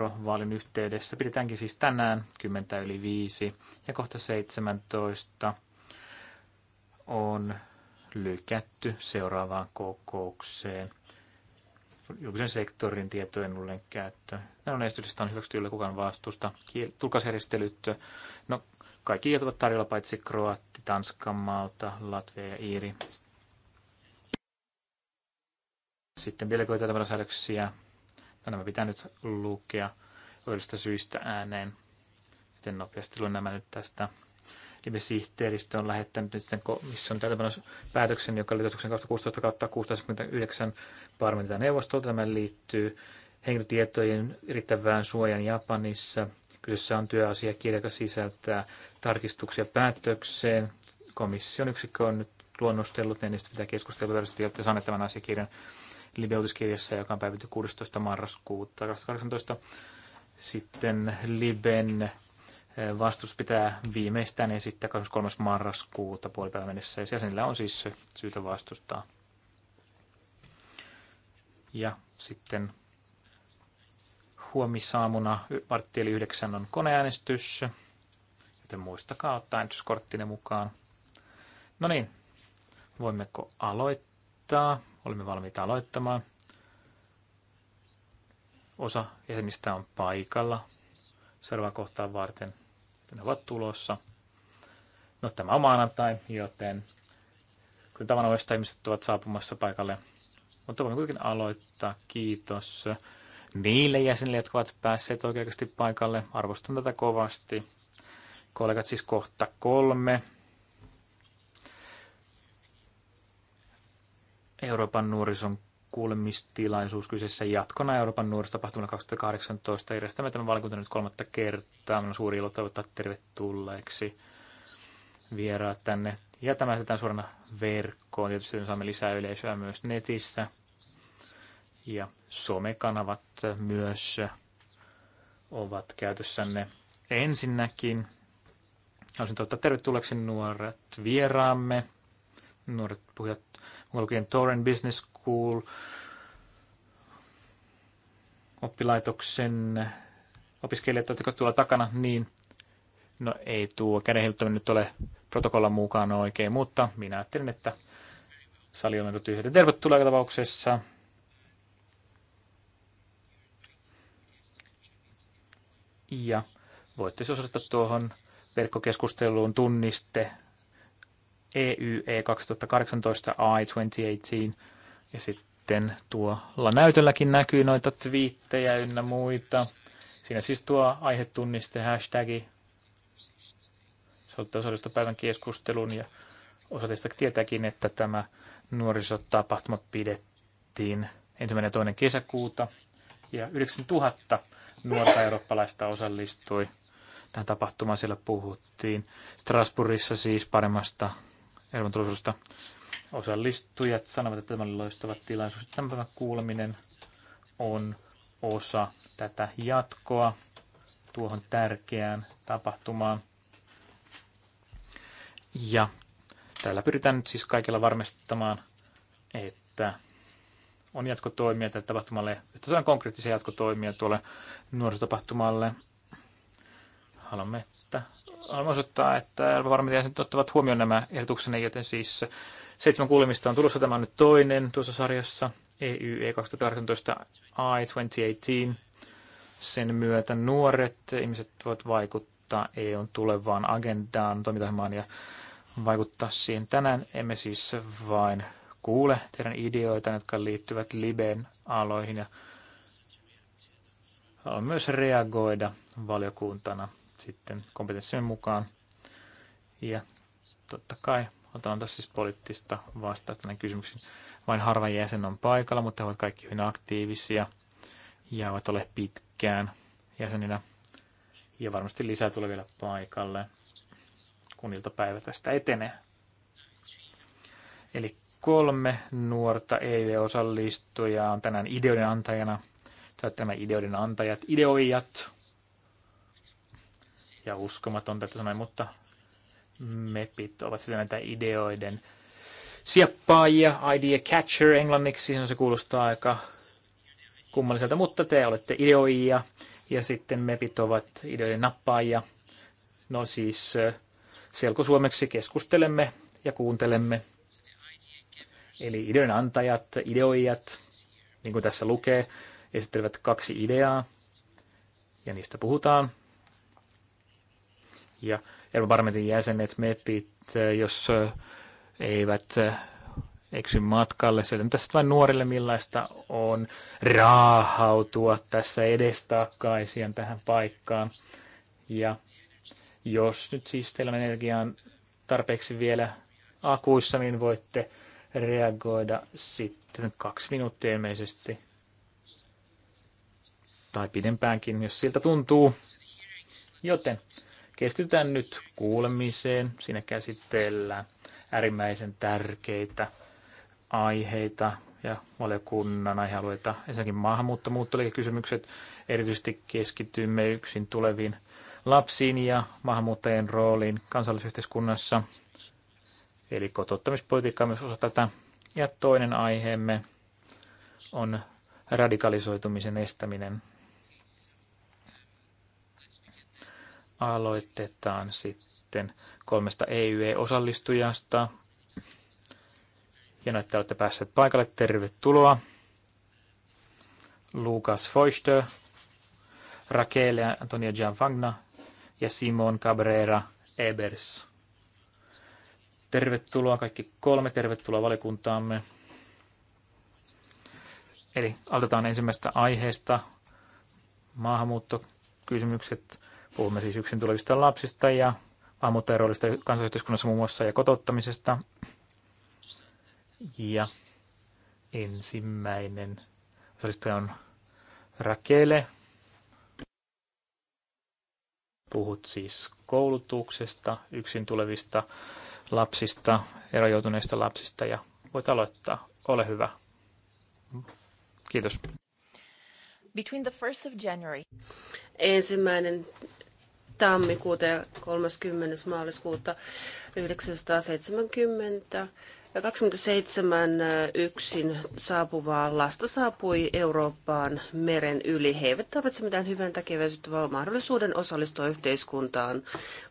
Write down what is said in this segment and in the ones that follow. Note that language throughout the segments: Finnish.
vaalin yhteydessä. Pidetäänkin siis tänään 10 yli 5 ja kohta 17 on lykätty seuraavaan kokoukseen. Julkisen sektorin tietojen uuden käyttö. Nämä on esityksestä on hyväksytty yllä kukaan vastusta. Tulkaisjärjestelyt. No, kaikki kielet ovat tarjolla paitsi Kroatti, Tanska, Malta, Latvia ja Iiri. Sitten delegoituja säädöksiä No nämä pitää nyt lukea oikeudesta syistä ääneen, joten nopeasti luen nämä nyt tästä. Libe-sihteeristö on lähettänyt nyt sen komission päätöksen, joka oli 2016 kautta 669 parlamentilta neuvostolta. Tämä liittyy henkilötietojen riittävään suojan Japanissa. Kyseessä on työasiakirja, joka sisältää tarkistuksia päätökseen. Komission yksikkö on nyt luonnostellut, niin niistä pitää keskustella välisesti, jotta saaneet tämän asiakirjan Libe-uutiskirjassa, joka on päivitty 16. marraskuuta 2018. Sitten Liben eh, vastus pitää viimeistään esittää 23. marraskuuta puolipäivän mennessä. Jäsenillä on siis syytä vastustaa. Ja sitten huomisaamuna vartti eli yhdeksän on koneäänestys, joten muistakaa ottaa äänestyskorttinen mukaan. No niin, voimmeko aloittaa? Olemme valmiita aloittamaan. Osa jäsenistä on paikalla seuraavaa kohtaa varten. Ne ovat tulossa. No tämä on maanantai, joten kun tavanomaista ihmiset ovat saapumassa paikalle. Mutta voin kuitenkin aloittaa. Kiitos niille jäsenille, jotka ovat päässeet oikeasti paikalle. Arvostan tätä kovasti. Kollegat siis kohta kolme. Euroopan nuorison kuulemistilaisuus kyseessä jatkona Euroopan nuorisotapahtumalla 2018. Järjestämme tämän valikunta nyt kolmatta kertaa. Minun on suuri ilo toivottaa tervetulleeksi vieraat tänne. Ja tämä jätetään suorana verkkoon. Tietysti saamme lisää yleisöä myös netissä. Ja somekanavat myös ovat käytössänne ensinnäkin. Haluaisin toivottaa tervetulleeksi nuoret vieraamme, nuoret puhujat lukin Torren Business School, oppilaitoksen opiskelijat, jotka tuolla takana, niin no ei tuo kädenhilttäminen nyt ole protokollan mukaan oikein, mutta minä ajattelin, että sali on mennyt yhden. Tervetuloa tapauksessa. Ja voitte osoittaa tuohon verkkokeskusteluun tunniste EYE 2018 e I 2018 ja sitten tuolla näytölläkin näkyy noita twiittejä ynnä muita. Siinä siis tuo aihetunniste, hashtagi. Se osallistua päivän keskustelun ja osallista tietääkin, että tämä nuorisotapahtuma pidettiin ensimmäinen ja toinen kesäkuuta ja 9000 nuorta eurooppalaista osallistui tähän tapahtumaan. Siellä puhuttiin Strasbourgissa siis paremmasta Euroopan Osallistujat sanovat, että tämä oli loistava tilaisuus. Tämän päivän kuuleminen on osa tätä jatkoa tuohon tärkeään tapahtumaan. Ja täällä pyritään nyt siis kaikilla varmistamaan, että on jatkotoimia tälle tapahtumalle, että saadaan konkreettisia jatkotoimia tuolle nuorisotapahtumalle haluamme, että, haluamme osoittaa, että varmasti ottavat huomioon nämä ehdotuksenne, joten siis seitsemän kuulemista on tulossa. Tämä on nyt toinen tuossa sarjassa, EYE 2018 e I 2018. Sen myötä nuoret ihmiset voivat vaikuttaa EUn tulevaan agendaan, toimintaohjelmaan ja vaikuttaa siihen. Tänään emme siis vain kuule teidän ideoita, jotka liittyvät Liben aloihin ja haluan myös reagoida valiokuntana sitten kompetenssien mukaan. Ja totta kai otan tässä siis poliittista vastausta näihin kysymyksiin. Vain harva jäsen on paikalla, mutta he ovat kaikki hyvin aktiivisia ja ovat ole pitkään jäseninä. Ja varmasti lisää tulee vielä paikalle, kun iltapäivä tästä etenee. Eli kolme nuorta EV-osallistujaa on tänään ideoiden antajana. Tai tämä ideoiden antajat, ideoijat ja uskomatonta, että sanoin, mutta mepit ovat sitä näitä ideoiden sieppaajia, idea catcher englanniksi, se kuulostaa aika kummalliselta, mutta te olette ideoijia ja sitten mepit ovat ideoiden nappaajia. No siis selkosuomeksi keskustelemme ja kuuntelemme. Eli ideoiden antajat, ideoijat, niin kuin tässä lukee, esittelevät kaksi ideaa ja niistä puhutaan ja Euroopan jäsenet, MEPit, eh, jos eh, eivät eh, eksy matkalle. Sieltä tässä vain nuorille, millaista on raahautua tässä edestakaisin tähän paikkaan. Ja jos nyt siis teillä on energiaan tarpeeksi vielä akuissa, niin voitte reagoida sitten kaksi minuuttia ilmeisesti. Tai pidempäänkin, jos siltä tuntuu. Joten Keskitytään nyt kuulemiseen. Siinä käsitellään äärimmäisen tärkeitä aiheita ja valiokunnan aihealueita. Ensinnäkin maahanmuutto, kysymykset Erityisesti keskitymme yksin tuleviin lapsiin ja maahanmuuttajien rooliin kansallisyhteiskunnassa. Eli kotouttamispolitiikka on myös osa tätä. Ja toinen aiheemme on radikalisoitumisen estäminen. Aloitetaan sitten kolmesta EYE-osallistujasta. Hienoa, että olette päässeet paikalle. Tervetuloa. Lukas Feuchter, Raquel Antonia Gianfagna ja Simon Cabrera Ebers. Tervetuloa kaikki kolme, tervetuloa valikuntaamme. Eli aloitetaan ensimmäistä aiheesta, maahanmuuttokysymykset. Puhumme siis yksin tulevista lapsista ja ammuttajaroolista kansanyhteiskunnassa muun muassa ja kotouttamisesta. Ja ensimmäinen osallistuja on Rakele. Puhut siis koulutuksesta, yksin tulevista lapsista, erojoutuneista lapsista ja voit aloittaa. Ole hyvä. Kiitos. Between the first of January. Ensimmäinen tammikuuta ja 30. maaliskuuta 970 27 äh, yksin saapuvaa lasta saapui Eurooppaan meren yli. He eivät tarvitse mitään hyvän takia vaan mahdollisuuden osallistua yhteiskuntaan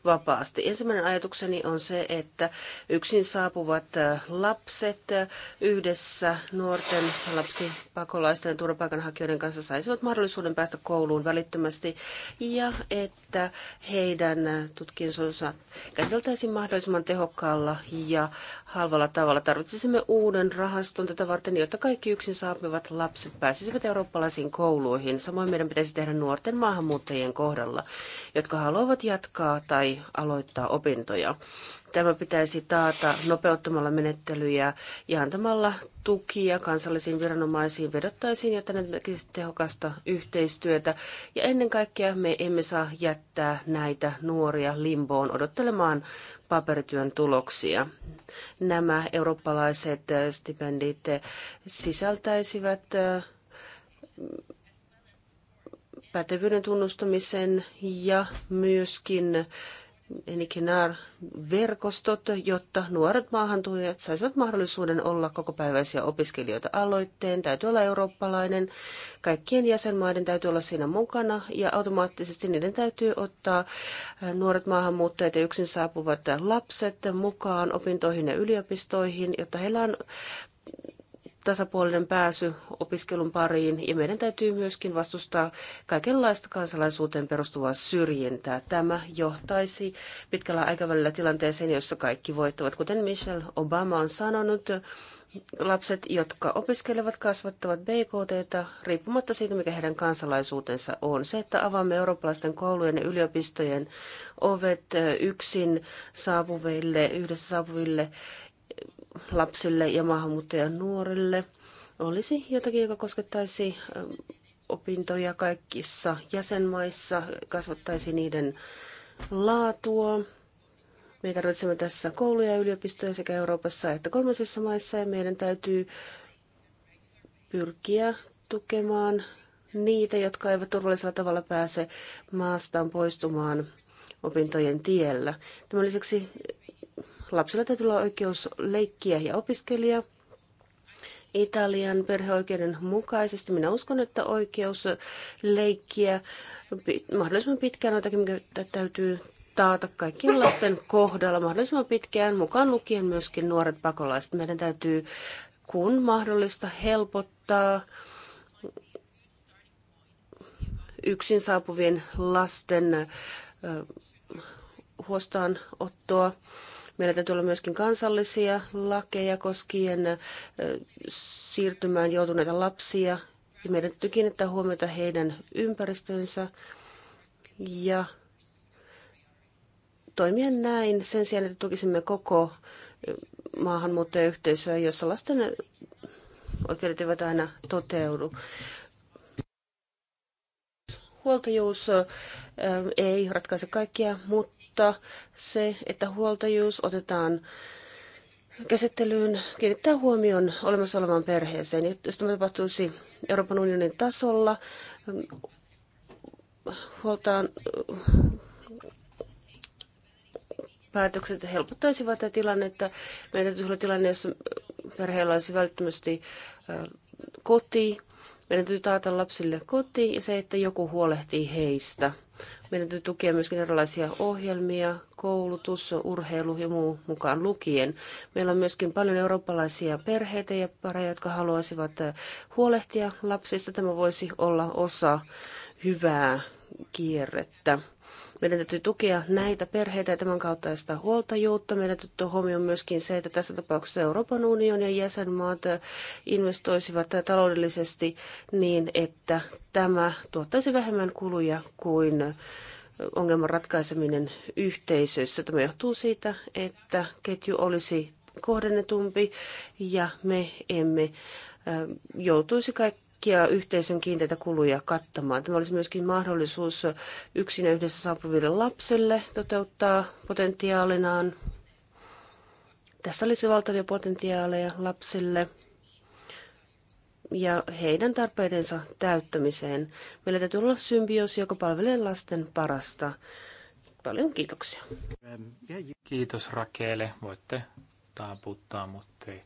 vapaasti. Ensimmäinen ajatukseni on se, että yksin saapuvat äh, lapset äh, yhdessä nuorten lapsipakolaisten ja turvapaikanhakijoiden kanssa saisivat mahdollisuuden päästä kouluun välittömästi ja että heidän tutkinsonsa käsiteltäisiin mahdollisimman tehokkaalla ja halvalla tavalla tavalla. Tarvitsisimme uuden rahaston tätä varten, jotta kaikki yksin saapuvat lapset pääsisivät eurooppalaisiin kouluihin. Samoin meidän pitäisi tehdä nuorten maahanmuuttajien kohdalla, jotka haluavat jatkaa tai aloittaa opintoja. Tämä pitäisi taata nopeuttamalla menettelyjä ja antamalla tukia kansallisiin viranomaisiin vedottaisiin, jotta ne tekisivät tehokasta yhteistyötä. Ja ennen kaikkea me emme saa jättää näitä nuoria limboon odottelemaan paperityön tuloksia. Nämä eurooppalaiset stipendit sisältäisivät pätevyyden tunnustamisen ja myöskin eli KENAR-verkostot, jotta nuoret maahantulijat saisivat mahdollisuuden olla kokopäiväisiä opiskelijoita aloitteen. Täytyy olla eurooppalainen, kaikkien jäsenmaiden täytyy olla siinä mukana ja automaattisesti niiden täytyy ottaa äh, nuoret maahanmuuttajat ja yksin saapuvat lapset mukaan opintoihin ja yliopistoihin, jotta heillä on tasapuolinen pääsy opiskelun pariin ja meidän täytyy myöskin vastustaa kaikenlaista kansalaisuuteen perustuvaa syrjintää. Tämä johtaisi pitkällä aikavälillä tilanteeseen, jossa kaikki voittavat. Kuten Michelle Obama on sanonut, lapset, jotka opiskelevat, kasvattavat BKT, riippumatta siitä, mikä heidän kansalaisuutensa on. Se, että avaamme eurooppalaisten koulujen ja yliopistojen ovet yksin saapuville, yhdessä saapuville lapsille ja maahanmuuttajan nuorille olisi jotakin, joka koskettaisi opintoja kaikissa jäsenmaissa, kasvattaisi niiden laatua. Me tarvitsemme tässä kouluja ja yliopistoja sekä Euroopassa että kolmansissa maissa ja meidän täytyy pyrkiä tukemaan niitä, jotka eivät turvallisella tavalla pääse maastaan poistumaan opintojen tiellä. Tämän lisäksi lapsilla täytyy olla oikeus leikkiä ja opiskelija. Italian perheoikeuden mukaisesti. Minä uskon, että oikeus leikkiä mahdollisimman pitkään on jotakin, mikä täytyy taata kaikkien lasten kohdalla mahdollisimman pitkään, mukaan lukien myöskin nuoret pakolaiset. Meidän täytyy, kun mahdollista, helpottaa yksin saapuvien lasten huostaanottoa. Meillä täytyy olla myöskin kansallisia lakeja koskien siirtymään joutuneita lapsia. Ja meidän täytyy kiinnittää huomiota heidän ympäristönsä ja toimia näin sen sijaan, että tukisimme koko maahanmuuttajayhteisöä, jossa lasten oikeudet eivät aina toteudu. Huoltajuus ei ratkaise kaikkia, mutta mutta se, että huoltajuus otetaan käsittelyyn, kiinnittää huomioon olemassa olevaan perheeseen. Ja jos tämä tapahtuisi Euroopan unionin tasolla, huoltaan päätökset helpottaisivat tätä tilannetta. Meidän täytyisi olla tilanne, jossa perheellä olisi välttämättä koti. Meidän täytyy taata lapsille koti ja se, että joku huolehtii heistä. Meidän täytyy tukea myöskin erilaisia ohjelmia, koulutus, urheilu ja muu mukaan lukien. Meillä on myöskin paljon eurooppalaisia perheitä ja pareja, jotka haluaisivat huolehtia lapsista. Tämä voisi olla osa hyvää kierrettä. Meidän täytyy tukea näitä perheitä ja tämän kaltaista huoltajuutta. Meidän täytyy huomioon myöskin se, että tässä tapauksessa Euroopan unionin ja jäsenmaat investoisivat taloudellisesti niin, että tämä tuottaisi vähemmän kuluja kuin ongelman ratkaiseminen yhteisössä. Tämä johtuu siitä, että ketju olisi kohdennetumpi ja me emme joutuisi kaikki kaikkia yhteisön kiinteitä kuluja kattamaan. Tämä olisi myöskin mahdollisuus yksin ja yhdessä saapuville lapsille toteuttaa potentiaalinaan. Tässä olisi valtavia potentiaaleja lapsille ja heidän tarpeidensa täyttämiseen. Meillä täytyy olla symbioosi, joka palvelee lasten parasta. Paljon kiitoksia. Kiitos Rakele. Voitte taaputtaa, mutta ei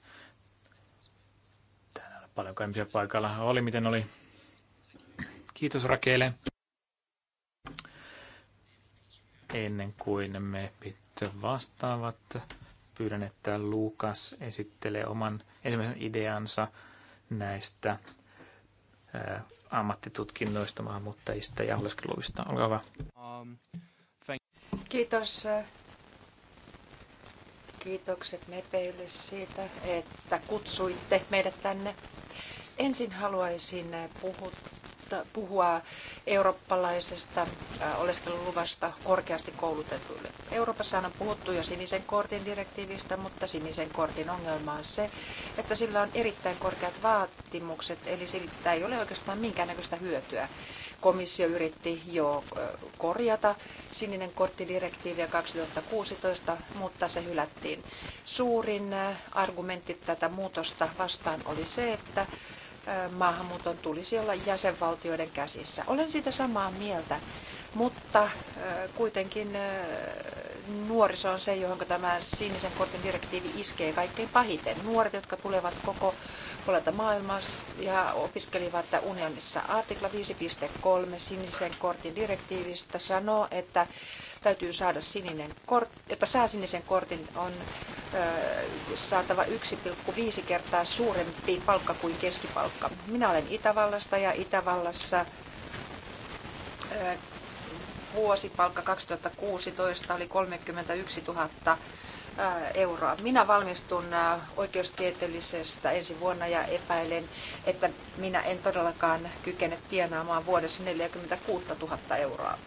paljon ihmisiä paikalla oli, miten oli. Kiitos Rakele. Ennen kuin me pitää vastaavat, pyydän, että Lukas esittelee oman ensimmäisen ideansa näistä ää, ammattitutkinnoista, maahanmuuttajista ja oleskeluista. Olkaa hyvä. Kiitos Kiitokset MEPEille siitä, että kutsuitte meidät tänne. Ensin haluaisin puhua eurooppalaisesta äh, oleskeluluvasta korkeasti koulutetuille. Euroopassa on puhuttu jo sinisen kortin direktiivistä, mutta sinisen kortin ongelma on se, että sillä on erittäin korkeat vaatimukset, eli siltä ei ole oikeastaan minkäännäköistä hyötyä komissio yritti jo korjata sininen korttidirektiiviä 2016, mutta se hylättiin. Suurin argumentti tätä muutosta vastaan oli se, että maahanmuuton tulisi olla jäsenvaltioiden käsissä. Olen siitä samaa mieltä, mutta kuitenkin nuoriso on se, johon tämä sinisen kortin direktiivi iskee kaikkein pahiten. Nuoret, jotka tulevat koko puolelta maailmaa ja opiskelivat unionissa. Artikla 5.3 sinisen kortin direktiivistä sanoo, että täytyy saada sininen kortti, jotta saa sinisen kortin, on saatava 1,5 kertaa suurempi palkka kuin keskipalkka. Minä olen Itävallasta ja Itävallassa vuosipalkka 2016 oli 31 000 Äh, euroa. Minä valmistun äh, oikeustieteellisestä ensi vuonna ja epäilen, että minä en todellakaan kykene tienaamaan vuodessa 46 000 euroa.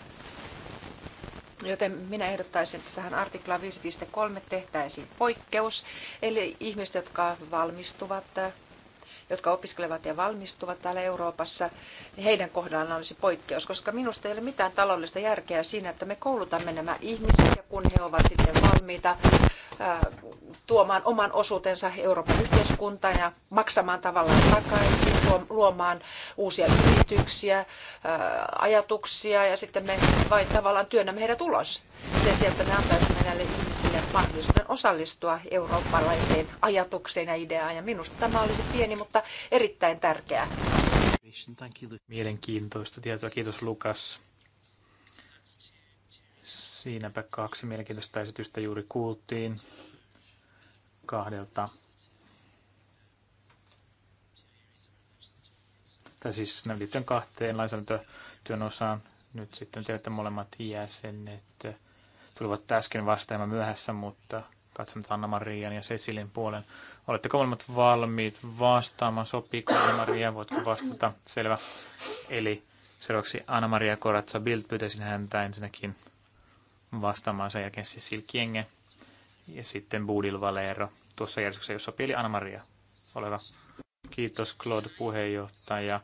Joten minä ehdottaisin, että tähän artiklaan 5.3 tehtäisiin poikkeus, eli ihmiset, jotka valmistuvat äh, jotka opiskelevat ja valmistuvat täällä Euroopassa, niin heidän kohdallaan olisi poikkeus, koska minusta ei ole mitään taloudellista järkeä siinä, että me koulutamme nämä ihmiset ja kun he ovat sitten valmiita tuomaan oman osuutensa Euroopan yhteiskuntaan ja maksamaan tavallaan takaisin, luomaan uusia yrityksiä, ajatuksia ja sitten me vain tavallaan työnnämme heidät ulos sen sijaan, että me antaisimme näille ihmisille mahdollisuuden osallistua eurooppalaiseen ajatukseen ja ideaan. Ja minusta tämä olisi pieni, mutta erittäin tärkeä asia. Mielenkiintoista tietoa. Kiitos Lukas. Siinäpä kaksi mielenkiintoista esitystä juuri kuultiin kahdelta. Tai siis ne liittyen kahteen lainsäädäntötyön osaan. Nyt sitten tiedätte molemmat jäsenet tulivat äsken vastaamaan myöhässä, mutta katsonut Anna-Marian ja Cecilin puolen. Oletteko molemmat valmiit vastaamaan? Sopiiko Anna-Maria? Voitko vastata? Selvä. Eli seuraavaksi Anna-Maria Koratsa Bild pyytäisin häntä ensinnäkin vastaamaan sen jälkeen Cecil Kienge ja sitten Budil Valero tuossa järjestyksessä, sopii, eli Anna-Maria. Ole hyvä. Kiitos Claude puheenjohtaja.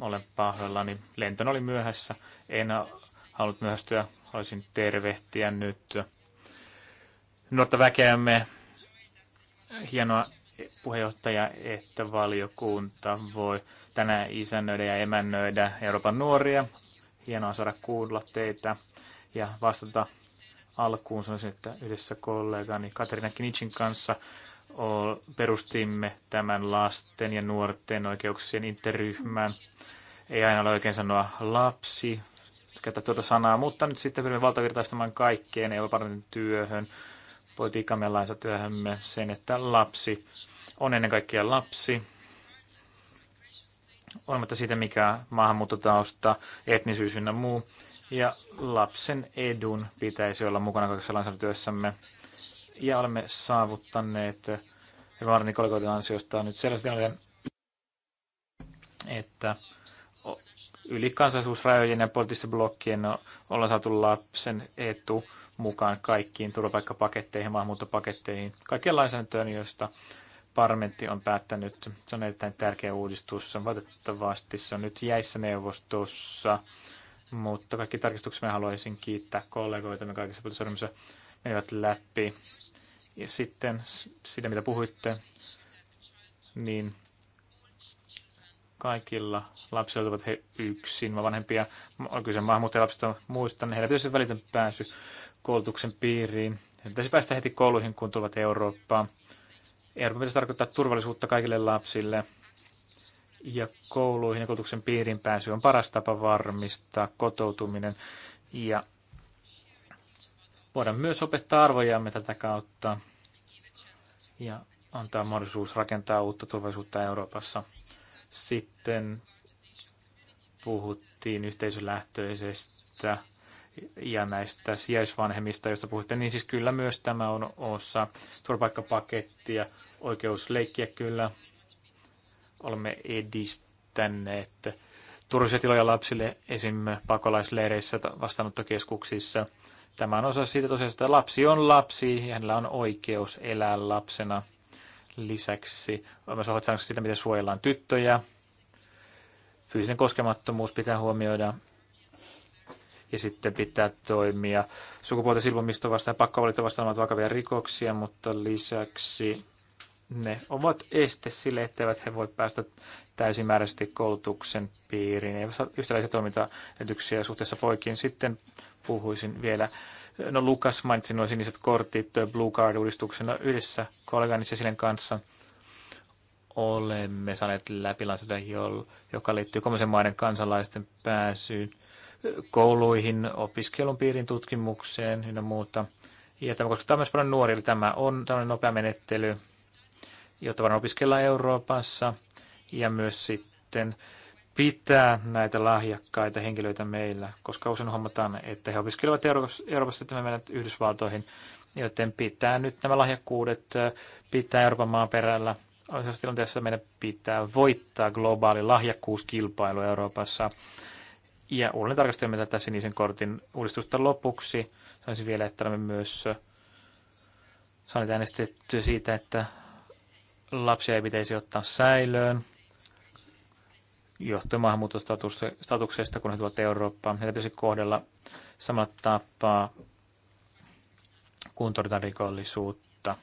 Olen pahoillani. Lenton oli myöhässä. En halunnut myöhästyä. Haluaisin tervehtiä nyt nuorta väkeämme. Hienoa puheenjohtaja, että valiokunta voi tänään isännöidä ja emännöidä Euroopan nuoria. Hienoa saada kuulla teitä ja vastata alkuun. Sanoisin, että yhdessä kollegani Katerina Kinicin kanssa perustimme tämän lasten ja nuorten oikeuksien interryhmän. Ei aina ole oikein sanoa lapsi, käyttää tuota sanaa, mutta nyt sitten pyrimme valtavirtaistamaan kaikkeen Euroopan työhön politiikkamme ja lainsäätyöhömme sen, että lapsi on ennen kaikkea lapsi, olematta siitä, mikä maahanmuuttotausta, etnisyys ynnä muu. Ja lapsen edun pitäisi olla mukana kaikessa lainsäädäntötyössämme. Ja olemme saavuttaneet Marnin kollegoiden ansiosta nyt sellaisen tilanteen, että yli kansallisuusrajojen ja poliittisten blokkien ollaan saatu lapsen etu mukaan kaikkiin turvapaikkapaketteihin, maahanmuuttopaketteihin, kaikkeen lainsäädäntöön, josta parlamentti on päättänyt. Se on erittäin tärkeä uudistus. on Valitettavasti se on nyt jäissä neuvostossa, mutta kaikki tarkistukset me haluaisin kiittää kollegoita, me kaikissa puolissa menivät läpi. Ja sitten sitä, mitä puhuitte, niin kaikilla lapsilla ovat he yksin, mä vanhempia, on kyse maahanmuuttajalapsista muistan, niin heillä pitäisi välitön pääsy koulutuksen piiriin. Heidän pitäisi päästä heti kouluihin, kun tulevat Eurooppaan. Euroopan pitäisi tarkoittaa turvallisuutta kaikille lapsille. Ja kouluihin ja koulutuksen piiriin pääsy on paras tapa varmistaa kotoutuminen. Ja voidaan myös opettaa arvojaamme tätä kautta ja antaa mahdollisuus rakentaa uutta turvallisuutta Euroopassa. Sitten puhuttiin yhteisölähtöisestä ja näistä sijaisvanhemmista, joista puhutte, niin siis kyllä myös tämä on osa turvapaikkapakettia, oikeusleikkiä kyllä. Olemme edistäneet turvallisia tiloja lapsille esim. pakolaisleireissä, vastaanottokeskuksissa. Tämä on osa siitä tosiaan, että lapsi on lapsi ja hänellä on oikeus elää lapsena. Lisäksi myös ovat sitä, miten suojellaan tyttöjä. Fyysinen koskemattomuus pitää huomioida ja sitten pitää toimia sukupuolten silpomista vastaan ja pakkovalita vastaan ovat vakavia rikoksia, mutta lisäksi ne ovat este sille, etteivät he voi päästä täysimääräisesti koulutuksen piiriin. Ei saa yhtäläisiä toimintaedellytyksiä suhteessa poikiin. Sitten puhuisin vielä no Lukas mainitsi nuo siniset kortit eh, Blue Card-uudistuksen no, yhdessä kollegani Cecilien kanssa olemme saaneet läpi joka liittyy kolmansien maiden kansalaisten pääsyyn kouluihin, opiskelun piirin tutkimukseen ynnä muuta. Ja tämä koskettaa myös paljon nuoria, eli tämä on tämmöinen nopea menettely, jota voidaan opiskella Euroopassa ja myös sitten pitää näitä lahjakkaita henkilöitä meillä, koska usein huomataan, että he opiskelevat Euroopassa, että me menet Yhdysvaltoihin, joten pitää nyt nämä lahjakkuudet pitää Euroopan maan perällä. sellaisessa tilanteessa meidän pitää voittaa globaali lahjakkuuskilpailu Euroopassa. Ja uudelleen tarkastelemme tätä sinisen kortin uudistusta lopuksi. Sanoisin vielä, että olemme myös äh, saaneet äänestettyä siitä, että lapsia ei pitäisi ottaa säilöön johtuen maahanmuuttostatuksesta, kun he tulevat Eurooppaan. Heitä pitäisi kohdella samalla tapaa kuin torjutaan rikollisuutta.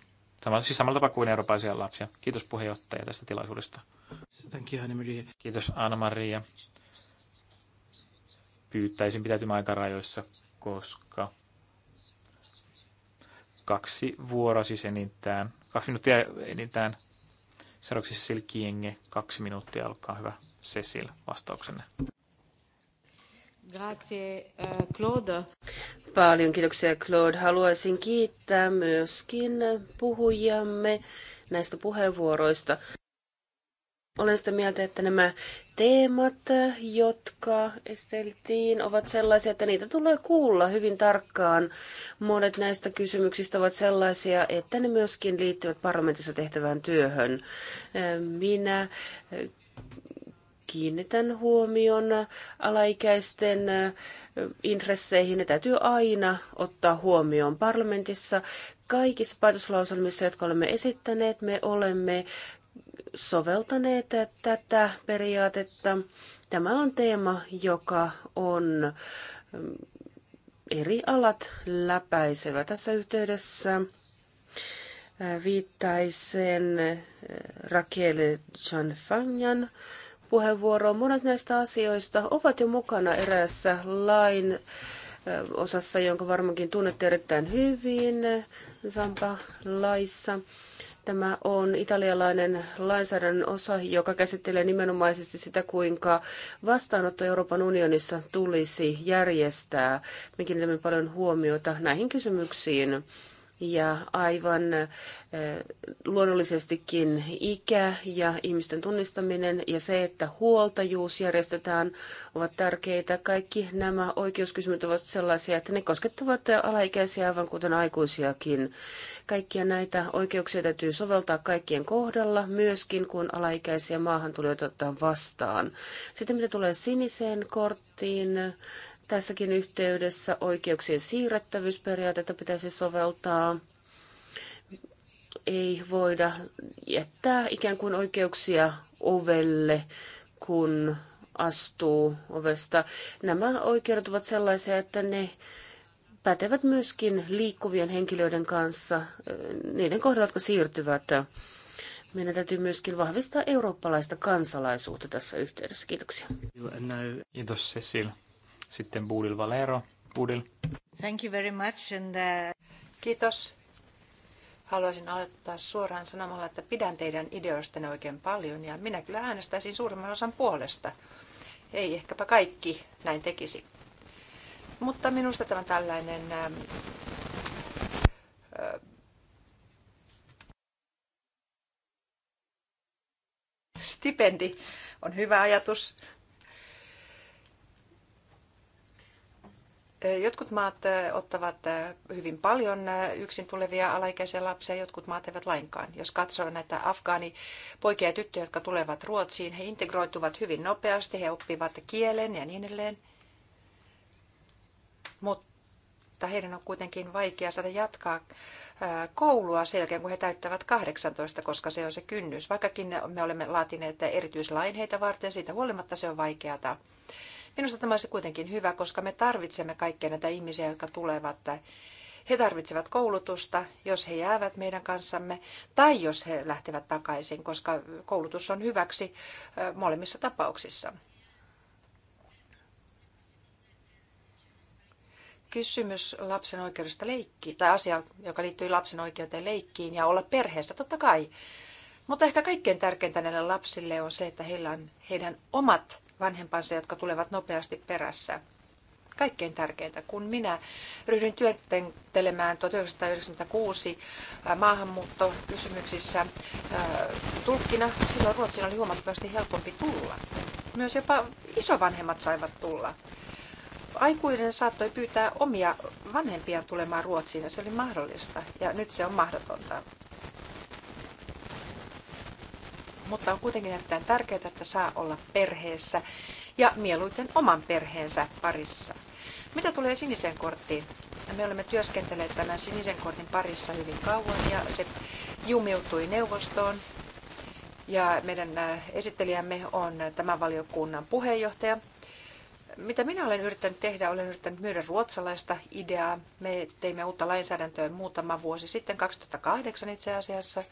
Samalla, siis samalla tapaa kuin eurooppalaisia lapsia. Kiitos puheenjohtaja tästä tilaisuudesta. Kiitos Anna-Maria pyyttäisin pitäytymään aikarajoissa, koska kaksi vuoroa siis enintään, kaksi minuuttia enintään. Seuraavaksi Cecil Kienge, kaksi minuuttia, alkaa hyvä Cecil vastauksenne. Grazie, eh, Claude. Paljon kiitoksia, Claude. Haluaisin kiittää myöskin puhujamme näistä puheenvuoroista. Olen sitä mieltä, että nämä teemat, jotka esteltiin, ovat sellaisia, että niitä tulee kuulla hyvin tarkkaan. Monet näistä kysymyksistä ovat sellaisia, että ne myöskin liittyvät parlamentissa tehtävään työhön. Minä kiinnitän huomion alaikäisten intresseihin. Ne täytyy aina ottaa huomioon parlamentissa. Kaikissa päätöslauselmissa, jotka olemme esittäneet, me olemme soveltaneet tätä periaatetta. Tämä on teema, joka on mm, eri alat läpäisevä. Tässä yhteydessä viittaisen Raquel Chanfanjan puheenvuoroon. Monet näistä asioista ovat jo mukana eräässä lain osassa, jonka varmaankin tunnette erittäin hyvin, zampa laissa Tämä on italialainen lainsäädännön osa, joka käsittelee nimenomaisesti sitä, kuinka vastaanotto Euroopan unionissa tulisi järjestää. Me kiinnitämme paljon huomiota näihin kysymyksiin ja aivan luonnollisestikin ikä ja ihmisten tunnistaminen ja se, että huoltajuus järjestetään, ovat tärkeitä. Kaikki nämä oikeuskysymykset ovat sellaisia, että ne koskettavat alaikäisiä aivan kuten aikuisiakin. Kaikkia näitä oikeuksia täytyy soveltaa kaikkien kohdalla, myöskin kun alaikäisiä maahan tulee ottaa vastaan. Sitten mitä tulee siniseen korttiin, Tässäkin yhteydessä oikeuksien siirrettävyysperiaatetta pitäisi soveltaa. Ei voida jättää ikään kuin oikeuksia ovelle, kun astuu ovesta. Nämä oikeudet ovat sellaisia, että ne pätevät myöskin liikkuvien henkilöiden kanssa, niiden kohdalla, jotka siirtyvät. Meidän täytyy myöskin vahvistaa eurooppalaista kansalaisuutta tässä yhteydessä. Kiitoksia. Kiitos Cecil. Sitten Budil Valero. Budil. Thank you very much and, uh... Kiitos. Haluaisin aloittaa suoraan sanomalla, että pidän teidän ideoistanne oikein paljon ja minä kyllä äänestäisin suurimman osan puolesta. Ei ehkäpä kaikki näin tekisi. Mutta minusta tämä tällainen ähm, äh, stipendi on hyvä ajatus, Jotkut maat eh, ottavat eh, hyvin paljon eh, yksin tulevia alaikäisiä lapsia, jotkut maat eivät lainkaan. Jos katsoo näitä afgaani poikia ja tyttöjä, jotka tulevat Ruotsiin, he integroituvat hyvin nopeasti, he oppivat kielen ja niin edelleen. Mutta heidän on kuitenkin vaikea saada jatkaa koulua sen jälkeen, kun he täyttävät 18, koska se on se kynnys. Vaikkakin me olemme laatineet erityislain heitä varten, siitä huolimatta se on vaikeata. Minusta tämä olisi kuitenkin hyvä, koska me tarvitsemme kaikkia näitä ihmisiä, jotka tulevat. He tarvitsevat koulutusta, jos he jäävät meidän kanssamme, tai jos he lähtevät takaisin, koska koulutus on hyväksi molemmissa tapauksissa. kysymys lapsen oikeudesta leikkiin, tai asia, joka liittyy lapsen oikeuteen leikkiin ja olla perheessä, totta kai. Mutta ehkä kaikkein tärkeintä näille lapsille on se, että heillä on heidän omat vanhempansa, jotka tulevat nopeasti perässä. Kaikkein tärkeintä, kun minä ryhdyin työskentelemään 1996 maahanmuuttokysymyksissä tulkkina, silloin Ruotsin oli huomattavasti helpompi tulla. Myös jopa isovanhemmat saivat tulla aikuinen saattoi pyytää omia vanhempia tulemaan Ruotsiin ja se oli mahdollista ja nyt se on mahdotonta mutta on kuitenkin erittäin tärkeää, että saa olla perheessä ja mieluiten oman perheensä parissa. Mitä tulee siniseen korttiin? Me olemme työskentelleet tämän sinisen kortin parissa hyvin kauan ja se jumiutui neuvostoon. Ja meidän äh, esittelijämme on tämän valiokunnan puheenjohtaja. Mitä minä olen yrittänyt tehdä, olen yrittänyt myydä ruotsalaista ideaa. Me teimme uutta lainsäädäntöä muutama vuosi sitten, 2008 itse asiassa.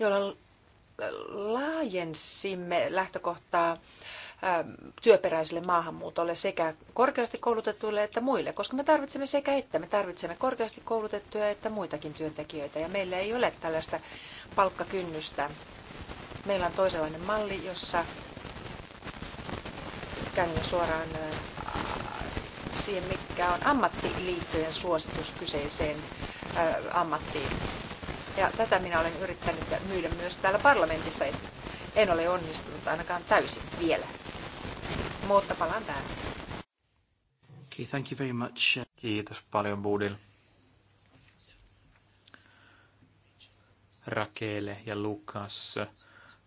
jolla laajensimme lähtökohtaa ähm, työperäiselle maahanmuutolle sekä korkeasti koulutetuille että muille, koska me tarvitsemme sekä että. Me tarvitsemme korkeasti koulutettuja että muitakin työntekijöitä ja meillä ei ole tällaista palkkakynnystä. Meillä on toisenlainen malli, jossa käymme suoraan äh, siihen, mikä on ammattiliittojen suositus kyseiseen äh, ammattiin ja tätä minä olen yrittänyt myydä myös täällä parlamentissa. En ole onnistunut ainakaan täysin vielä. Mutta palaan tähän. Okay, thank you very much. Kiitos paljon Budil. Rakele ja Lukas,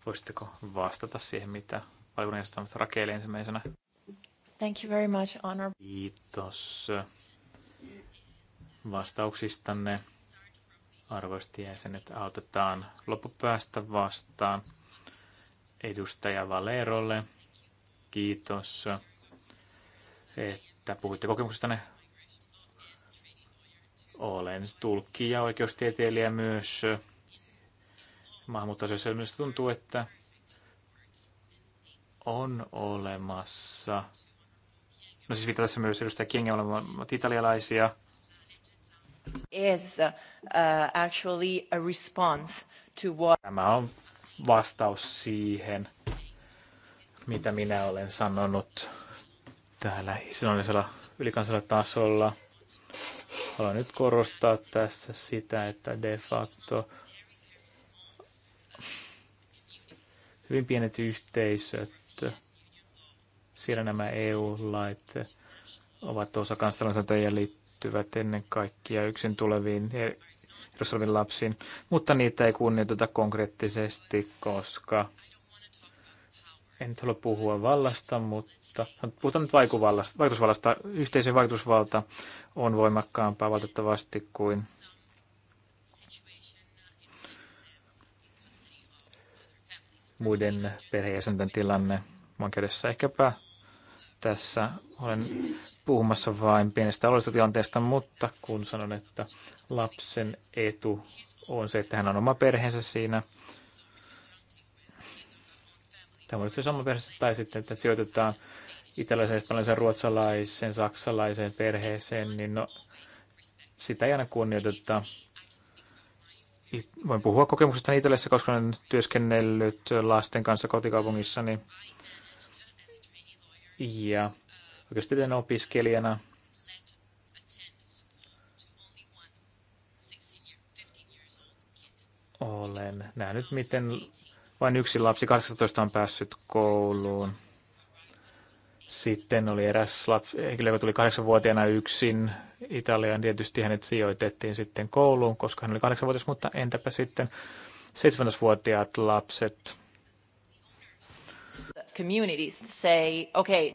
voisitteko vastata siihen, mitä valiokunnan sanoi Rakele ensimmäisenä? Thank you very much, Honor. Kiitos vastauksistanne arvoiset jäsenet, autetaan loppupäästä vastaan edustaja Valerolle. Kiitos, että puhuitte kokemuksestanne. Olen tulkki ja oikeustieteilijä myös maahanmuuttoasioissa. Minusta tuntuu, että on olemassa. No siis viittaa tässä myös edustaja Kienge, on italialaisia Is, uh, actually a response to what... Tämä on vastaus siihen, mitä minä olen sanonut täällä sanallisella ylikansalla tasolla. Haluan nyt korostaa tässä sitä, että de facto hyvin pienet yhteisöt, siellä nämä EU-lait ovat osa kansalaisantajien liittyen liittyvät ennen kaikkea yksin tuleviin Jerusalemin lapsiin, mutta niitä ei kunnioiteta konkreettisesti, koska en halua puhua vallasta, mutta puhutaan nyt vaikutusvallasta. Yhteisön vaikutusvalta on voimakkaampaa valitettavasti kuin muiden perheenjäsenten tilanne vankeudessa. Ehkäpä tässä olen puhumassa vain pienestä taloudellisesta tilanteesta, mutta kun sanon, että lapsen etu on se, että hän on oma perheensä siinä, tämä on sama perhe, tai sitten, että sijoitetaan italaisen, espanjalaisen, ruotsalaisen, saksalaisen perheeseen, niin no, sitä ei aina kunnioiteta. Voin puhua kokemuksesta Italiassa, koska olen työskennellyt lasten kanssa kotikaupungissani. Ja oikeustieteen opiskelijana. Olen nähnyt, miten vain yksi lapsi 18 on päässyt kouluun. Sitten oli eräs lapsi, henkilö, joka tuli kahdeksanvuotiaana yksin Italiaan. Tietysti hänet sijoitettiin sitten kouluun, koska hän oli kahdeksanvuotias, mutta entäpä sitten 17-vuotiaat lapset. Communities say, okay.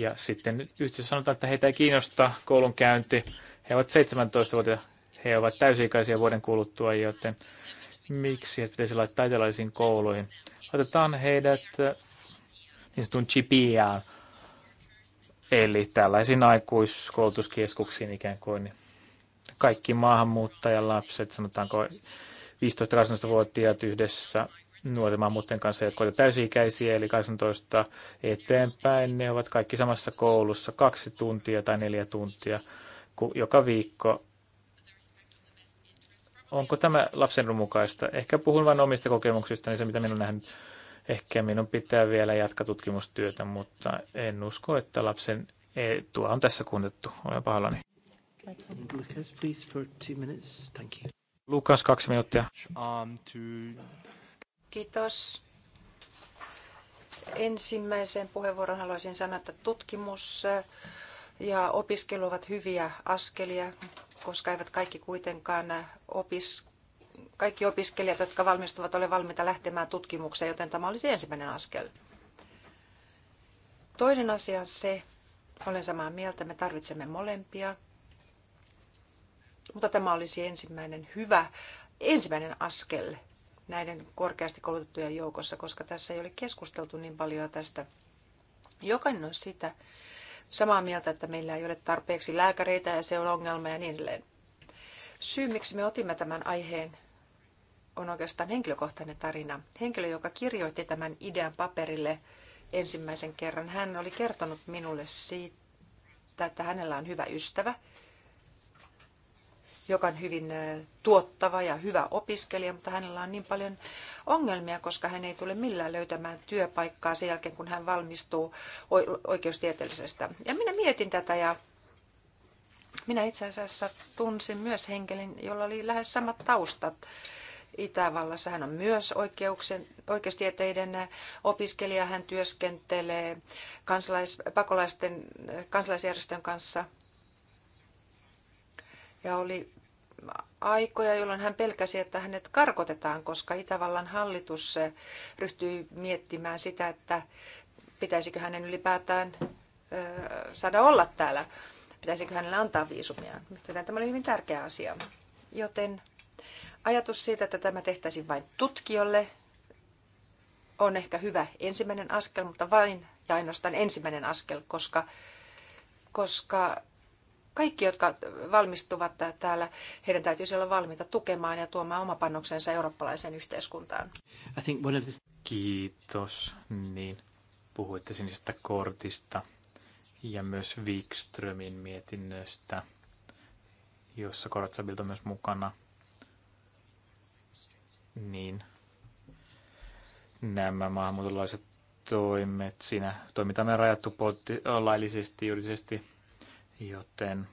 Ja sitten yhtiössä sanotaan, että heitä ei kiinnosta koulunkäynti. He ovat 17-vuotiaita, he ovat täysi-ikäisiä vuoden kuluttua, joten miksi he pitäisi laittaa italaisiin kouluihin? Otetaan heidät niin sanotun chipiaan, eli tällaisiin aikuiskoulutuskeskuksiin ikään kuin. Kaikki maahanmuuttajalapset, sanotaanko 15-18-vuotiaat yhdessä nuorten maahanmuuttajien kanssa, jotka ovat täysi-ikäisiä, eli 18 eteenpäin. Ne ovat kaikki samassa koulussa kaksi tuntia tai neljä tuntia joka viikko. Onko tämä lapsen mukaista? Ehkä puhun vain omista kokemuksistani, niin se mitä minun nähnyt. Ehkä minun pitää vielä jatkaa tutkimustyötä, mutta en usko, että lapsen etua on tässä kunnettu. Olen pahallani. Lucas, Lukas, kaksi minuuttia. Um, Kiitos. Ensimmäiseen puheenvuoron haluaisin sanoa, että tutkimus ja opiskelu ovat hyviä askelia, koska eivät kaikki kuitenkaan opis, kaikki opiskelijat, jotka valmistuvat, ole valmiita lähtemään tutkimukseen, joten tämä olisi ensimmäinen askel. Toinen asia on se, olen samaa mieltä, me tarvitsemme molempia, mutta tämä olisi ensimmäinen hyvä, ensimmäinen askel näiden korkeasti koulutettujen joukossa, koska tässä ei ole keskusteltu niin paljon tästä. Jokainen on sitä samaa mieltä, että meillä ei ole tarpeeksi lääkäreitä ja se on ongelma ja niin edelleen. Syy, miksi me otimme tämän aiheen, on oikeastaan henkilökohtainen tarina. Henkilö, joka kirjoitti tämän idean paperille ensimmäisen kerran, hän oli kertonut minulle siitä, että hänellä on hyvä ystävä – joka on hyvin tuottava ja hyvä opiskelija, mutta hänellä on niin paljon ongelmia, koska hän ei tule millään löytämään työpaikkaa sen jälkeen, kun hän valmistuu oikeustieteellisestä. Ja minä mietin tätä ja minä itse asiassa tunsin myös henkilön, jolla oli lähes samat taustat. Itävallassa hän on myös oikeuksien, oikeustieteiden opiskelija. Hän työskentelee kansalais, pakolaisten kansalaisjärjestön kanssa ja oli aikoja, jolloin hän pelkäsi, että hänet karkotetaan, koska Itävallan hallitus eh, ryhtyi miettimään sitä, että pitäisikö hänen ylipäätään eh, saada olla täällä, pitäisikö hänelle antaa viisumia. Joten tämä oli hyvin tärkeä asia. Joten ajatus siitä, että tämä tehtäisiin vain tutkijolle, on ehkä hyvä ensimmäinen askel, mutta vain ja ainoastaan ensimmäinen askel, koska, koska kaikki, jotka valmistuvat täällä, heidän täytyisi olla valmiita tukemaan ja tuomaan oma panoksensa eurooppalaiseen yhteiskuntaan. I think one of the... Kiitos. Niin, puhuitte sinisestä kortista ja myös Wikströmin mietinnöstä, jossa Koratsabilt on myös mukana. Niin, nämä maahanmuutolaiset toimet. Siinä toiminta on rajattu poltti, laillisesti, juridisesti Joten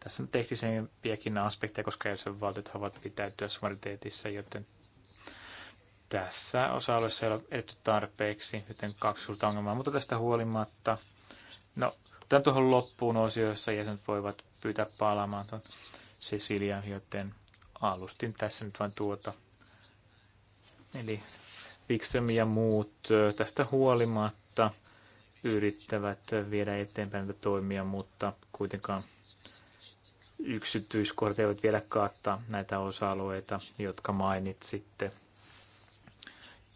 tässä on tehtisempiäkin aspekteja, koska jäsenvaltiot ovat pitäytyä suoriteetissa, joten tässä osa-alueessa ei ole edetty tarpeeksi, joten kaksi suurta ongelmaa. Mutta tästä huolimatta, no, tämän tuohon loppuun osioissa jäsenet voivat pyytää palaamaan tuon Cecilia, joten alustin tässä nyt vain tuota. Eli Wikström ja muut tästä huolimatta – yrittävät viedä eteenpäin näitä toimia, mutta kuitenkaan yksityiskohdat eivät vielä kattaa näitä osa-alueita, jotka mainitsitte.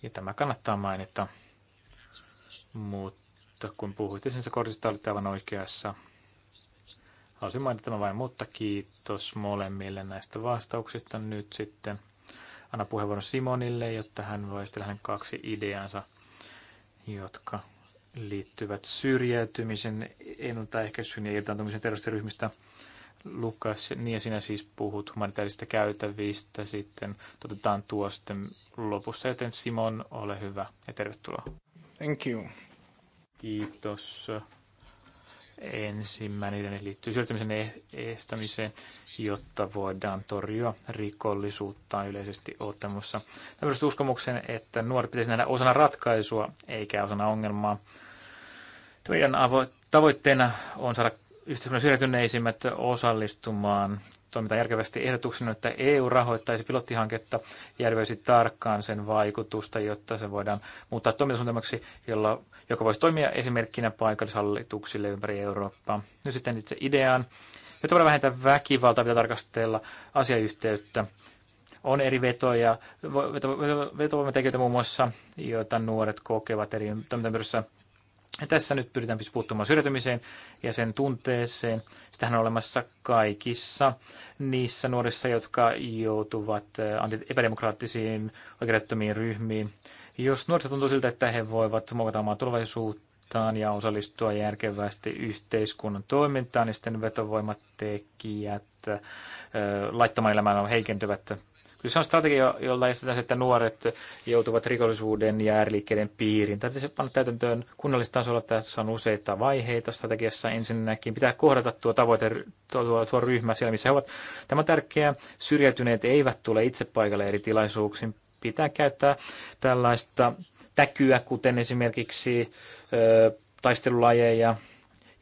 Ja tämä kannattaa mainita. Mutta kun puhuitte sen kortista, olitte aivan oikeassa. Haluaisin mainita tämän vain, mutta kiitos molemmille näistä vastauksista nyt sitten. Anna puheenvuoron Simonille, jotta hän voi esitellä hänen kaksi ideansa, jotka liittyvät syrjäytymisen, ennaltaehkäisyn ja irtaantumisen terroristiryhmistä. Lukas, niin ja sinä siis puhut humanitaarisista käytävistä, sitten otetaan tuo sitten lopussa, joten Simon, ole hyvä ja tervetuloa. Thank you. Kiitos. Ensimmäinen liittyy syrjäytymisen e-, estämiseen, jotta voidaan torjua rikollisuutta yleisesti ottamassa. Tämä uskomuksen, että nuoret pitäisi nähdä osana ratkaisua eikä osana ongelmaa. Meidän tavoitteena on saada yhteiskunnan syrjäytyneisimmät osallistumaan toimintaan järkevästi ehdotuksena, että EU rahoittaisi pilottihanketta ja tarkkaan sen vaikutusta, jotta se voidaan muuttaa toimintasuunnitelmaksi, jolla, joka voisi toimia esimerkkinä paikallishallituksille ympäri Eurooppaa. Nyt sitten itse ideaan. Jotta voidaan vähentää väkivaltaa, pitää tarkastella asiayhteyttä. On eri vetoja, veto, vetovoimatekijöitä muun muassa, joita nuoret kokevat eri toimintaympäristössä ja tässä nyt pyritään siis puuttumaan syrjäytymiseen ja sen tunteeseen. Sitähän on olemassa kaikissa niissä nuorissa, jotka joutuvat eh, epädemokraattisiin oikeudettomiin ryhmiin. Jos nuorissa tuntuu siltä, että he voivat muokata omaa tulevaisuuttaan ja osallistua järkevästi yhteiskunnan toimintaan, niin sitten vetovoimatekijät eh, laittoman elämään heikentyvät Kyllä se on strategia, jolla estetään, että nuoret joutuvat rikollisuuden ja ääriliikkeiden piiriin. Tämä pitäisi panna täytäntöön kunnallistasolla. Tässä on useita vaiheita strategiassa. Ensinnäkin pitää kohdata tuo tavoite, tuo, tuo ryhmä siellä, missä he ovat. Tämä on tärkeää. Syrjäytyneet eivät tule itse paikalle eri tilaisuuksiin. Pitää käyttää tällaista täkyä, kuten esimerkiksi ö, taistelulajeja,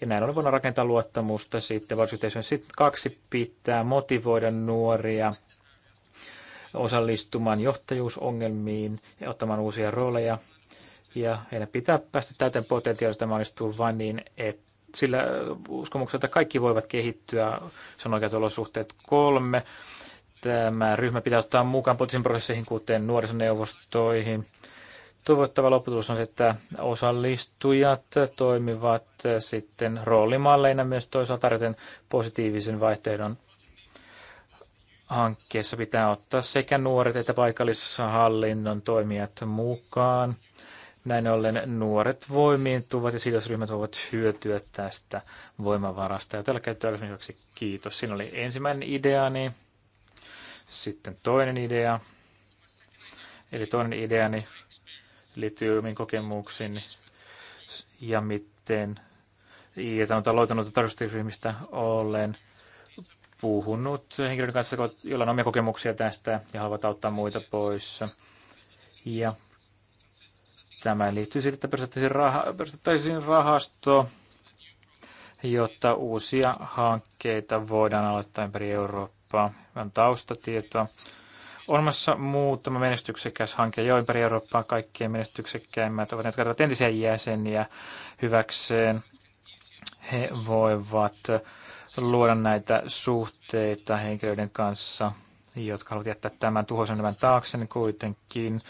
ja näin ollen voidaan rakentaa luottamusta sitten varsinkin Sitten kaksi pitää motivoida nuoria osallistumaan johtajuusongelmiin ja ottamaan uusia rooleja. Ja heidän pitää päästä täyteen potentiaalista mahdollistuu vain niin, että sillä uskomuksella, että kaikki voivat kehittyä, se on oikeat olosuhteet kolme. Tämä ryhmä pitää ottaa mukaan poliittisiin prosesseihin, kuten nuorisoneuvostoihin. Toivottava lopputulos on se, että osallistujat toimivat sitten roolimalleina myös toisaalta tarjoten positiivisen vaihtoehdon hankkeessa pitää ottaa sekä nuoret että paikallishallinnon toimijat mukaan. Näin ollen nuoret voimiintuvat ja sidosryhmät voivat hyötyä tästä voimavarasta. Ja tällä käyttöä hyväksi kiitos. Siinä oli ensimmäinen ideani, sitten toinen idea. Eli toinen ideani liittyy omiin kokemuksiin ja miten ja on aloitanut tarkastusryhmistä ollen – puhunut henkilöiden kanssa, joilla on omia kokemuksia tästä ja haluavat auttaa muita pois. Ja tämä liittyy siihen, että perustettaisiin, rahasto, jotta uusia hankkeita voidaan aloittaa ympäri Eurooppaa. On taustatieto. On olemassa muutama menestyksekäs hanke jo ympäri Eurooppaa. Kaikkien menestyksekkäimmät ovat ne, jotka ovat entisiä jäseniä hyväkseen. He voivat luoda näitä suhteita henkilöiden kanssa, jotka haluavat jättää tämän tuhoisen elämän taakse, niin kuitenkin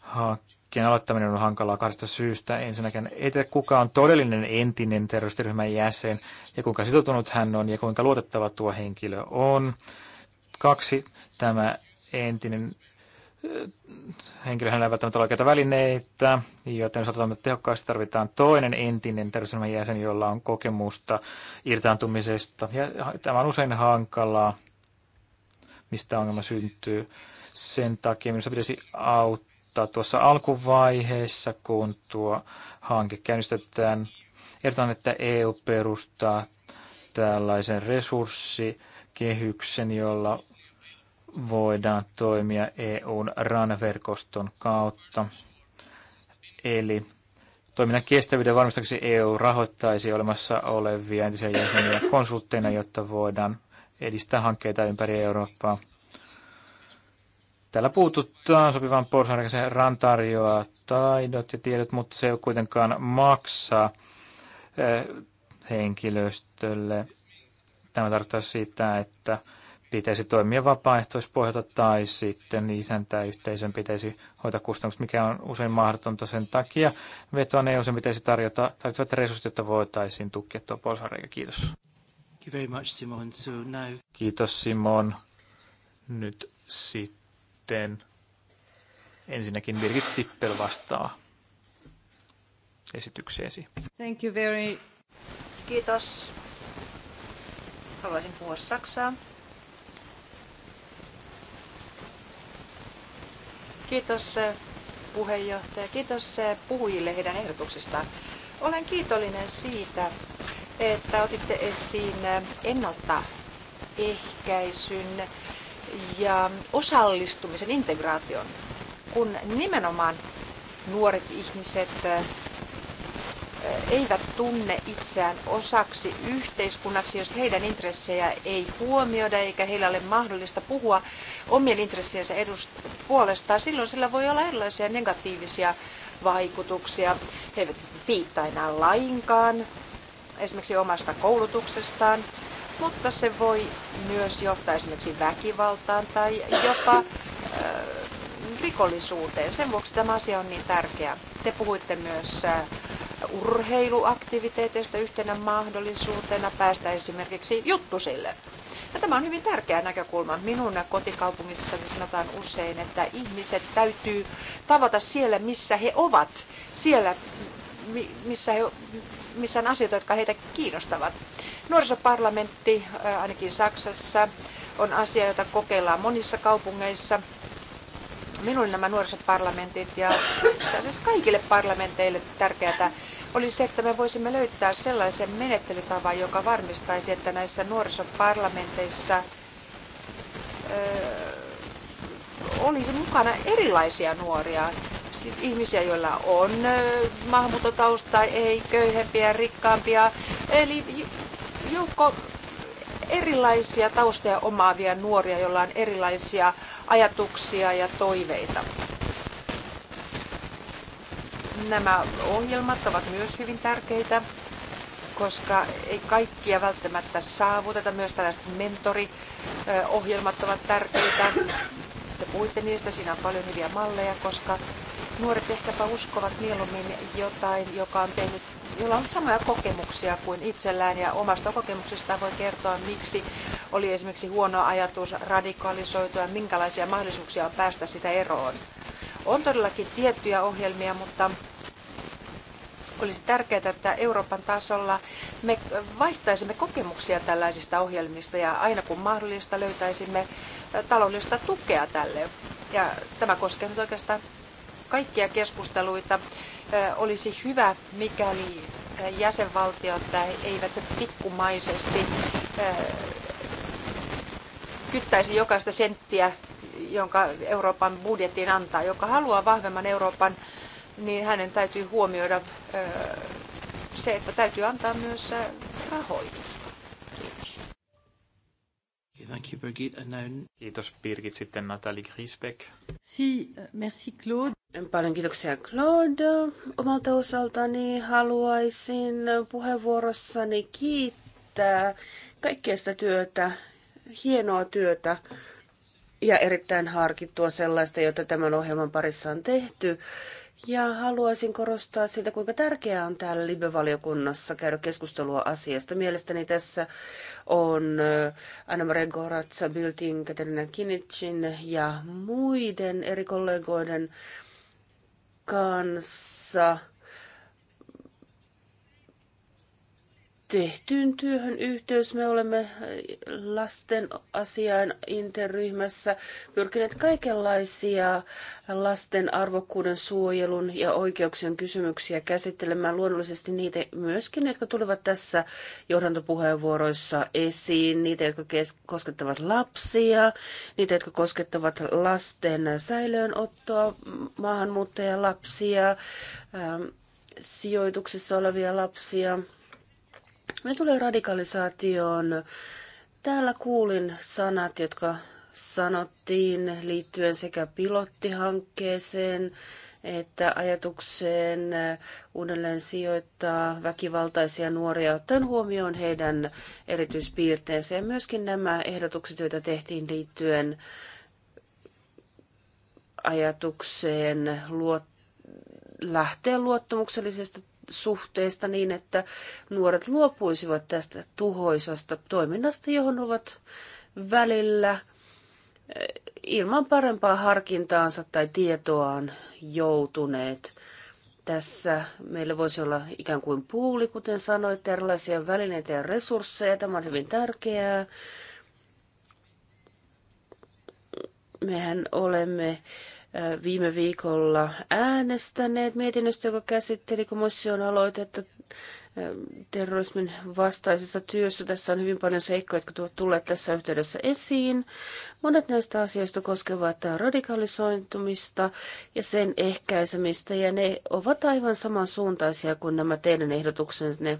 hankkeen aloittaminen on hankalaa kahdesta syystä. Ensinnäkin, että kuka on todellinen entinen terroristiryhmän jäsen ja kuinka sitoutunut hän on ja kuinka luotettava tuo henkilö on. Kaksi, tämä entinen henkilöhän ei välttämättä ole oikeita välineitä, joten jos otetaan tehokkaasti, tarvitaan toinen entinen terveysryhmän jäsen, jolla on kokemusta irtaantumisesta. Ja tämä on usein hankalaa, mistä ongelma syntyy. Sen takia minusta pitäisi auttaa tuossa alkuvaiheessa, kun tuo hanke käynnistetään. Ehdotan, että EU perustaa tällaisen resurssi, kehyksen, jolla voidaan toimia EUn RAN-verkoston kautta. Eli toiminnan kestävyyden varmistamiseksi EU rahoittaisi olemassa olevia entisiä jäseniä konsultteina, jotta voidaan edistää hankkeita ympäri Eurooppaa. Täällä puututaan sopivan porsanreikään. RAN tarjoaa taidot ja tiedot, mutta se ei ole kuitenkaan maksaa eh, henkilöstölle. Tämä tarkoittaa sitä, että pitäisi toimia vapaaehtoispohjalta tai sitten isäntäyhteisön pitäisi hoitaa kustannukset, mikä on usein mahdotonta sen takia. Vetoan eu sen pitäisi tarjota tarvitsevat resurssit, jotta voitaisiin tukea tuo porsareikä. Kiitos. Much, Simon. So now... Kiitos Simon. Nyt sitten ensinnäkin Birgit Sippel vastaa esitykseesi. Thank you very... Kiitos. Haluaisin puhua saksaa. Kiitos eh, puheenjohtaja. Kiitos eh, puhujille heidän ehdotuksistaan. Olen kiitollinen siitä, että otitte esiin eh, ennaltaehkäisyn ja osallistumisen integraation, kun nimenomaan nuoret ihmiset eivät tunne itseään osaksi yhteiskunnaksi, jos heidän intressejä ei huomioida eikä heillä ole mahdollista puhua omien intressiensä edust- puolestaan, silloin sillä voi olla erilaisia negatiivisia vaikutuksia. He eivät piittaa enää lainkaan esimerkiksi omasta koulutuksestaan, mutta se voi myös johtaa esimerkiksi väkivaltaan tai jopa äh, rikollisuuteen. Sen vuoksi tämä asia on niin tärkeä. Te puhuitte myös äh, urheiluaktiviteeteista yhtenä mahdollisuutena päästä esimerkiksi juttusille. Ja tämä on hyvin tärkeä näkökulma. Minun kotikaupungissani sanotaan usein, että ihmiset täytyy tavata siellä, missä he ovat, siellä, missä, he, missä on asioita, jotka heitä kiinnostavat. Nuorisoparlamentti, äh, ainakin Saksassa, on asia, jota kokeillaan monissa kaupungeissa. Minulle nämä nuorisoparlamentit ja itse kaikille parlamenteille tärkeää olisi se, että me voisimme löytää sellaisen menettelytavan, joka varmistaisi, että näissä nuorisoparlamenteissa olisi mukana erilaisia nuoria. Ihmisiä, joilla on maahanmuuttotausta, ei köyhempiä, rikkaampia. Eli joukko erilaisia taustoja omaavia nuoria, joilla on erilaisia ajatuksia ja toiveita. Nämä ohjelmat ovat myös hyvin tärkeitä, koska ei kaikkia välttämättä saavuteta. Myös tällaiset mentoriohjelmat ovat tärkeitä. Te puhuitte niistä, siinä on paljon hyviä malleja, koska nuoret ehkäpä uskovat mieluummin jotain, joka on tehnyt, jolla on samoja kokemuksia kuin itsellään ja omasta kokemuksesta. voi kertoa, miksi oli esimerkiksi huono ajatus radikalisoitua, minkälaisia mahdollisuuksia on päästä sitä eroon. On todellakin tiettyjä ohjelmia, mutta olisi tärkeää, että Euroopan tasolla me vaihtaisimme kokemuksia tällaisista ohjelmista ja aina kun mahdollista löytäisimme taloudellista tukea tälle. Ja tämä koskee nyt oikeastaan kaikkia keskusteluita. Olisi hyvä, mikäli jäsenvaltiot eivät pikkumaisesti kyttäisi jokaista senttiä jonka Euroopan budjettiin antaa. Joka haluaa vahvemman Euroopan, niin hänen täytyy huomioida se, että täytyy antaa myös rahoitusta. Kiitos. Kiitos Birgit. Sitten Natalie Griesbeck. Si, merci Claude. Paljon kiitoksia Claude. Omalta osaltani haluaisin puheenvuorossani kiittää kaikkea sitä työtä, hienoa työtä, ja erittäin harkittua sellaista, jota tämän ohjelman parissa on tehty. Ja haluaisin korostaa sitä, kuinka tärkeää on täällä Libe-valiokunnassa käydä keskustelua asiasta. Mielestäni tässä on Anna-Maria Goratsa, Biltin, Katerina Kinicin ja muiden eri kollegoiden kanssa – tehtyyn työhön yhteys. Me olemme lasten asiain interryhmässä pyrkineet kaikenlaisia lasten arvokkuuden suojelun ja oikeuksien kysymyksiä käsittelemään. Luonnollisesti niitä myöskin, jotka tulevat tässä johdantopuheenvuoroissa esiin, niitä, jotka koskettavat lapsia, niitä, jotka koskettavat lasten säilöönottoa, maahanmuuttajalapsia, sijoituksessa olevia lapsia – me tulee radikalisaatioon. Täällä kuulin sanat, jotka sanottiin liittyen sekä pilottihankkeeseen että ajatukseen uudelleen sijoittaa väkivaltaisia nuoria ottaen huomioon heidän erityispiirteensä ja myöskin nämä ehdotukset, joita tehtiin liittyen ajatukseen luot, lähteä luottamuksellisesta suhteesta niin, että nuoret luopuisivat tästä tuhoisasta toiminnasta, johon ovat välillä eh, ilman parempaa harkintaansa tai tietoaan joutuneet. Tässä meillä voisi olla ikään kuin puuli, kuten sanoit, erilaisia välineitä ja resursseja. Tämä on hyvin tärkeää. Mehän olemme äh, viime viikolla äänestäneet mietinnöstä, joka käsitteli komission aloitetta terrorismin vastaisessa työssä. Tässä on hyvin paljon seikkoja, jotka ovat tulleet tässä yhteydessä esiin. Monet näistä asioista koskevat radikalisointumista ja sen ehkäisemistä, ja ne ovat aivan samansuuntaisia kuin nämä teidän ehdotuksenne.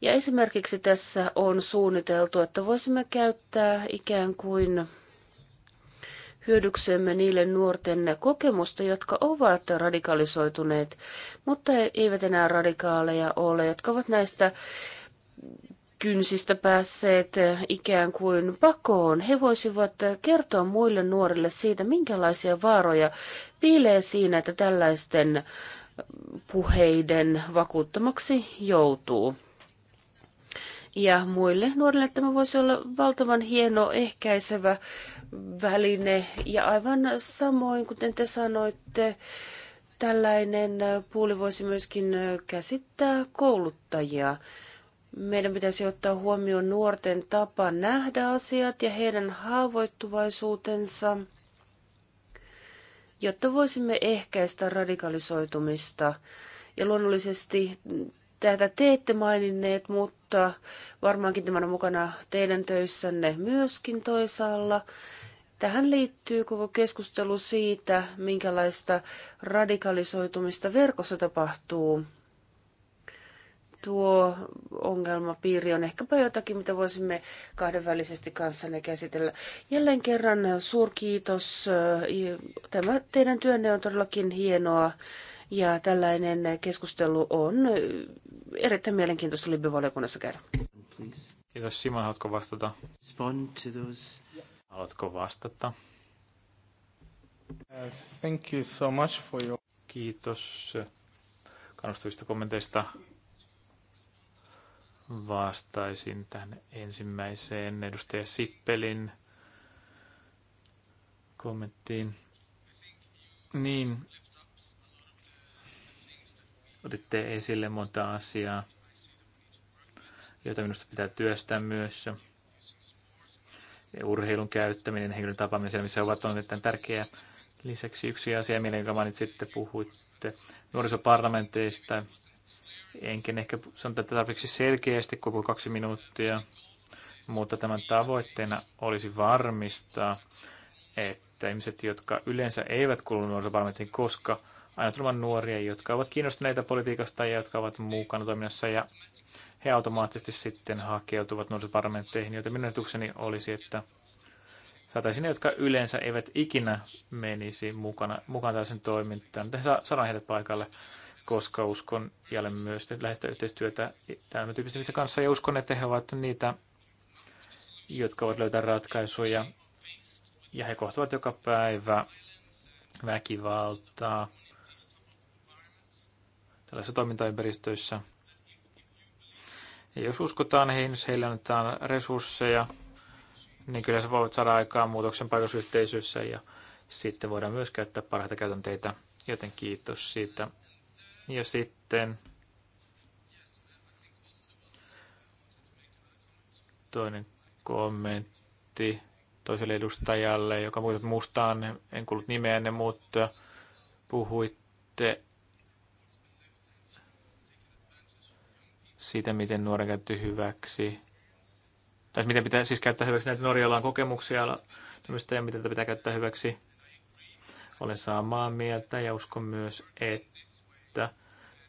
Ja esimerkiksi tässä on suunniteltu, että voisimme käyttää ikään kuin hyödyksemme niille nuorten kokemusta, jotka ovat radikalisoituneet, mutta he eivät enää radikaaleja ole, jotka ovat näistä kynsistä päässeet ikään kuin pakoon. He voisivat kertoa muille nuorille siitä, minkälaisia vaaroja piilee siinä, että tällaisten puheiden vakuuttamaksi joutuu. Ja muille nuorille tämä voisi olla valtavan hieno ehkäisevä väline. Ja aivan samoin, kuten te sanoitte, tällainen puoli voisi myöskin käsittää kouluttajia. Meidän pitäisi ottaa huomioon nuorten tapa nähdä asiat ja heidän haavoittuvaisuutensa, jotta voisimme ehkäistä radikalisoitumista. Ja luonnollisesti tätä te ette maininneet, mutta varmaankin tämä on mukana teidän töissänne myöskin toisaalla. Tähän liittyy koko keskustelu siitä, minkälaista radikalisoitumista verkossa tapahtuu. Tuo ongelmapiiri on ehkäpä jotakin, mitä voisimme kahdenvälisesti kanssanne käsitellä. Jälleen kerran suurkiitos. Tämä teidän työnne on todellakin hienoa. Ja tällainen keskustelu on erittäin mielenkiintoista Libby-valiokunnassa käydä. Kiitos Simon, haluatko vastata? to those. Haluatko vastata? Uh, thank you so much for your... Kiitos kannustavista kommenteista. Vastaisin tähän ensimmäiseen edustaja Sippelin kommenttiin. Niin, Otitte esille monta asiaa, joita minusta pitää työstää myös. Ja urheilun käyttäminen, henkilön tapaaminen siellä, missä ovat, on erittäin tärkeää. Lisäksi yksi asia, mielen, jonka mainitsitte, puhuitte nuorisoparlamenteista. Enkin ehkä sano tätä tarpeeksi selkeästi, koko kaksi minuuttia, mutta tämän tavoitteena olisi varmistaa, että ihmiset, jotka yleensä eivät kuulu nuorisoparlamenttiin, koska aina tulemaan nuoria, jotka ovat kiinnostuneita politiikasta ja jotka ovat mukana toiminnassa ja he automaattisesti sitten hakeutuvat nuorisoparlamentteihin, joten minun ajatukseni olisi, että saataisiin ne, jotka yleensä eivät ikinä menisi mukana, mukaan tällaisen toimintaan. Mutta saadaan heidät paikalle, koska uskon ja olen myös lähestä yhteistyötä tämän tyyppisten kanssa ja uskon, että he ovat niitä, jotka ovat löytää ratkaisuja ja he kohtavat joka päivä väkivaltaa, tällaisissa toimintaympäristöissä. Ja jos uskotaan heihin, jos heille annetaan resursseja, niin kyllä se voivat saada aikaan muutoksen paikallisyhteisöissä ja sitten voidaan myös käyttää parhaita käytänteitä, joten kiitos siitä. Ja sitten toinen kommentti toiselle edustajalle, joka puhuit mustaan, en kuullut nimeänne, mutta puhuitte siitä, miten nuori käytti hyväksi, tai miten pitää siis käyttää hyväksi näitä Norjalla on kokemuksia tämmöistä ja miten tätä pitää käyttää hyväksi. Olen samaa mieltä ja uskon myös, että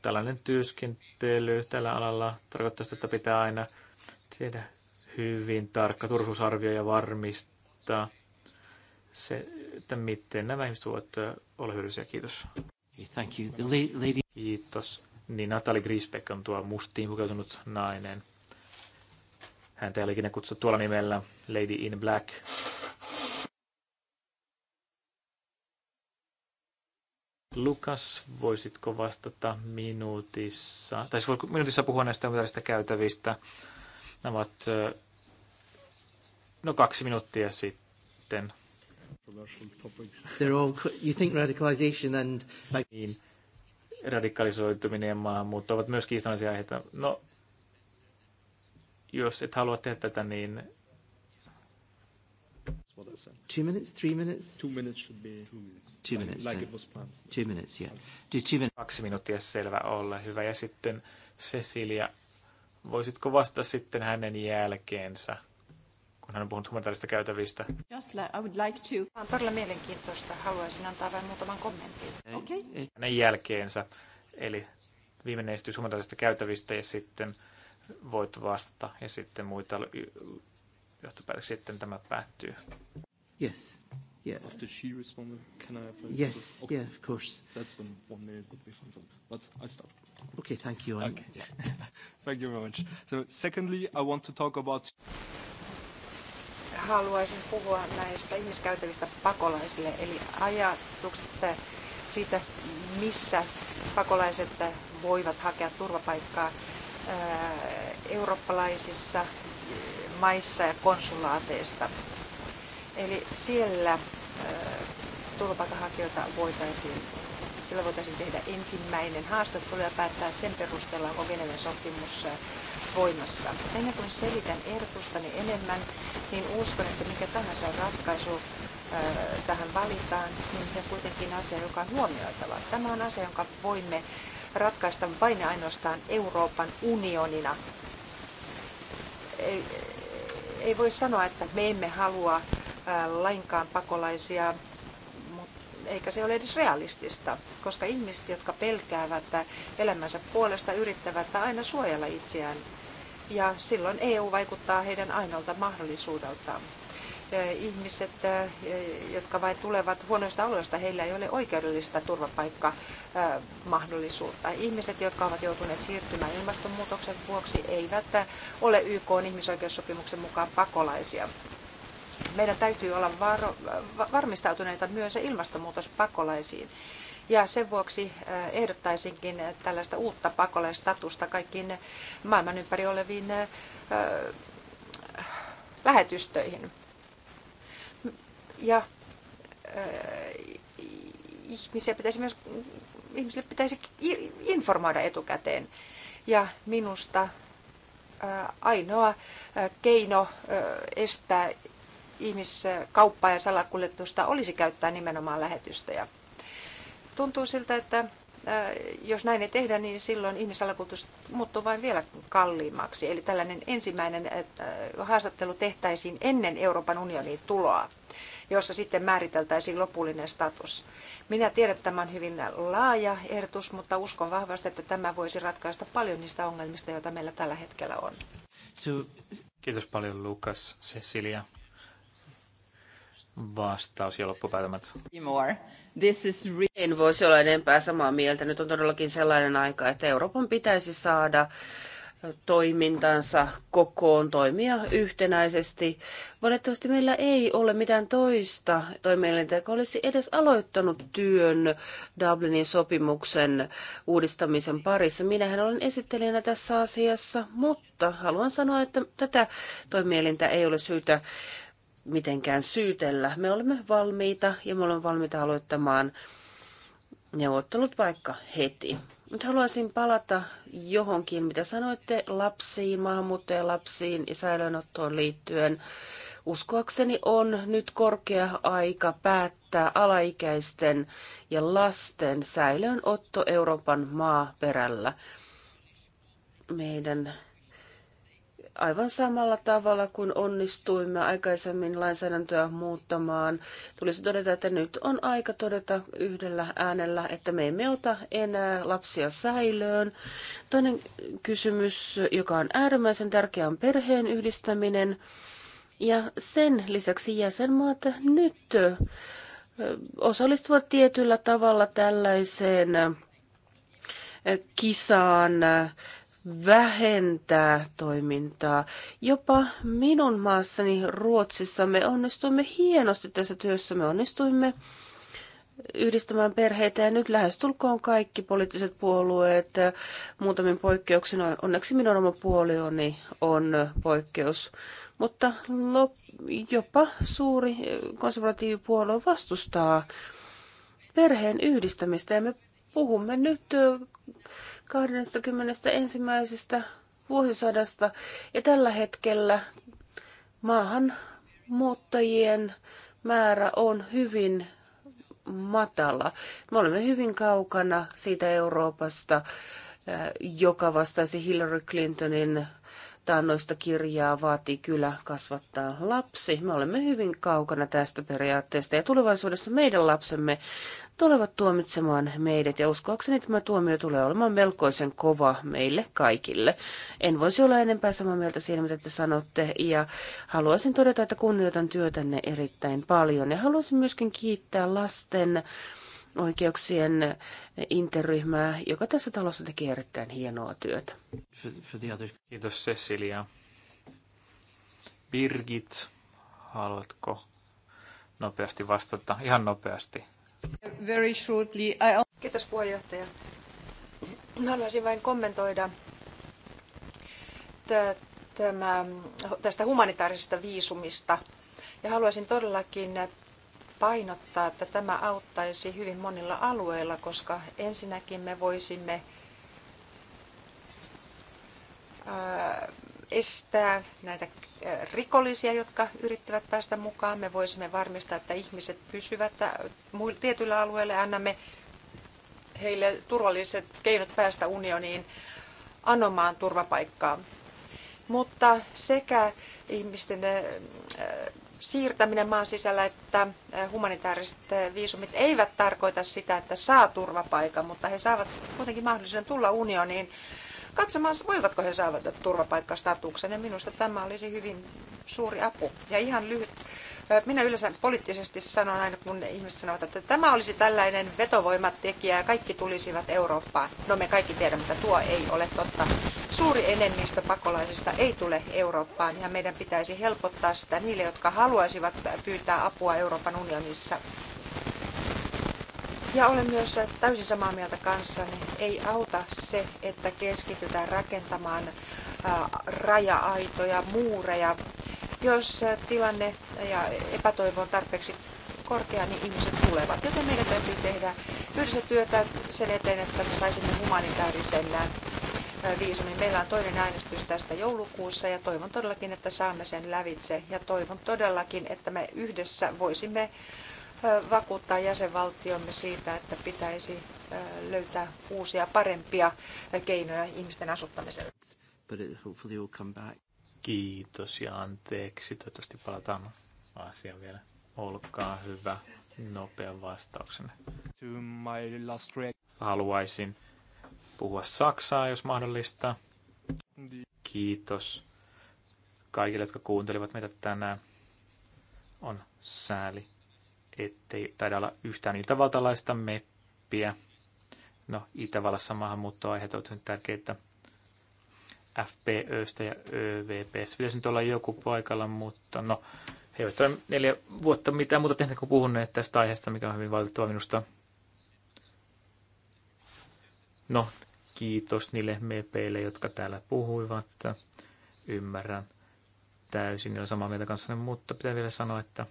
tällainen työskentely tällä alalla tarkoittaa sitä, että pitää aina tehdä hyvin tarkka turvallisuusarvio ja varmistaa se, että miten nämä ihmiset voivat olla hyödyllisiä. Kiitos. Thank you. The lady... Kiitos niin Natalie Grisbeck on tuo mustiin pukeutunut nainen. Häntä ei olikin ikinä kutsuttu tuolla nimellä Lady in Black. Lukas, voisitko vastata minuutissa, tai siis voisitko minuutissa puhua näistä ympäristöistä käytävistä? Nämä ovat no kaksi minuuttia sitten. They're all, you think radicalization and... Niin, radikalisoituminen ja maahanmuutto ovat myös kiistallisia aiheita. No, jos et halua tehdä tätä, niin... Two minutes, three minutes? Two minutes should be... Two minutes. like, like it was planned. Two minutes, yeah. Do two minutes. Kaksi minuuttia selvä, olla hyvä. Ja sitten Cecilia, voisitko vastata sitten hänen jälkeensä? kun hän on puhunut humanitaarista käytävistä. Just I would like to... Tämä on todella mielenkiintoista. Haluaisin antaa vain muutaman kommentin. Okay. Hänen jälkeensä, eli viimeinen esitys humanitaarisista käytävistä ja sitten voit vastata ja sitten muita johtopäätöksiä sitten tämä päättyy. Yes. Yeah. After she responded, can I have a Yes, of, okay. yeah, of course. That's the one minute would be fun, but I stop. Okay, thank you. Okay. thank you very much. So secondly, I want to talk about haluaisin puhua näistä ihmiskäytävistä pakolaisille, eli ajatukset siitä, missä pakolaiset voivat hakea turvapaikkaa eurooppalaisissa maissa ja konsulaateista. Eli siellä turvapaikanhakijoita voitaisiin, siellä voitaisiin tehdä ensimmäinen haastattelu ja päättää sen perusteella, onko Geneven sopimus voimassa. Ennen kuin selitän ehdotustani enemmän, niin uskon, että mikä tahansa ratkaisu tähän valitaan, niin se on kuitenkin asia, joka on huomioitava. Tämä on asia, jonka voimme ratkaista vain ja ainoastaan Euroopan unionina. Ei, ei voi sanoa, että me emme halua lainkaan pakolaisia, eikä se ole edes realistista, koska ihmiset, jotka pelkäävät elämänsä puolesta, yrittävät aina suojella itseään ja silloin EU vaikuttaa heidän ainoalta mahdollisuudeltaan. Ihmiset, jotka vain tulevat huonoista oloista, heillä ei ole oikeudellista turvapaikkamahdollisuutta. Ihmiset, jotka ovat joutuneet siirtymään ilmastonmuutoksen vuoksi, eivät ole YK ihmisoikeussopimuksen mukaan pakolaisia meidän täytyy olla varmistautuneita myös ilmastonmuutospakolaisiin. Ja sen vuoksi eh, ehdottaisinkin eh, tällaista uutta pakolaistatusta kaikkiin eh, maailman ympäri oleviin lähetystöihin. Ja ihmisiä pitäisi myös, ihmisille pitäisi informoida etukäteen. Ja minusta ainoa keino estää ihmiskauppaa ja salakuljetusta olisi käyttää nimenomaan lähetystöjä. Tuntuu siltä, että jos näin ei tehdä, niin silloin ihmisalakultus muuttuu vain vielä kalliimmaksi. Eli tällainen ensimmäinen haastattelu tehtäisiin ennen Euroopan unionin tuloa, jossa sitten määriteltäisiin lopullinen status. Minä tiedän, että tämä on hyvin laaja ehdotus, mutta uskon vahvasti, että tämä voisi ratkaista paljon niistä ongelmista, joita meillä tällä hetkellä on. Kiitos paljon Lukas, Cecilia. Vastaus ja loppupäätämät. This is really... en voisi olla enempää samaa mieltä. Nyt on todellakin sellainen aika, että Euroopan pitäisi saada toimintansa kokoon toimia yhtenäisesti. Valitettavasti meillä ei ole mitään toista toimielintä, joka olisi edes aloittanut työn Dublinin sopimuksen uudistamisen parissa. Minähän olen esittelijänä tässä asiassa, mutta haluan sanoa, että tätä toimielintä ei ole syytä mitenkään syytellä. Me olemme valmiita ja me olemme valmiita aloittamaan neuvottelut vaikka heti. Nyt haluaisin palata johonkin, mitä sanoitte lapsiin, maahanmuuttajalapsiin ja säilöönottoon liittyen. Uskoakseni on nyt korkea aika päättää alaikäisten ja lasten säilöönotto Euroopan maaperällä. Meidän aivan samalla tavalla kuin onnistuimme aikaisemmin lainsäädäntöä muuttamaan. Tulisi todeta, että nyt on aika todeta yhdellä äänellä, että me emme ota enää lapsia säilöön. Toinen kysymys, joka on äärimmäisen tärkeä, on perheen yhdistäminen. Ja sen lisäksi jäsenmaat nyt osallistuvat tietyllä tavalla tällaiseen kisaan vähentää toimintaa. Jopa minun maassani Ruotsissa me onnistuimme hienosti tässä työssä. Me onnistuimme yhdistämään perheitä ja nyt lähestulkoon kaikki poliittiset puolueet, muutamin poikkeuksin, onneksi minun oma puolioni on poikkeus, mutta jopa suuri konservatiivipuolue vastustaa perheen yhdistämistä ja me puhumme nyt 21. vuosisadasta ja tällä hetkellä maahan muuttajien määrä on hyvin matala. Me olemme hyvin kaukana siitä Euroopasta, eh, joka vastaisi Hillary Clintonin taannoista kirjaa vaatii kyllä kasvattaa lapsi. Me olemme hyvin kaukana tästä periaatteesta ja tulevaisuudessa meidän lapsemme tulevat tuomitsemaan meidät ja uskoakseni tämä tuomio tulee olemaan melkoisen kova meille kaikille. En voisi olla enempää samaa mieltä siinä, mitä te sanotte ja haluaisin todeta, että kunnioitan työtänne erittäin paljon ja haluaisin myöskin kiittää lasten oikeuksien interryhmää, joka tässä talossa teki erittäin hienoa työtä. Kiitos Cecilia. Birgit, haluatko nopeasti vastata? Ihan nopeasti. Kiitos puheenjohtaja. Haluaisin vain kommentoida tämä, tästä humanitaarisesta viisumista. Ja haluaisin todellakin painottaa, että tämä auttaisi hyvin monilla alueilla, koska ensinnäkin me voisimme estää näitä rikollisia, jotka yrittävät päästä mukaan. Me voisimme varmistaa, että ihmiset pysyvät tietyillä alueilla ja annamme heille turvalliset keinot päästä unioniin anomaan turvapaikkaa. Mutta sekä ihmisten siirtäminen maan sisällä että humanitaariset viisumit eivät tarkoita sitä, että saa turvapaikan, mutta he saavat kuitenkin mahdollisuuden tulla unioniin katsomaan, voivatko he saada turvapaikkastatuksen. Ja minusta tämä olisi hyvin suuri apu. Ja ihan lyhyt. Minä yleensä poliittisesti sanon aina, kun ihmiset sanovat, että tämä olisi tällainen vetovoimatekijä ja kaikki tulisivat Eurooppaan. No me kaikki tiedämme, että tuo ei ole totta. Suuri enemmistö pakolaisista ei tule Eurooppaan ja meidän pitäisi helpottaa sitä niille, jotka haluaisivat pyytää apua Euroopan unionissa ja olen myös täysin samaa mieltä kanssanne. Ei auta se, että keskitytään rakentamaan raja-aitoja, muureja. Jos tilanne ja epätoivo on tarpeeksi korkea, niin ihmiset tulevat. Joten meidän täytyy tehdä yhdessä työtä sen eteen, että me saisimme humanitaarisen viisumin. Meillä on toinen äänestys tästä joulukuussa ja toivon todellakin, että saamme sen lävitse. Ja toivon todellakin, että me yhdessä voisimme vakuuttaa jäsenvaltiomme siitä, että pitäisi löytää uusia parempia keinoja ihmisten asuttamiselle. Kiitos ja anteeksi. Toivottavasti palataan asiaan vielä. Olkaa hyvä. nopea vastauksenne. Haluaisin puhua saksaa, jos mahdollista. Kiitos kaikille, jotka kuuntelivat meitä tänään. On sääli, ettei taida olla yhtään itävaltalaista meppiä. No, Itävallassa maahanmuuttoaiheet ovat hyvin tärkeitä. FPÖstä ja ÖVPstä pitäisi nyt olla joku paikalla, mutta no, he eivät ole neljä vuotta mitään muuta tehneet kuin puhuneet tästä aiheesta, mikä on hyvin valitettava minusta. No, kiitos niille mepeille, jotka täällä puhuivat. Ymmärrän täysin, olen samaa mieltä kanssanne, mutta pitää vielä sanoa, että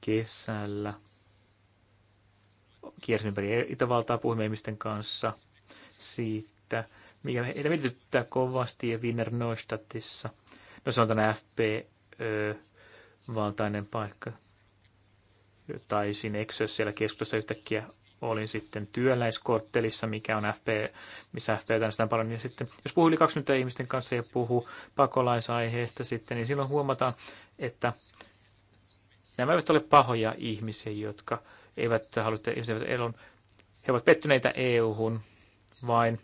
kesällä. Kiersin ympäri Itävaltaa, puhuimme kanssa siitä, mikä heitä mietityttää kovasti ja Wiener Neustadtissa. No se on tänä FP-valtainen paikka. Taisin eksyä siellä keskustassa yhtäkkiä olin sitten työläiskorttelissa, mikä on FP, missä FP äänestetään paljon. Ja sitten, jos puhuu yli 20 ihmisten kanssa ja puhuu pakolaisaiheesta sitten, niin silloin huomataan, että Nämä eivät ole pahoja ihmisiä, jotka eivät halua, ihmisiä elon. He ovat pettyneitä EU-hun vain,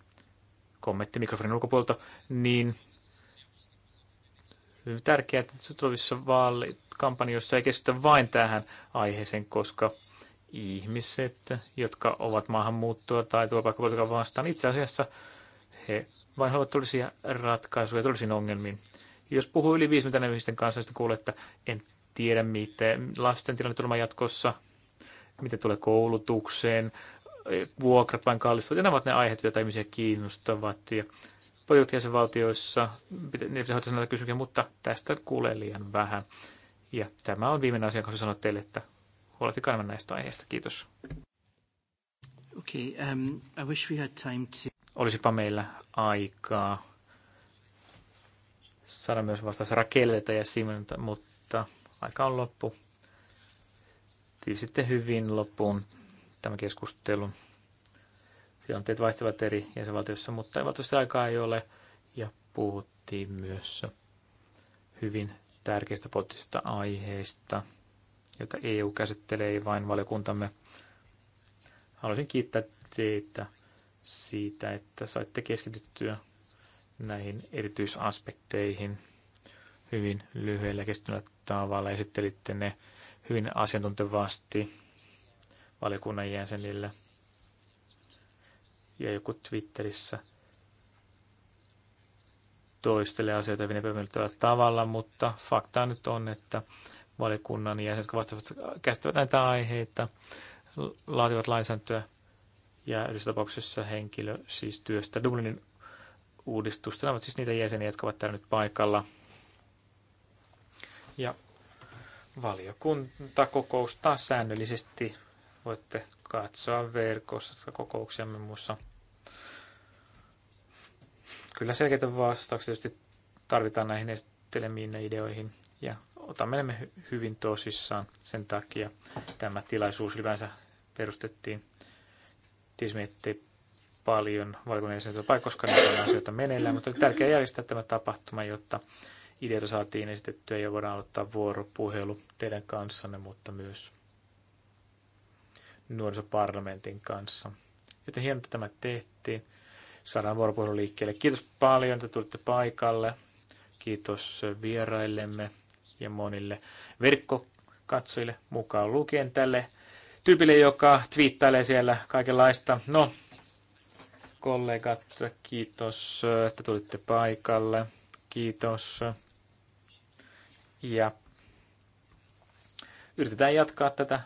kommentti mikrofonin ulkopuolelta, niin hyvin tärkeää, että tulevissa vaalikampanjoissa ei keskitytä vain tähän aiheeseen, koska ihmiset, jotka ovat maahanmuuttoa tai turvapaikkapolitiikan vastaan, itse asiassa he vain haluavat tulisia ratkaisuja tulisiin ongelmiin. Jos puhuu yli 50 ihmisten kanssa, niin kuulee, että en tiedä, miten lasten tilanne tulee jatkossa, miten tulee koulutukseen, vuokrat vain kallistuvat. Ja nämä ovat ne aiheet, joita ihmisiä kiinnostavat. Ja pojat jäsenvaltioissa, ne pitäisi hoitaa näitä kysymyksiä, mutta tästä kuulee liian vähän. Ja tämä on viimeinen asia, kun sanoin teille, että huolehtikaa enemmän näistä aiheista. Kiitos. Okay, um, I wish we had time to... Olisipa meillä aikaa saada myös vastaus Rakelilta ja Simonilta, mutta Aika on loppu. Tiivisitte hyvin loppuun tämän keskustelun. Tilanteet vaihtelevat eri jäsenvaltioissa, mutta valtiossa aikaa ei ole. Ja puhuttiin myös hyvin tärkeistä poliittisista aiheista, joita EU käsittelee, ei vain valiokuntamme. Haluaisin kiittää teitä siitä, että saitte keskityttyä näihin erityisaspekteihin hyvin lyhyellä kestävällä tavalla. Esittelitte ne hyvin asiantuntevasti valiokunnan jäsenille ja joku Twitterissä toistelee asioita hyvin epämiellyttävällä tavalla, mutta fakta nyt on, että valiokunnan jäsenet, jotka vastaavat käsittävät näitä aiheita, laativat lainsäädäntöä ja yhdessä tapauksessa henkilö siis työstä Dublinin uudistusta. Nämä ovat siis niitä jäseniä, jotka ovat täällä nyt paikalla ja valiokunta kokoustaa säännöllisesti. Voitte katsoa verkossa kokouksiamme muussa. Kyllä selkeitä vastauksia tietysti tarvitaan näihin esittelemiin ideoihin ja otamme ne hyvin tosissaan. Sen takia tämä tilaisuus ylipäänsä perustettiin. Tiesimme, ettei paljon valiokunnan jäseniä paikka, koska niitä on asioita meneillään, mutta oli tärkeää järjestää tämä tapahtuma, jotta ideoita saatiin esitettyä ja voidaan aloittaa vuoropuhelu teidän kanssanne, mutta myös nuorisoparlamentin kanssa. Joten hienoa, että tämä tehtiin. Saadaan vuoropuhelu liikkeelle. Kiitos paljon, että tulitte paikalle. Kiitos vieraillemme ja monille verkkokatsojille mukaan lukien tälle tyypille, joka twiittailee siellä kaikenlaista. No, kollegat, kiitos, että tulitte paikalle. Kiitos. Ja yritetään jatkaa tätä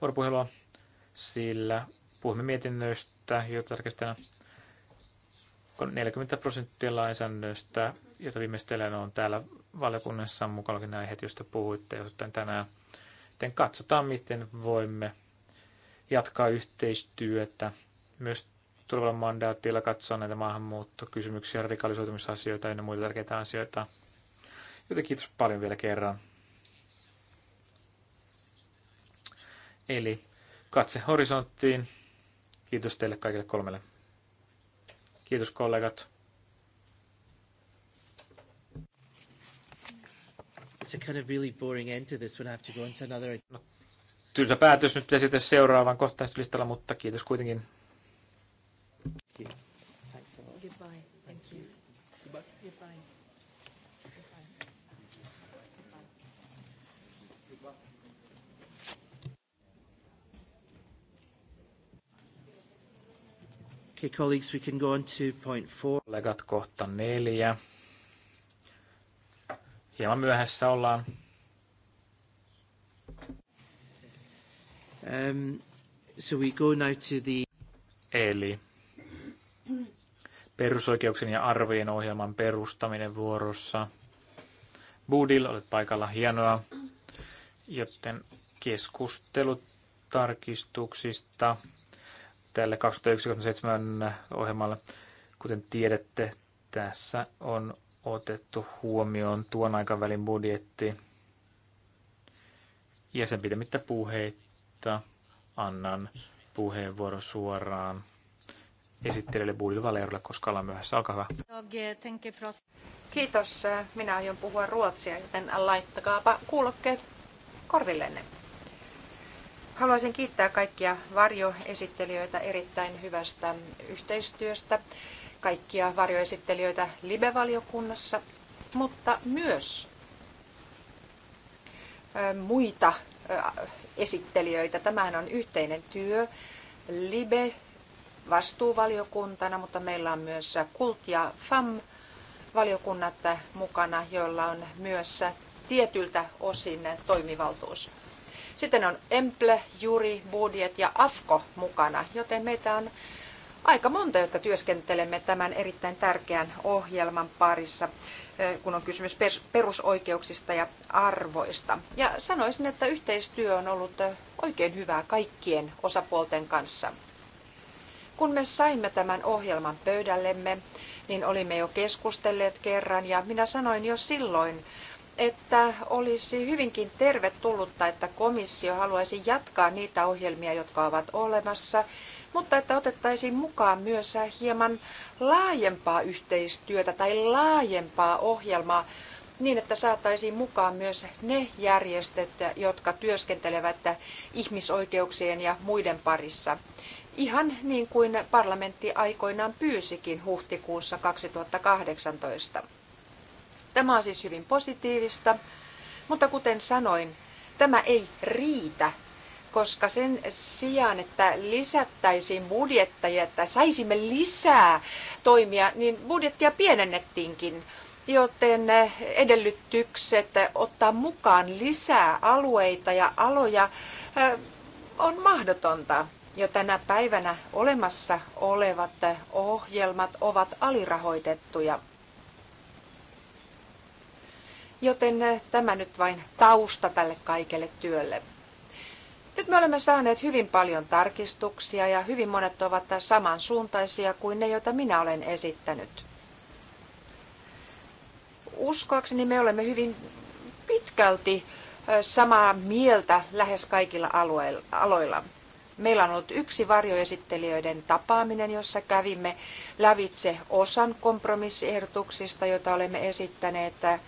vuoropuhelua, sillä puhumme mietinnöistä, joita tarkistetaan 40 prosenttia lainsäädännöistä, jota viimeistellään on täällä valiokunnassa nämä aiheet, joista puhuitte jostain tänään. Joten katsotaan, miten voimme jatkaa yhteistyötä myös tulevalla mandaatilla katsoa näitä maahanmuuttokysymyksiä, radikalisoitumisasioita ja muita tärkeitä asioita. Joten kiitos paljon vielä kerran. Eli katse horisonttiin. Kiitos teille kaikille kolmelle. Kiitos kollegat. No, tylsä päätös nyt esitä seuraavan listalla, mutta kiitos kuitenkin. Okay, colleagues, we can go on to point four. Kollegat kohta neljä. Hieman myöhässä ollaan. Um, so we go now to the... Eli perusoikeuksien ja arvojen ohjelman perustaminen vuorossa. Budil, olet paikalla, hienoa. Joten keskustelut tarkistuksista tälle 2001-2007 ohjelmalle. Kuten tiedätte, tässä on otettu huomioon tuon aikavälin budjetti. Ja sen pitämättä puheitta annan puheenvuoron suoraan esittelijälle Budil Valerolle, koska ollaan myöhässä. Olkaa hyvä. Kiitos. Minä aion puhua ruotsia, joten laittakaapa kuulokkeet korvillenne. Haluaisin kiittää kaikkia varjoesittelijöitä erittäin hyvästä yhteistyöstä, kaikkia varjoesittelijöitä live-valiokunnassa, mutta myös muita esittelijöitä. Tämähän on yhteinen työ. Libe vastuuvaliokuntana, mutta meillä on myös Kult ja FAM valiokunnat mukana, joilla on myös tietyltä osin toimivaltuus. Sitten on Emple, Juri, Budjet ja Afko mukana, joten meitä on aika monta, jotka työskentelemme tämän erittäin tärkeän ohjelman parissa, kun on kysymys perusoikeuksista ja arvoista. Ja sanoisin, että yhteistyö on ollut oikein hyvää kaikkien osapuolten kanssa. Kun me saimme tämän ohjelman pöydällemme, niin olimme jo keskustelleet kerran ja minä sanoin jo silloin, että olisi hyvinkin tervetullutta, että komissio haluaisi jatkaa niitä ohjelmia, jotka ovat olemassa, mutta että otettaisiin mukaan myös hieman laajempaa yhteistyötä tai laajempaa ohjelmaa niin, että saataisiin mukaan myös ne järjestöt, jotka työskentelevät ihmisoikeuksien ja muiden parissa. Ihan niin kuin parlamentti aikoinaan pyysikin huhtikuussa 2018. Tämä on siis hyvin positiivista, mutta kuten sanoin, tämä ei riitä, koska sen sijaan, että lisättäisiin budjettajia, että saisimme lisää toimia, niin budjettia pienennettiinkin joten eh, edellytykset ottaa mukaan lisää alueita ja aloja eh, on mahdotonta. Jo tänä päivänä olemassa olevat eh, ohjelmat ovat alirahoitettuja. Joten eh, tämä nyt vain tausta tälle kaikelle työlle. Nyt me olemme saaneet hyvin paljon tarkistuksia ja hyvin monet ovat samansuuntaisia kuin ne, joita minä olen esittänyt. Uskoakseni me olemme hyvin pitkälti eh, samaa mieltä lähes kaikilla aloilla. Meillä on ollut yksi varjoesittelijöiden tapaaminen, jossa kävimme lävitse osan kompromissiehdotuksista, joita olemme esittäneet eh,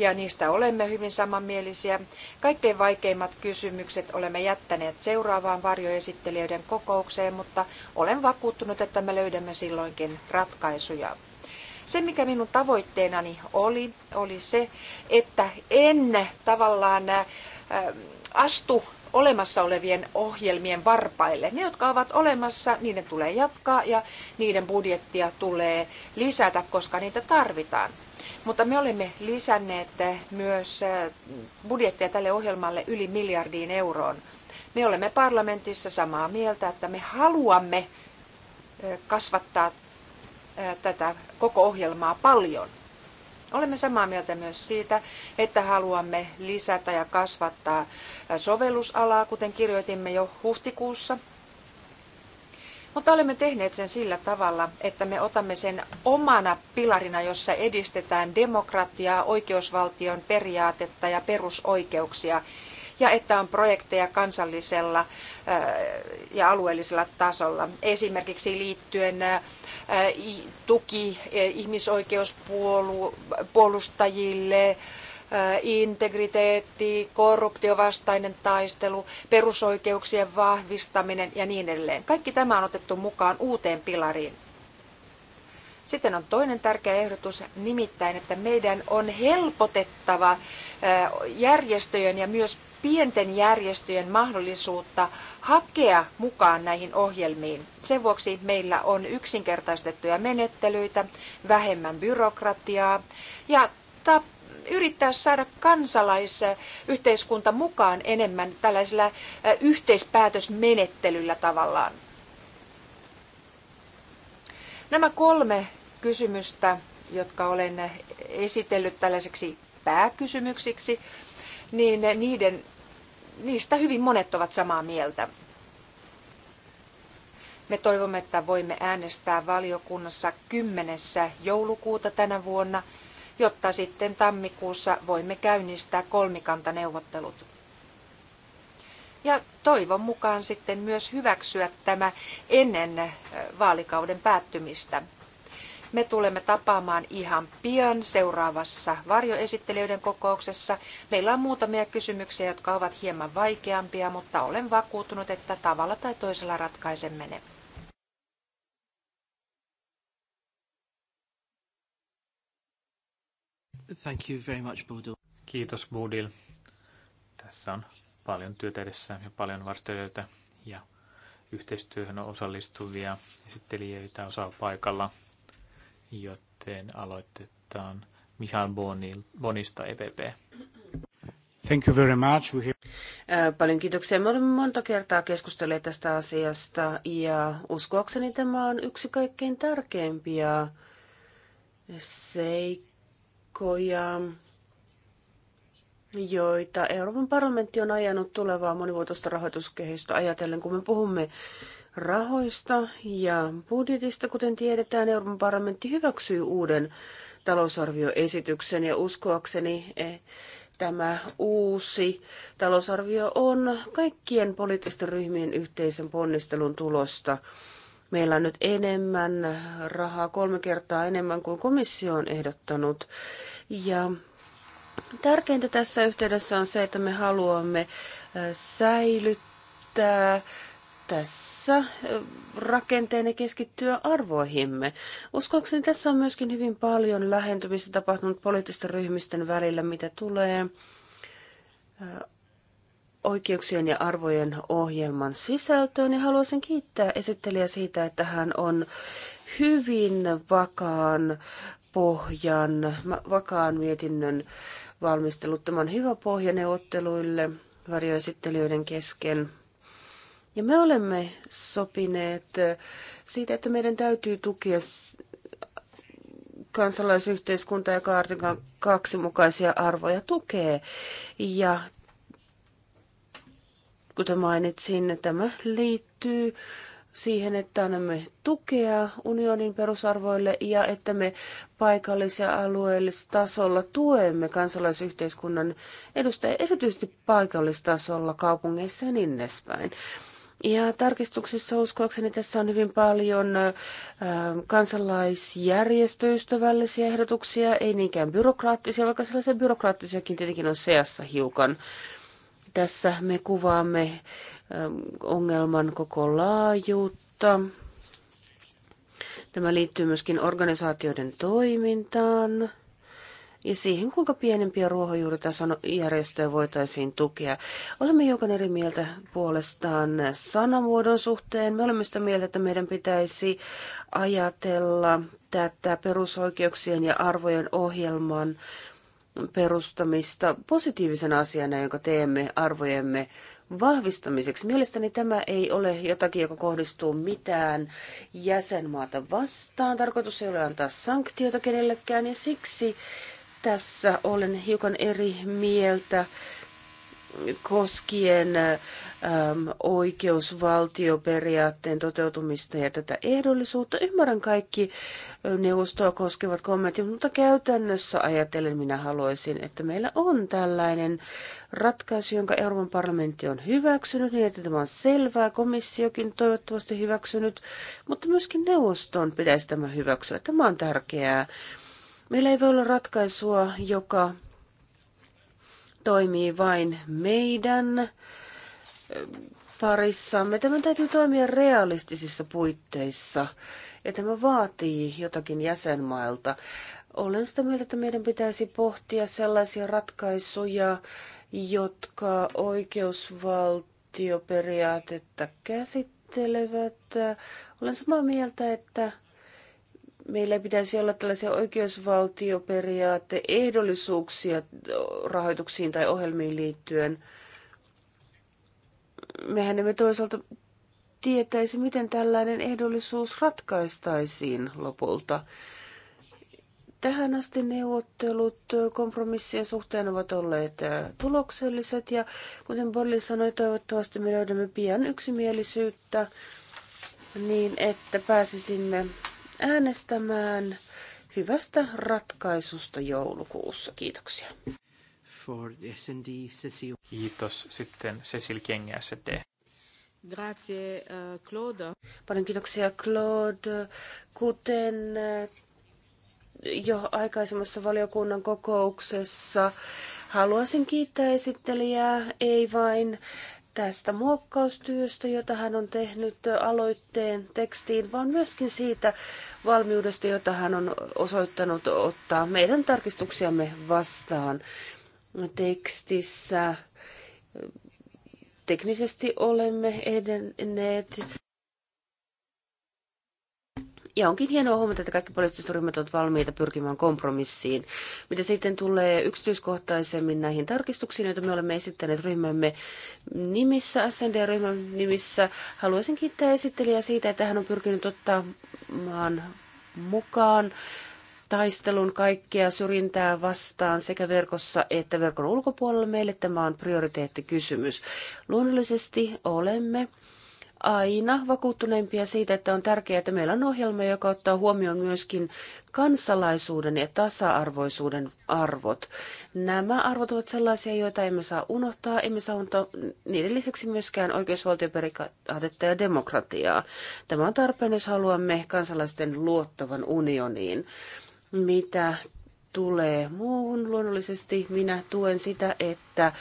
ja niistä olemme hyvin samanmielisiä. Kaikkein vaikeimmat kysymykset olemme jättäneet seuraavaan varjoesittelijöiden kokoukseen, mutta olen vakuuttunut, että me löydämme silloinkin ratkaisuja. Se, mikä minun tavoitteenani oli, oli se, että en tavallaan astu olemassa olevien ohjelmien varpaille. Ne, jotka ovat olemassa, niiden tulee jatkaa ja niiden budjettia tulee lisätä, koska niitä tarvitaan. Mutta me olemme lisänneet eh, myös eh, budjettia tälle ohjelmalle yli miljardiin euroon. Me olemme parlamentissa samaa mieltä, että me haluamme eh, kasvattaa tätä koko ohjelmaa paljon. Olemme samaa mieltä myös siitä, että haluamme lisätä ja kasvattaa sovellusalaa, kuten kirjoitimme jo huhtikuussa – mutta olemme tehneet sen sillä tavalla, että me otamme sen omana pilarina, jossa edistetään demokratiaa, oikeusvaltion periaatetta ja perusoikeuksia, ja että on projekteja kansallisella äh, ja alueellisella tasolla, esimerkiksi liittyen äh, tuki eh, ihmisoikeuspuolustajille, integriteetti, korruptiovastainen taistelu, perusoikeuksien vahvistaminen ja niin edelleen. Kaikki tämä on otettu mukaan uuteen pilariin. Sitten on toinen tärkeä ehdotus, nimittäin, että meidän on helpotettava järjestöjen ja myös pienten järjestöjen mahdollisuutta hakea mukaan näihin ohjelmiin. Sen vuoksi meillä on yksinkertaistettuja menettelyitä, vähemmän byrokratiaa ja tapa yrittää saada kansalaisyhteiskunta mukaan enemmän tällaisella yhteispäätösmenettelyllä tavallaan. Nämä kolme kysymystä, jotka olen esitellyt tällaiseksi pääkysymyksiksi, niin niiden, niistä hyvin monet ovat samaa mieltä. Me toivomme, että voimme äänestää valiokunnassa 10. joulukuuta tänä vuonna – jotta sitten tammikuussa voimme käynnistää kolmikantaneuvottelut. Ja toivon mukaan sitten myös hyväksyä tämä ennen vaalikauden päättymistä. Me tulemme tapaamaan ihan pian seuraavassa varjoesittelijöiden kokouksessa. Meillä on muutamia kysymyksiä, jotka ovat hieman vaikeampia, mutta olen vakuuttunut, että tavalla tai toisella ratkaisemme ne. Thank you very much, Bodil. Kiitos, Bodil. Tässä on paljon työtä edessä ja paljon vartijoita ja yhteistyöhön osallistuvia esittelijöitä osaa paikalla, joten aloitetaan Bonil, Bonista EPP. Thank you very much. We have... Paljon kiitoksia. Me olemme monta kertaa keskustelleet tästä asiasta ja uskoakseni tämä on yksi kaikkein tärkeimpiä seikkoja paikkoja, joita Euroopan parlamentti on ajanut tulevaa monivuotoista rahoituskehystä ajatellen, kun me puhumme rahoista ja budjetista. Kuten tiedetään, Euroopan parlamentti hyväksyy uuden talousarvioesityksen ja uskoakseni eh, tämä uusi talousarvio on kaikkien poliittisten ryhmien yhteisen ponnistelun tulosta. Meillä on nyt enemmän rahaa, kolme kertaa enemmän kuin komissio on ehdottanut. Ja tärkeintä tässä yhteydessä on se, että me haluamme säilyttää tässä ja keskittyä arvoihimme. Uskoakseni tässä on myöskin hyvin paljon lähentymistä tapahtunut poliittisten ryhmisten välillä, mitä tulee oikeuksien ja arvojen ohjelman sisältöön ja niin haluaisin kiittää esittelijä siitä, että hän on hyvin vakaan pohjan, vakaan mietinnön valmistellut. tämän hyvä pohja neuvotteluille varjoesittelijöiden kesken. Ja me olemme sopineet siitä, että meidän täytyy tukea kansalaisyhteiskunta, ja artiklan kaksi mukaisia arvoja tukee. Ja Kuten mainitsin, tämä liittyy siihen, että annamme tukea unionin perusarvoille ja että me paikallis- ja tasolla tuemme kansalaisyhteiskunnan edustajia, erityisesti paikallistasolla, kaupungeissa ja niin edespäin. Ja tarkistuksissa uskoakseni tässä on hyvin paljon kansalaisjärjestöystävällisiä ehdotuksia, ei niinkään byrokraattisia, vaikka sellaisia byrokraattisiakin tietenkin on seassa hiukan. Tässä me kuvaamme ongelman koko laajuutta. Tämä liittyy myöskin organisaatioiden toimintaan ja siihen, kuinka pienempiä ruohonjuuritason järjestöjä voitaisiin tukea. Olemme hiukan eri mieltä puolestaan sanamuodon suhteen. Me olemme sitä mieltä, että meidän pitäisi ajatella tätä perusoikeuksien ja arvojen ohjelman perustamista positiivisena asiana, jonka teemme arvojemme vahvistamiseksi. Mielestäni tämä ei ole jotakin, joka kohdistuu mitään jäsenmaata vastaan. Tarkoitus ei ole antaa sanktiota kenellekään ja siksi tässä olen hiukan eri mieltä koskien äm, oikeusvaltioperiaatteen toteutumista ja tätä ehdollisuutta. Ymmärrän kaikki neuvostoa koskevat kommentit, mutta käytännössä ajatellen minä haluaisin, että meillä on tällainen ratkaisu, jonka Euroopan parlamentti on hyväksynyt, niin että tämä on selvää, komissiokin toivottavasti hyväksynyt, mutta myöskin neuvoston pitäisi tämä hyväksyä. Tämä on tärkeää. Meillä ei voi olla ratkaisua, joka toimii vain meidän eh, parissamme. Tämä täytyy toimia realistisissa puitteissa ja tämä vaatii jotakin jäsenmailta. Olen sitä mieltä, että meidän pitäisi pohtia sellaisia ratkaisuja, jotka oikeusvaltioperiaatetta käsittelevät. Olen samaa mieltä, että meillä pitäisi olla tällaisia oikeusvaltioperiaatte ehdollisuuksia rahoituksiin tai ohjelmiin liittyen. Mehän emme toisaalta tietäisi, miten tällainen ehdollisuus ratkaistaisiin lopulta. Tähän asti neuvottelut kompromissien suhteen ovat olleet äh, tulokselliset ja kuten Bolli sanoi, toivottavasti me löydämme pian yksimielisyyttä niin, että pääsisimme äänestämään hyvästä ratkaisusta joulukuussa. Kiitoksia. For SND, Cecil. Kiitos sitten Cecil Kengä SD. Grazie, uh, Claude. Paljon kiitoksia, Claude. Kuten eh, jo aikaisemmassa valiokunnan kokouksessa, haluaisin kiittää esittelijää, ei vain tästä muokkaustyöstä, jota hän on tehnyt aloitteen tekstiin, vaan myöskin siitä valmiudesta, jota hän on osoittanut ottaa meidän tarkistuksiamme vastaan tekstissä. Teknisesti olemme edenneet ja onkin hienoa huomata, että kaikki poliittiset ryhmät ovat valmiita pyrkimään kompromissiin. Mitä sitten tulee yksityiskohtaisemmin näihin tarkistuksiin, joita me olemme esittäneet ryhmämme nimissä, SND-ryhmän nimissä, haluaisin kiittää esittelijää siitä, että hän on pyrkinyt ottamaan mukaan taistelun kaikkea syrjintää vastaan sekä verkossa että verkon ulkopuolella. Meille tämä on prioriteettikysymys. Luonnollisesti olemme aina vakuuttuneempia siitä, että on tärkeää, että meillä on ohjelma, joka ottaa huomioon myöskin kansalaisuuden ja tasa-arvoisuuden arvot. Nämä arvot ovat sellaisia, joita emme saa unohtaa, emme saa unohtaa niiden lisäksi myöskään oikeusvaltioperiaatetta ja demokratiaa. Tämä on tarpeen, jos haluamme kansalaisten luottavan unioniin. Mitä tulee muuhun, luonnollisesti minä tuen sitä, että että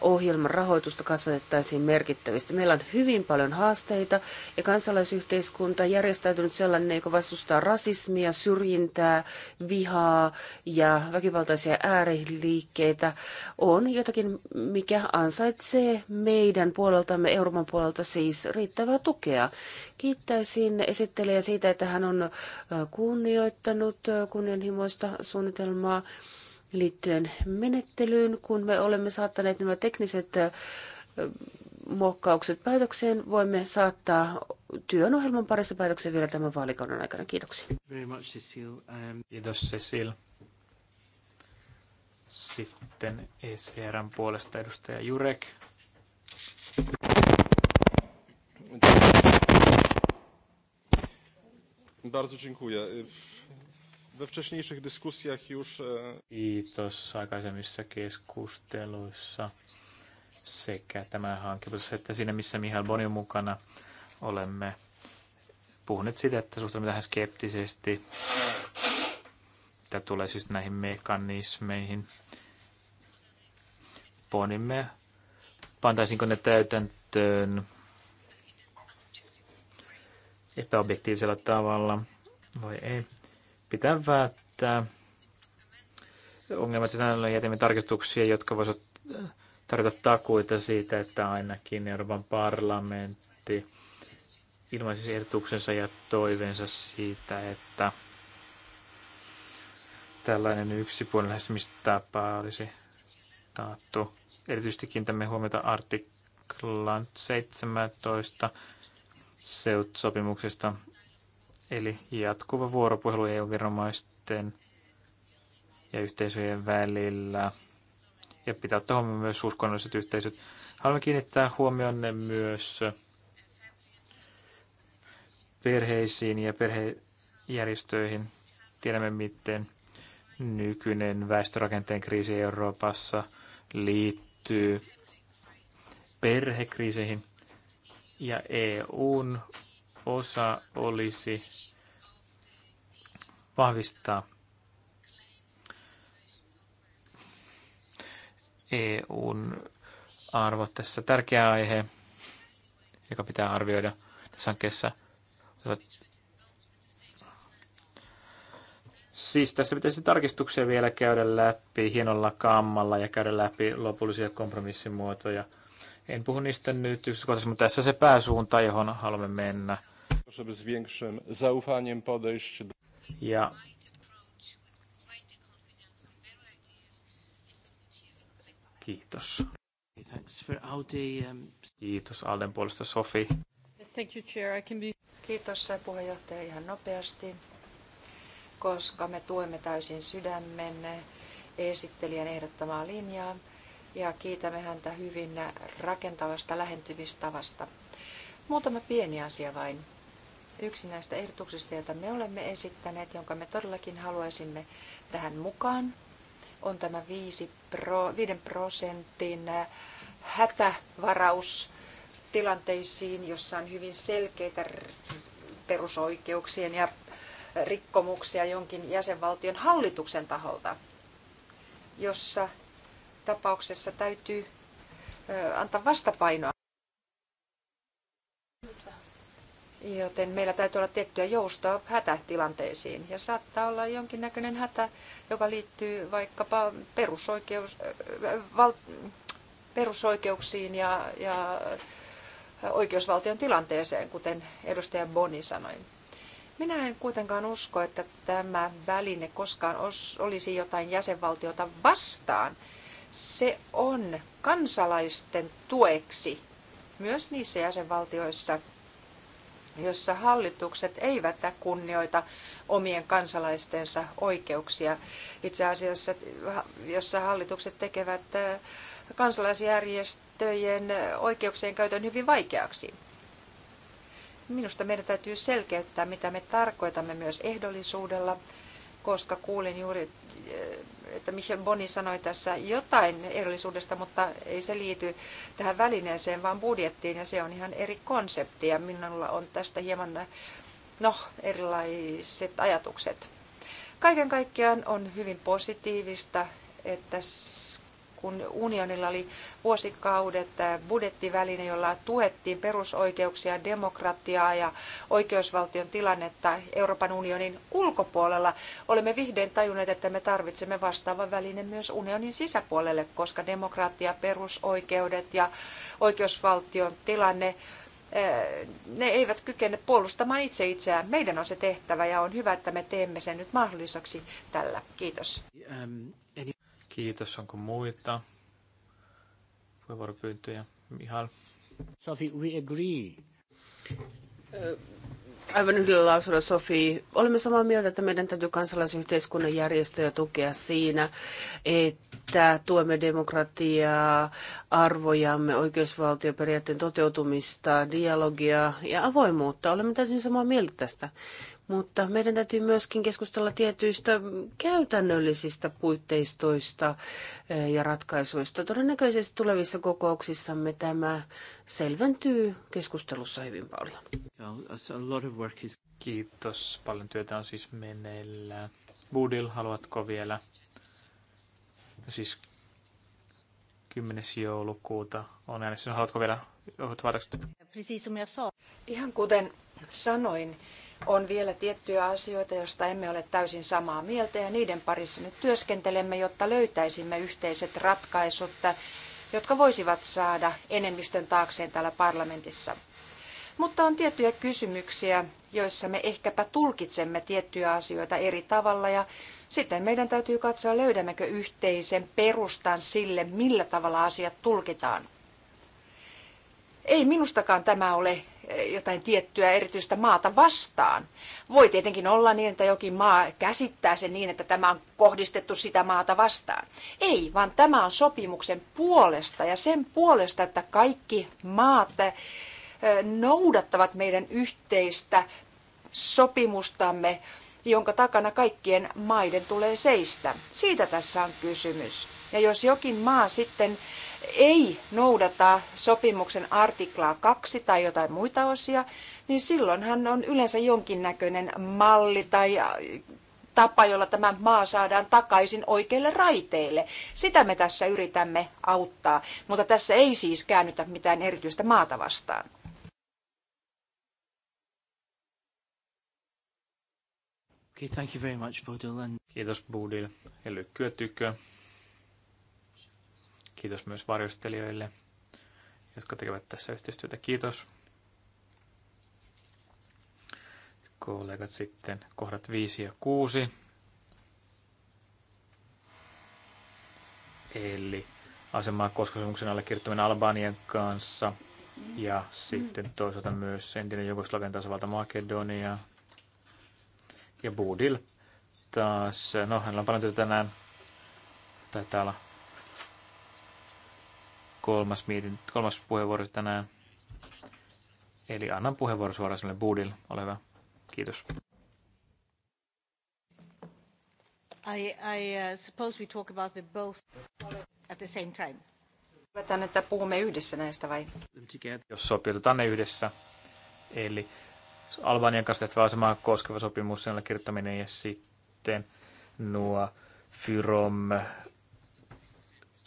ohjelman rahoitusta kasvatettaisiin merkittävästi. Meillä on hyvin paljon haasteita ja kansalaisyhteiskunta järjestäytynyt sellainen, joka vastustaa rasismia, syrjintää, vihaa ja väkivaltaisia ääriliikkeitä, on jotakin, mikä ansaitsee meidän puoleltamme, Euroopan puolelta siis riittävää tukea. Kiittäisin esittelijä siitä, että hän on kunnioittanut kunnianhimoista suunnitelmaa liittyen menettelyyn. Kun me olemme saattaneet nämä tekniset muokkaukset päätökseen, voimme saattaa työn ohjelman parissa päätöksen vielä tämän vaalikauden aikana. Kiitoksia. Um, Kiitos Cecil. Sitten ECRn puolesta edustaja Jurek. Bardzo dziękuję we wcześniejszych dyskusjach już... E, Kiitos aikaisemmissa keskusteluissa sekä tämä hanke, että siinä, missä Mihail Boni on mukana, olemme puhuneet siitä, että suhtaudumme tähän skeptisesti. Tämä tulee siis näihin mekanismeihin. Ponimme, pantaisinko ne täytäntöön epäobjektiivisella tavalla vai ei pitää välttää ongelmat, joita jätimme tarkistuksia, jotka voisivat äh, tarjota takuita siitä, että ainakin Euroopan parlamentti ilmaisi ehdotuksensa ja toiveensa siitä, että tällainen yksipuolinen lähestymistapa olisi taattu. Erityisesti kiinnitämme huomiota artiklan 17 SEUT-sopimuksesta, Eli jatkuva vuoropuhelu EU-viranomaisten ja yhteisöjen välillä. Ja pitää ottaa huomioon myös uskonnolliset yhteisöt. Haluan kiinnittää huomionne myös perheisiin ja perhejärjestöihin. Tiedämme, miten nykyinen väestörakenteen kriisi Euroopassa liittyy perhekriiseihin ja EUn osa olisi vahvistaa EUn arvot. Tässä tärkeä aihe, joka pitää arvioida tässä hankkeessa. Siis tässä pitäisi tarkistuksia vielä käydä läpi hienolla kammalla ja käydä läpi lopullisia kompromissimuotoja. En puhu niistä nyt yksityiskohtaisesti, mutta tässä se pääsuunta, johon haluamme mennä żeby z większym zaufaniem podejść. do. Ja Kiitos. Kiitos Alden puolesta Sofi. Thank you, Kiitos puheenjohtaja ihan nopeasti, koska me tuemme täysin sydämenne esittelijän ehdottamaa linjaa ja kiitämme häntä hyvin rakentavasta lähentymistavasta. Muutama pieni asia vain yksi näistä ehdotuksista, joita me olemme esittäneet, jonka me todellakin haluaisimme tähän mukaan, on tämä 5 pro, 5 prosentin äh, hätävaraus tilanteisiin, jossa on hyvin selkeitä perusoikeuksien ja rikkomuksia jonkin jäsenvaltion hallituksen taholta, jossa tapauksessa täytyy antaa vastapainoa. Joten meillä täytyy olla tiettyä joustoa hätätilanteisiin. Ja saattaa olla jonkinnäköinen hätä, joka liittyy vaikkapa perusoikeus, val, perusoikeuksiin ja, ja oikeusvaltion tilanteeseen, kuten edustaja Boni sanoi. Minä en kuitenkaan usko, että tämä väline koskaan olisi jotain jäsenvaltiota vastaan. Se on kansalaisten tueksi myös niissä jäsenvaltioissa, jossa hallitukset eivät kunnioita omien kansalaistensa oikeuksia. Itse asiassa, jossa hallitukset tekevät äh, kansalaisjärjestöjen oikeuksien käytön hyvin vaikeaksi. Minusta meidän täytyy selkeyttää, mitä me tarkoitamme myös ehdollisuudella koska kuulin juuri, että Michel Boni sanoi tässä jotain ehdollisuudesta, mutta ei se liity tähän välineeseen, vaan budjettiin, ja se on ihan eri konsepti, ja minulla on tästä hieman no, erilaiset ajatukset. Kaiken kaikkiaan on hyvin positiivista, että kun unionilla oli vuosikaudet budjettiväline, jolla tuettiin perusoikeuksia, demokratiaa ja oikeusvaltion tilannetta Euroopan unionin ulkopuolella, olemme vihdoin tajunneet, että me tarvitsemme vastaavan välineen myös unionin sisäpuolelle, koska demokratia, perusoikeudet ja oikeusvaltion tilanne ne eivät kykene puolustamaan itse itseään. Meidän on se tehtävä ja on hyvä, että me teemme sen nyt mahdolliseksi tällä. Kiitos. Um, Kiitos. Onko muita puheenvuoropyyntöjä? Mihal. Sophie, we agree. Aivan yhdellä lausulla, Sofi. Olemme samaa mieltä, että meidän täytyy kansalaisyhteiskunnan järjestöjä tukea siinä, että tuemme demokratiaa, arvojamme, oikeusvaltioperiaatteen toteutumista, dialogia ja avoimuutta. Olemme täysin samaa mieltä tästä. Mutta meidän täytyy myöskin keskustella tietyistä käytännöllisistä puitteistoista eh, ja ratkaisuista. Todennäköisesti tulevissa kokouksissamme tämä selventyy keskustelussa hyvin paljon. Kiitos. Paljon työtä on siis meneillään. Budil, haluatko vielä? No siis 10. joulukuuta on äänestys. Haluatko vielä Ihan kuten sanoin, on vielä tiettyjä asioita, joista emme ole täysin samaa mieltä ja niiden parissa nyt työskentelemme, jotta löytäisimme yhteiset ratkaisut, jotka voisivat saada enemmistön taakseen täällä parlamentissa. Mutta on tiettyjä kysymyksiä, joissa me ehkäpä tulkitsemme tiettyjä asioita eri tavalla ja sitten meidän täytyy katsoa, löydämmekö yhteisen perustan sille, millä tavalla asiat tulkitaan. Ei minustakaan tämä ole Eh, jotain tiettyä erityistä maata vastaan. Voi tietenkin olla niin, että jokin maa käsittää sen niin, että tämä on kohdistettu sitä maata vastaan. Ei, vaan tämä on sopimuksen puolesta ja sen puolesta, että kaikki maat eh, noudattavat meidän yhteistä sopimustamme, jonka takana kaikkien maiden tulee seistä. Siitä tässä on kysymys. Ja jos jokin maa sitten ei noudata sopimuksen artiklaa kaksi tai jotain muita osia, niin hän on yleensä jonkinnäköinen malli tai tapa, jolla tämä maa saadaan takaisin oikeille raiteille. Sitä me tässä yritämme auttaa, mutta tässä ei siis käännytä mitään erityistä maata vastaan. Okay, thank you very much, Bodil. Kiitos Bodil ja lykkyä tyköä. Kiitos myös varjostelijoille, jotka tekevät tässä yhteistyötä. Kiitos. Kollegat sitten kohdat 5 ja 6. Eli asemaa koskosopimuksen allekirjoittaminen Albanian kanssa. Ja sitten toisaalta myös entinen Jugoslavian tasavalta Makedonia. Ja Budil taas. No, hänellä on paljon työtä tänään. Taitaa olla kolmas, mietin, kolmas puheenvuoro tänään. Eli annan puheenvuoron suoraan sinulle Budil. Ole hyvä. Kiitos. I, I uh, suppose we talk about the both at the same time. Päätän, että puhumme yhdessä näistä vai? Jos sopii, otetaan ne yhdessä. Eli Albanian kanssa tehtävä asemaa koskeva sopimus, sen kirjoittaminen ja sitten nuo Fyrom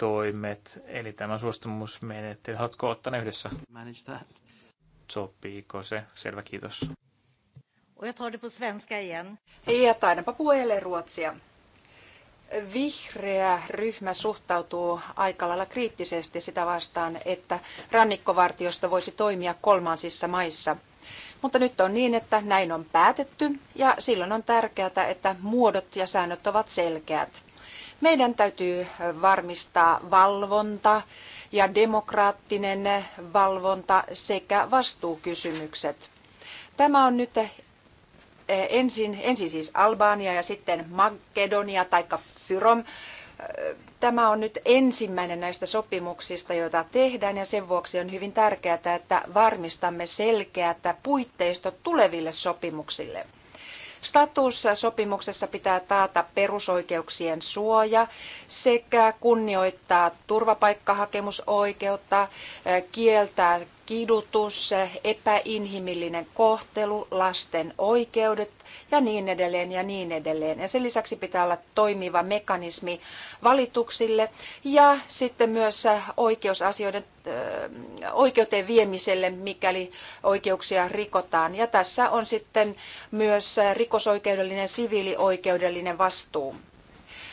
toimet, eli tämä suostumusmenettely. Haluatko ottaa ne yhdessä? Manage that. Sopiiko se? Selvä, kiitos. Och jag tar det på svenska igen. Ja taidanpa puhua jälleen ruotsia. Vihreä ryhmä suhtautuu aika lailla kriittisesti sitä vastaan, että rannikkovartiosta voisi toimia kolmansissa maissa. Mutta nyt on niin, että näin on päätetty ja silloin on tärkeää, että muodot ja säännöt ovat selkeät. Meidän täytyy varmistaa valvonta ja demokraattinen valvonta sekä vastuukysymykset. Tämä on nyt eh, ensin, ensin siis Albania ja sitten Makedonia tai Fyrom. Tämä on nyt ensimmäinen näistä sopimuksista, joita tehdään ja sen vuoksi on hyvin tärkeää, että varmistamme selkeät puitteistot tuleville sopimuksille – sopimuksessa pitää taata perusoikeuksien suoja sekä kunnioittaa turvapaikkahakemusoikeutta, kieltää kidutus, epäinhimillinen kohtelu, lasten oikeudet, ja niin edelleen ja niin edelleen. Ja sen lisäksi pitää olla toimiva mekanismi valituksille ja sitten myös oikeusasioiden oikeuteen viemiselle, mikäli oikeuksia rikotaan. Ja tässä on sitten myös rikosoikeudellinen, siviilioikeudellinen vastuu.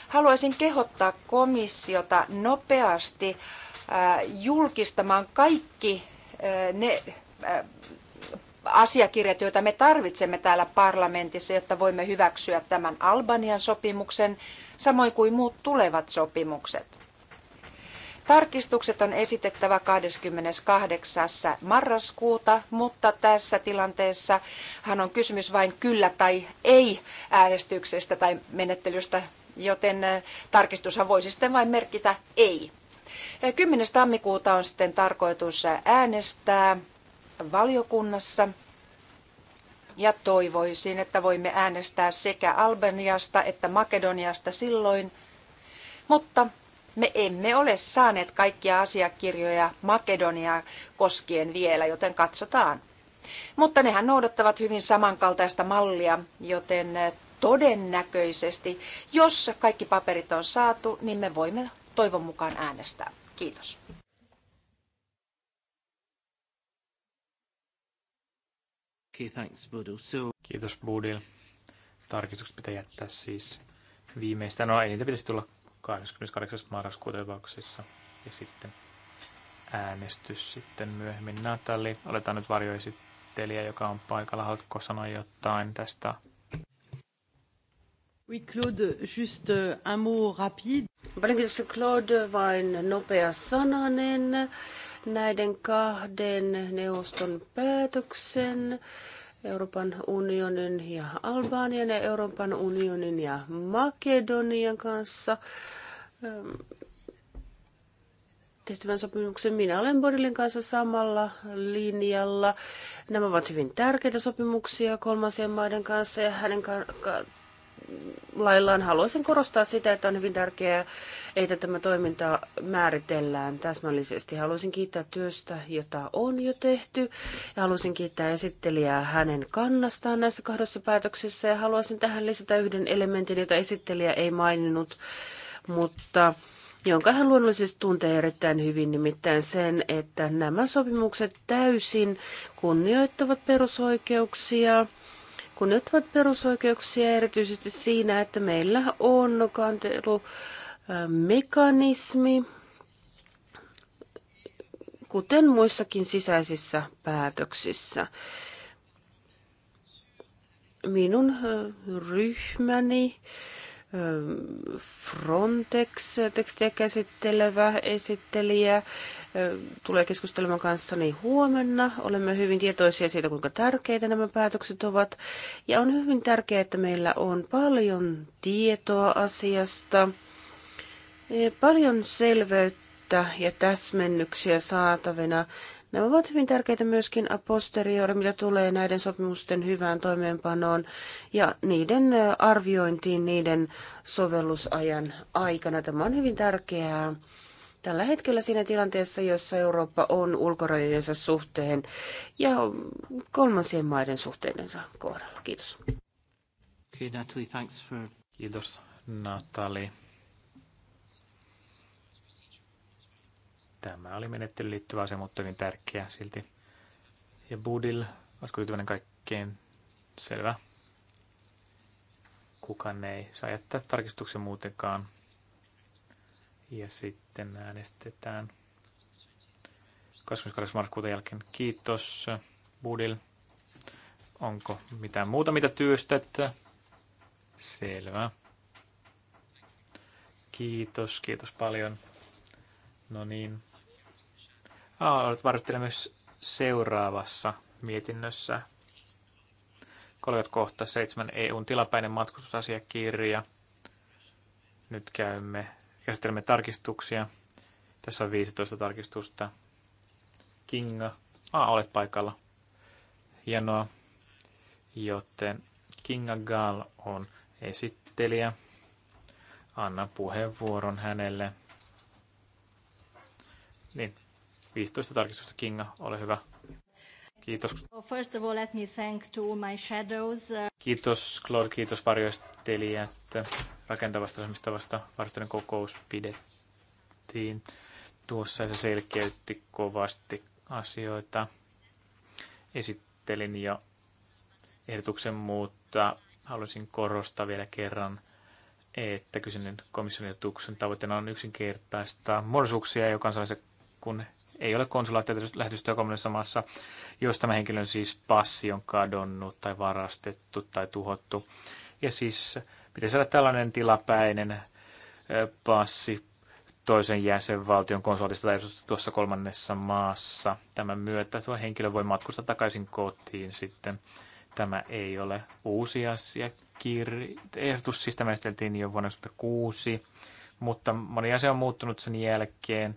Haluaisin kehottaa komissiota nopeasti julkistamaan kaikki ne asiakirjat, joita me tarvitsemme täällä parlamentissa, jotta voimme hyväksyä tämän Albanian sopimuksen, samoin kuin muut tulevat sopimukset. Tarkistukset on esitettävä 28. marraskuuta, mutta tässä tilanteessa hän on kysymys vain kyllä tai ei äänestyksestä tai menettelystä, joten tarkistushan voisi sitten vain merkitä ei. 10. tammikuuta on sitten tarkoitus äänestää valiokunnassa. Ja toivoisin, että voimme äänestää sekä Albaniasta että Makedoniasta silloin. Mutta me emme ole saaneet kaikkia asiakirjoja Makedoniaa koskien vielä, joten katsotaan. Mutta nehän noudattavat hyvin samankaltaista mallia, joten todennäköisesti, jos kaikki paperit on saatu, niin me voimme toivon mukaan äänestää. Kiitos. Okay, thanks, Bodil. So... Kiitos, Bodil. Tarkistukset pitää jättää siis viimeistään. No, ei niitä pitäisi tulla 28. marraskuuta tapauksessa. Ja sitten äänestys sitten myöhemmin. Natali, oletaan nyt varjoesittelijä, joka on paikalla. Haluatko sanoa jotain tästä? Oui, Claude, juste euh, un mot rapide. Paljon kiitos Claude, vain nopea sananen näiden kahden neuvoston päätöksen Euroopan unionin ja Albanian ja Euroopan unionin ja Makedonian kanssa tehtävän sopimuksen. Minä olen borilin kanssa samalla linjalla. Nämä ovat hyvin tärkeitä sopimuksia kolmansien maiden kanssa ja hänen laillaan haluaisin korostaa sitä, että on hyvin tärkeää, että tämä toiminta määritellään täsmällisesti. Haluaisin kiittää työstä, jota on jo tehty, ja haluaisin kiittää esittelijää hänen kannastaan näissä kahdessa päätöksessä, ja haluaisin tähän lisätä yhden elementin, jota esittelijä ei maininnut, mutta jonka hän luonnollisesti tuntee erittäin hyvin, nimittäin sen, että nämä sopimukset täysin kunnioittavat perusoikeuksia, kunnioittavat perusoikeuksia erityisesti siinä, että meillä on kantelumekanismi, kuten muissakin sisäisissä päätöksissä. Minun ryhmäni Frontex-tekstiä käsittelevä esittelijä tulee keskustelemaan kanssani huomenna. Olemme hyvin tietoisia siitä, kuinka tärkeitä nämä päätökset ovat. Ja on hyvin tärkeää, että meillä on paljon tietoa asiasta, e, paljon selveyttä ja täsmennyksiä saatavina Nämä ovat hyvin tärkeitä myöskin a posteriori, mitä tulee näiden sopimusten hyvään toimeenpanoon ja niiden arviointiin niiden sovellusajan aikana. Tämä on hyvin tärkeää tällä hetkellä siinä tilanteessa, jossa Eurooppa on ulkorajojensa suhteen ja kolmansien maiden suhteidensa kohdalla. Kiitos. Okay, Natalie, thanks for... Kiitos, Tämä oli menettelyyn liittyvä asia, mutta hyvin tärkeä silti. Ja Budil, olisiko tyytyväinen kaikkeen? Selvä. Kukaan ei saa jättää tarkistuksen muutenkaan. Ja sitten äänestetään 28. marraskuuta jälkeen. Kiitos Budil. Onko mitään muuta, mitä työstät? Selvä. Kiitos, kiitos paljon. No niin, Olet varjoittelija myös seuraavassa mietinnössä. Kollegat kohta 7 EUn tilapäinen matkustusasiakirja. Nyt käymme, käsittelemme tarkistuksia. Tässä on 15 tarkistusta. Kinga, ah, olet paikalla. Hienoa. Joten Kinga Gal on esittelijä. Anna puheenvuoron hänelle. Niin, 15 tarkistusta, Kinga, ole hyvä. Kiitos. First of all, let me thank to my shadows. Uh, kiitos Claude, kiitos varjoistelijat rakentavasta asemistavasta. varjoistelijan kokous pidettiin tuossa ja se selkeytti kovasti asioita. Esittelin jo ehdotuksen muutta, Haluaisin korostaa vielä kerran, että kyseinen komission ehdotuksen tavoitteena on yksinkertaista muodollisuuksia ja kansalaisen kun ei ole konsulaattia lähetystöä kolmannessa maassa, jos tämä henkilön siis passi on kadonnut tai varastettu tai tuhottu. Ja siis pitäisi olla tällainen tilapäinen passi toisen jäsenvaltion konsulaatista tai tuossa kolmannessa maassa. Tämän myötä tuo henkilö voi matkustaa takaisin kotiin sitten. Tämä ei ole uusi asia. Kir- ehdotus siis tämä esteltiin jo vuonna 2006, mutta moni asia on muuttunut sen jälkeen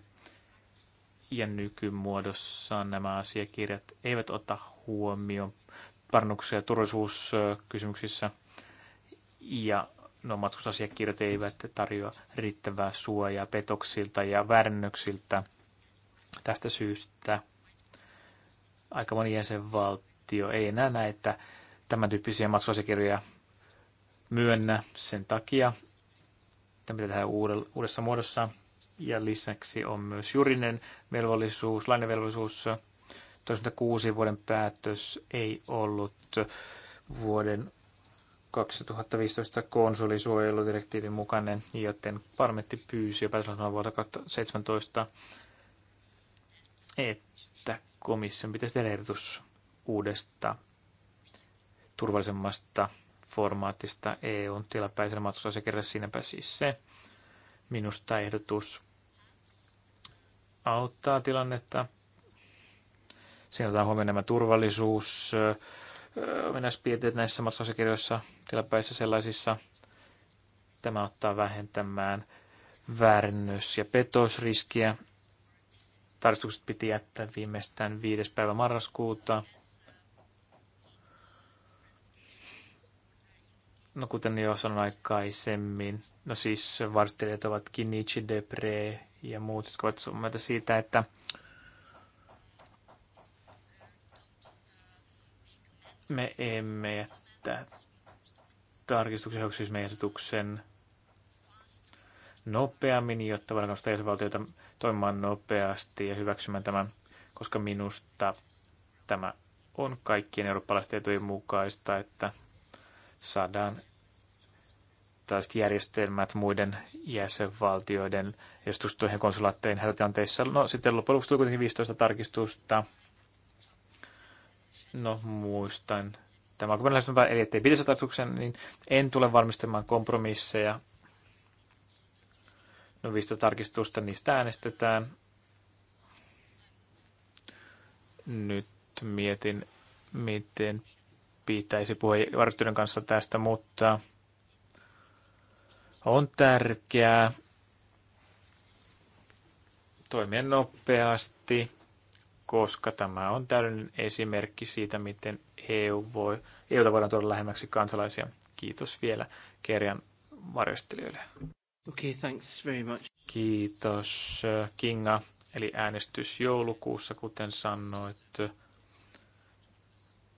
ja nykymuodossa nämä asiakirjat eivät ota huomioon parannuksia ja turvallisuuskysymyksissä ja no, matkustusasiakirjat eivät tarjoa riittävää suojaa petoksilta ja väärännöksiltä. Tästä syystä aika moni jäsenvaltio ei enää näitä tämän tyyppisiä matkustusasiakirjoja myönnä sen takia, että mitä tehdään uudessa muodossa ja lisäksi on myös juridinen velvollisuus, lainavelvollisuus. 2006 vuoden päätös ei ollut vuoden 2015 konsolisuojeludirektiivin mukainen, joten parlamentti pyysi jo päätöslausunnon vuodelta 2017, että komission pitäisi tehdä ehdotus uudesta turvallisemmasta formaatista EUn tilapäisellä matkustusasiakirjassa. Siinäpä siis se minusta ehdotus auttaa tilannetta. Siinä otetaan huomioon nämä turvallisuus, ominaispiirteet näissä matkasekirjoissa, tilapäissä sellaisissa. Tämä ottaa vähentämään väärännös- ja petosriskiä. Tarkistukset piti jättää viimeistään 5. päivä marraskuuta. No kuten jo sanoin aikaisemmin, no siis vartelijat ovat Kinichi Depre, ja muut, jotka ovat samaa siitä, että me emme jättää tarkistuksen siis hyväksyisimme nopeammin, jotta voidaan kannustaa jäsenvaltioita toimimaan nopeasti ja hyväksymään tämän, koska minusta tämä on kaikkien eurooppalaisten etujen mukaista, että saadaan tällaiset järjestelmät muiden jäsenvaltioiden edustustoihin konsulaatteihin hätätilanteissa. No sitten loppujen lopuksi tuli kuitenkin 15 tarkistusta. No muistan. Tämä on vähän eli ettei pitäisi tarkistuksen, niin en tule varmistamaan kompromisseja. No 15 tarkistusta, niistä äänestetään. Nyt mietin, miten pitäisi puhua varustelun kanssa tästä, mutta on tärkeää toimia nopeasti, koska tämä on täydellinen esimerkki siitä, miten EU voi, EUta voidaan tuoda lähemmäksi kansalaisia. Kiitos vielä kerjan varjostelijoille. Okay, thanks very much. Kiitos Kinga. Eli äänestys joulukuussa, kuten sanoit.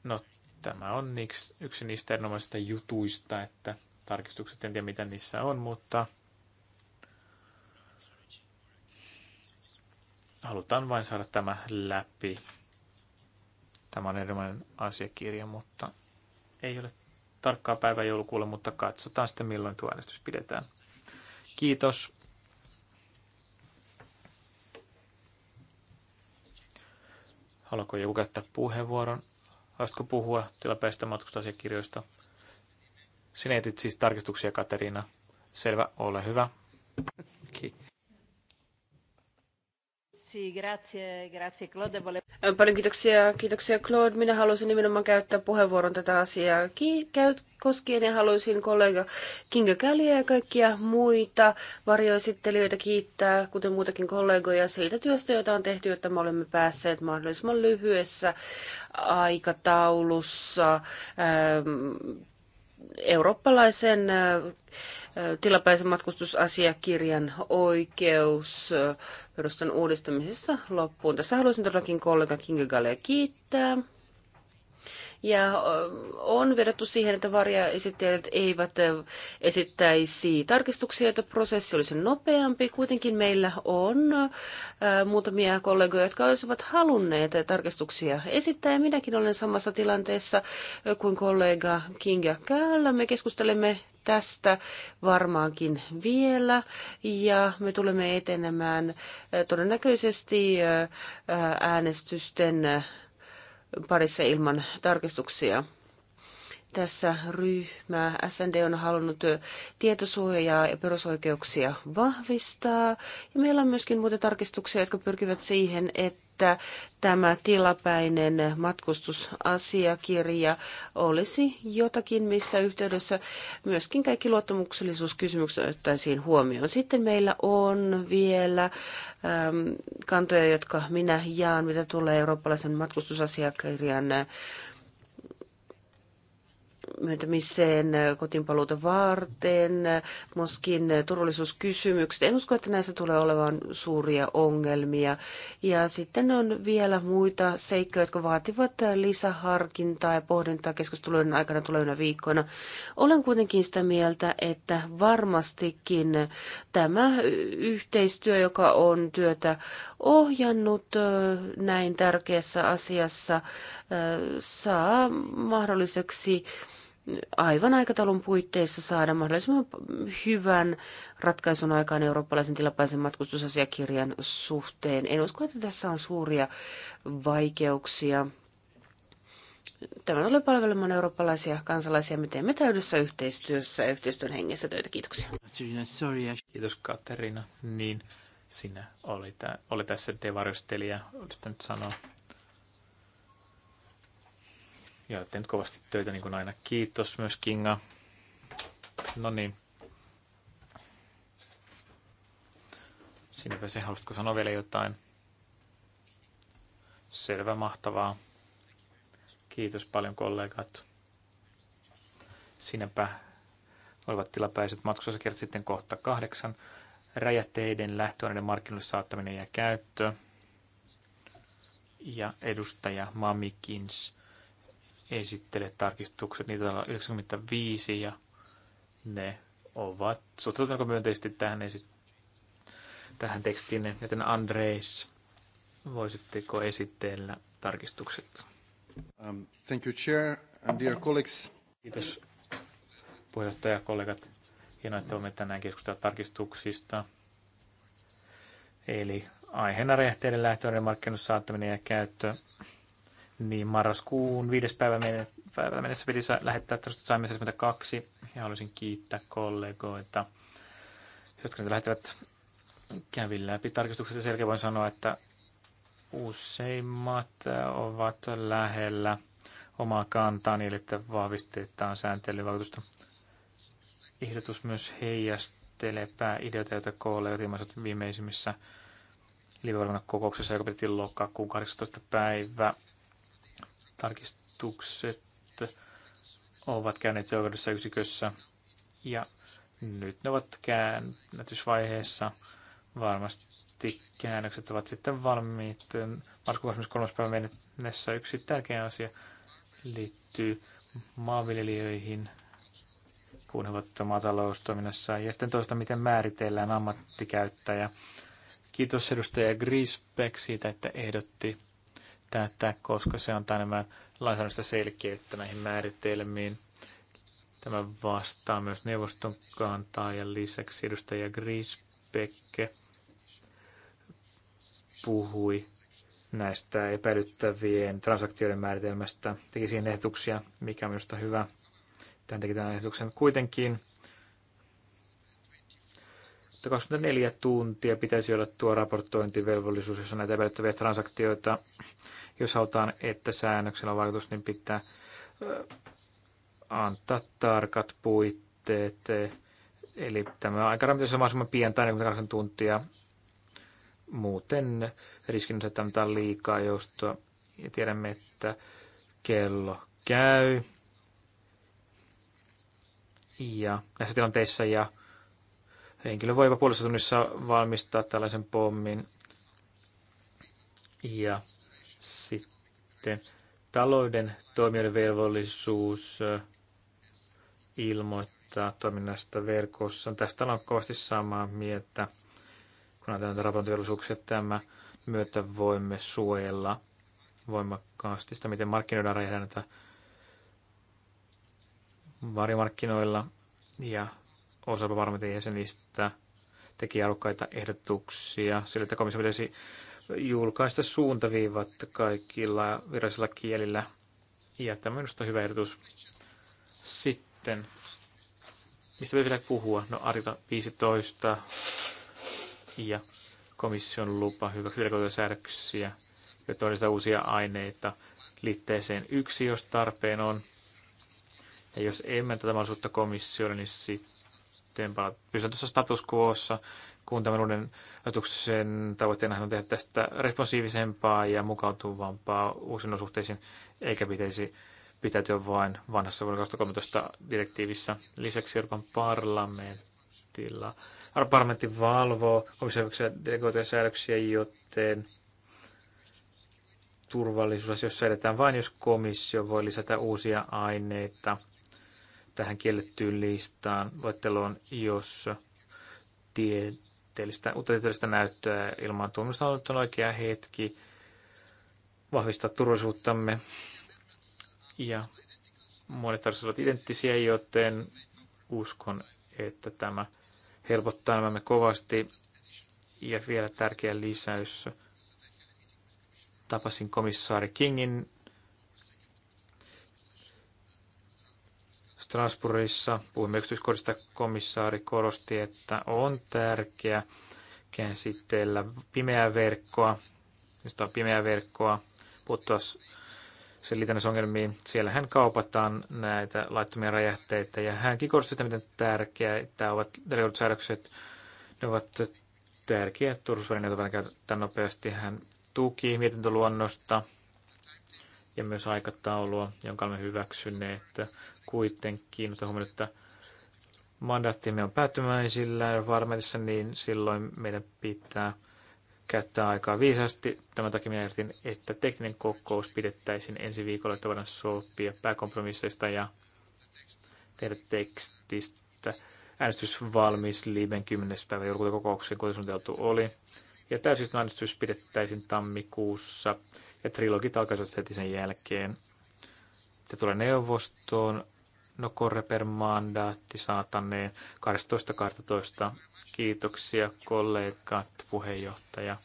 No, tämä on yksi niistä erinomaisista jutuista, että tarkistukset, en tiedä mitä niissä on, mutta halutaan vain saada tämä läpi. Tämä on erilainen asiakirja, mutta ei ole tarkkaa päivä joulukuulle, mutta katsotaan sitten milloin tuo äänestys pidetään. Kiitos. Haluatko joku käyttää puheenvuoron? Haluatko puhua tilapäistä matkustusasiakirjoista? Sinä etit siis tarkistuksia, Katerina, Selvä, ole hyvä. Okay. Paljon kiitoksia, kiitoksia Claude. Minä haluaisin nimenomaan käyttää puheenvuoron tätä asiaa ki- käy- koskien ja haluaisin kollega Kinga Käliä ja kaikkia muita varjoesittelijöitä kiittää, kuten muutakin kollegoja siitä työstä, jota on tehty, jotta me olemme päässeet mahdollisimman lyhyessä aikataulussa ähm, eurooppalaisen tilapäisen matkustusasiakirjan oikeus perustan uudistamisessa loppuun. Tässä haluaisin todellakin kollega Kingegalia kiittää ja on vedottu siihen, että varjaesittelijät eivät esittäisi tarkistuksia, että prosessi olisi nopeampi. Kuitenkin meillä on muutamia kollegoja, jotka olisivat halunneet tarkistuksia esittää, ja minäkin olen samassa tilanteessa kuin kollega Kinga Käällä. Me keskustelemme tästä varmaankin vielä ja me tulemme etenemään todennäköisesti äänestysten parissa ilman tarkistuksia tässä ryhmä. SND on halunnut tietosuojaa ja perusoikeuksia vahvistaa. Ja meillä on myöskin muita tarkistuksia, jotka pyrkivät siihen, että tämä tilapäinen matkustusasiakirja olisi jotakin, missä yhteydessä myöskin kaikki luottamuksellisuuskysymykset otettaisiin huomioon. Sitten meillä on vielä äm, kantoja, jotka minä jaan, mitä tulee eurooppalaisen matkustusasiakirjan äh, myöntämiseen äh, kotiinpaluuta varten, äh, myöskin äh, turvallisuuskysymykset. En usko, että näissä tulee olevan suuria ongelmia. Ja sitten on vielä muita seikkoja, jotka vaativat lisäharkintaa ja pohdintaa keskustelujen aikana tulevina viikkoina. Olen kuitenkin sitä mieltä, että varmastikin tämä yhteistyö, joka on työtä ohjannut näin tärkeässä asiassa, saa mahdolliseksi aivan aikataulun puitteissa saada mahdollisimman hyvän ratkaisun aikaan eurooppalaisen tilapäisen matkustusasiakirjan suhteen. En usko, että tässä on suuria vaikeuksia. Tämä on palvelemaan eurooppalaisia kansalaisia. Me teemme täydessä yhteistyössä ja yhteistyön hengessä töitä. Kiitoksia. Kiitos Katerina. Niin, sinä oli, tä- oli tässä devarjostelija. olisit nyt sanoa ja olette nyt kovasti töitä niin kuin aina. Kiitos myös Kinga. No niin. Sinäpä se, haluatko sanoa vielä jotain? Selvä, mahtavaa. Kiitos paljon kollegat. Sinäpä olivat tilapäiset matkustuskerrat sitten kohta kahdeksan. Räjähteiden lähtöaineiden markkinoille saattaminen ja käyttö. Ja edustaja Mamikins esittele tarkistukset. Niitä on 95 ja ne ovat suhtautuneet myönteisesti tähän, esit tähän tekstiin. Joten Andreas voisitteko esitellä tarkistukset? Um, thank you, Chair and dear colleagues. Kiitos puheenjohtaja kollegat. Hienoa, että olemme tänään keskustella tarkistuksista. Eli aiheena räjähteiden lähtöiden markkinoissa saattaminen ja käyttö niin marraskuun viides päivä mennessä piti lähettää tästä saimme 72 ja haluaisin kiittää kollegoita, jotka nyt lähtevät kävin läpi tarkistukset ja selkeä voin sanoa, että useimmat ovat lähellä omaa kantaa niin, että vahvistetaan sääntelyvaikutusta. Ehdotus myös heijastelee pääideoita, joita kollegat ilmaisivat viimeisimmissä livevalvonnan kokouksessa, joka pidettiin lokakuun 18. päivä tarkistukset ovat käyneet seuraavassa yksikössä ja nyt ne ovat käännätysvaiheessa. Varmasti käännökset ovat sitten valmiit. Markku 23. päivä mennessä yksi tärkeä asia liittyy maanviljelijöihin, kun he ovat maataloustoiminnassa. Ja sitten toista, miten määritellään ammattikäyttäjä. Kiitos edustaja Grisbeck siitä, että ehdotti tätä, koska se antaa nämä lainsäädännöstä selkeyttä näihin määritelmiin. Tämä vastaa myös neuvoston kantaa ja lisäksi edustaja Grisbecke puhui näistä epäilyttävien transaktioiden määritelmästä, teki siihen ehdotuksia, mikä on minusta hyvä. Tämän teki tämän ehdotuksen kuitenkin. 24 tuntia pitäisi olla tuo raportointivelvollisuus, jos on näitä epäilyttäviä transaktioita. Jos halutaan, että säännöksellä on vaikutus, niin pitää antaa tarkat puitteet. Eli tämä aika pitäisi olla mahdollisimman pientä, 48 tuntia. Muuten riskin se, että antaa liikaa joustoa. Ja tiedämme, että kello käy. Ja näissä tilanteissa ja Henkilö voi jopa puolessa tunnissa valmistaa tällaisen pommin. Ja sitten talouden toimijoiden velvollisuus ilmoittaa toiminnasta verkossa. Tästä on kovasti samaa mieltä, kun ajatellaan raportointivelvollisuuksia. Tämä myötä voimme suojella voimakkaasti sitä, miten markkinoidaan räjähdäntä varjomarkkinoilla ja osalla parlamentin jäsenistä teki arvokkaita ehdotuksia sillä, että komissio pitäisi julkaista suuntaviivat kaikilla virallisilla kielillä. Ja tämä on minusta hyvä ehdotus. Sitten, mistä vielä puhua? No arita 15 ja komission lupa hyväksyä säädöksiä ja todistaa uusia aineita liitteeseen yksi, jos tarpeen on. Ja jos emme tätä mahdollisuutta komissiolle, niin sitten sitten palata, pysytään tuossa status quoossa, kun tämän uuden ajatuksen tavoitteena on tehdä tästä responsiivisempaa ja mukautuvampaa uusiin olosuhteisiin, eikä pitäisi pitäytyä vain vanhassa vuoden 2013 direktiivissä. Lisäksi Euroopan parlamentilla parlamentti valvoo komissioviksi delegoituja säädöksiä, joten turvallisuusasioissa edetään vain, jos komissio voi lisätä uusia aineita – tähän listaan luetteloon, jos tieteellistä, uutta tieteellistä näyttöä ilman tuomista on oikea hetki vahvistaa turvallisuuttamme. Ja monet tarkoitukset ovat identtisiä, joten uskon, että tämä helpottaa elämämme kovasti. Ja vielä tärkeä lisäys. Tapasin komissaari Kingin Strasbourgissa puhumme yksityiskohdista. Komissaari korosti, että on tärkeää käsitellä pimeää verkkoa, josta on pimeää verkkoa, puuttua sen liitännäisongelmiin. Siellähän kaupataan näitä laittomia räjähteitä ja hänkin korosti sitä, miten tärkeää että ovat reilut säädökset. Ne ovat tärkeä turvallisuusväline, jota käytetään nopeasti. Hän tuki mietintöluonnosta ja myös aikataulua, jonka olemme hyväksyneet. Kuitenkin, mutta huomioon, että mandaattimme on päättymäisillä varmentissa, niin silloin meidän pitää käyttää aikaa viisasti. Tämän takia minä ehdotin, että tekninen kokous pidettäisiin ensi viikolla, että voidaan sopia pääkompromisseista ja tehdä tekstistä äänestys valmis Liben 10. päivä joulukuuta kokouksen, kuten suunniteltu oli. Ja äänestys pidettäisiin tammikuussa ja trilogi takaisin heti sen jälkeen. Sitten tulee neuvostoon, no korre per mandaatti saataneen 12.12. Kiitoksia kollegat, puheenjohtaja.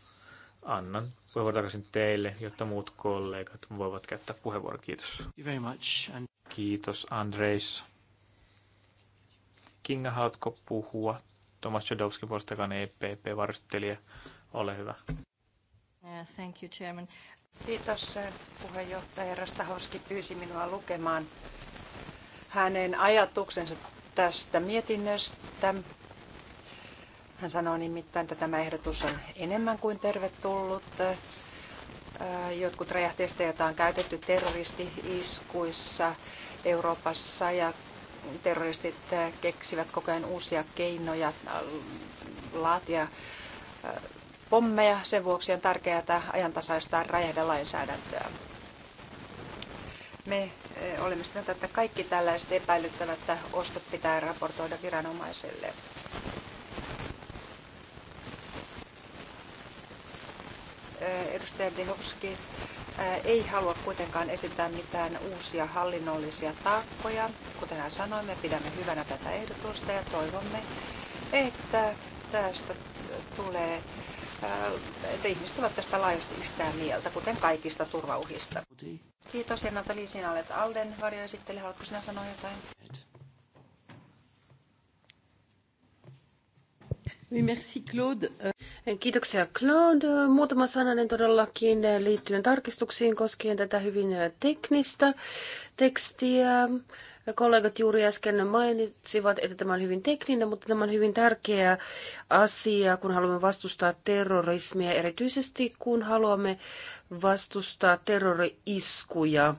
Annan puheenvuoron takaisin teille, jotta muut kollegat voivat käyttää puheenvuoron. Kiitos. Very much. Kiitos Andreis. Kinga, haluatko puhua? Tomas Jodowski puolestakaan EPP-varustelija. Ole hyvä. thank you, Chairman. Kiitos. Eh, puheenjohtaja Rasta Horski pyysi minua lukemaan hänen ajatuksensa tästä mietinnöstä. Hän sanoi nimittäin, että tämä ehdotus on enemmän kuin tervetullut. Eh, jotkut räjähteistä, joita on käytetty terroristi-iskuissa Euroopassa ja terroristit eh, keksivät koko ajan uusia keinoja laatia pommeja. Sen vuoksi on tärkeää ajantasaistaa räjähdelainsäädäntöä. Me eh, olemme sitä mieltä, että kaikki tällaiset epäilyttävät ostot pitää raportoida viranomaiselle. Eh, edustaja Dehovski eh, ei halua kuitenkaan esittää mitään uusia hallinnollisia taakkoja. Kuten hän sanoi, me pidämme hyvänä tätä ehdotusta ja toivomme, että tästä tulee että ihmiset ovat tästä laajasti yhtään mieltä, kuten kaikista turvauhista. Kiitos ja Natali, sinä olet Alden varjoesittelijä. Haluatko sinä sanoa jotain? Merci Claude. Kiitoksia Claude. Muutama sananen todellakin liittyen tarkistuksiin koskien tätä hyvin teknistä tekstiä. Kollegat juuri äsken mainitsivat, että tämä on hyvin tekninen, mutta tämä on hyvin tärkeä asia, kun haluamme vastustaa terrorismia, erityisesti kun haluamme vastustaa terrori-iskuja,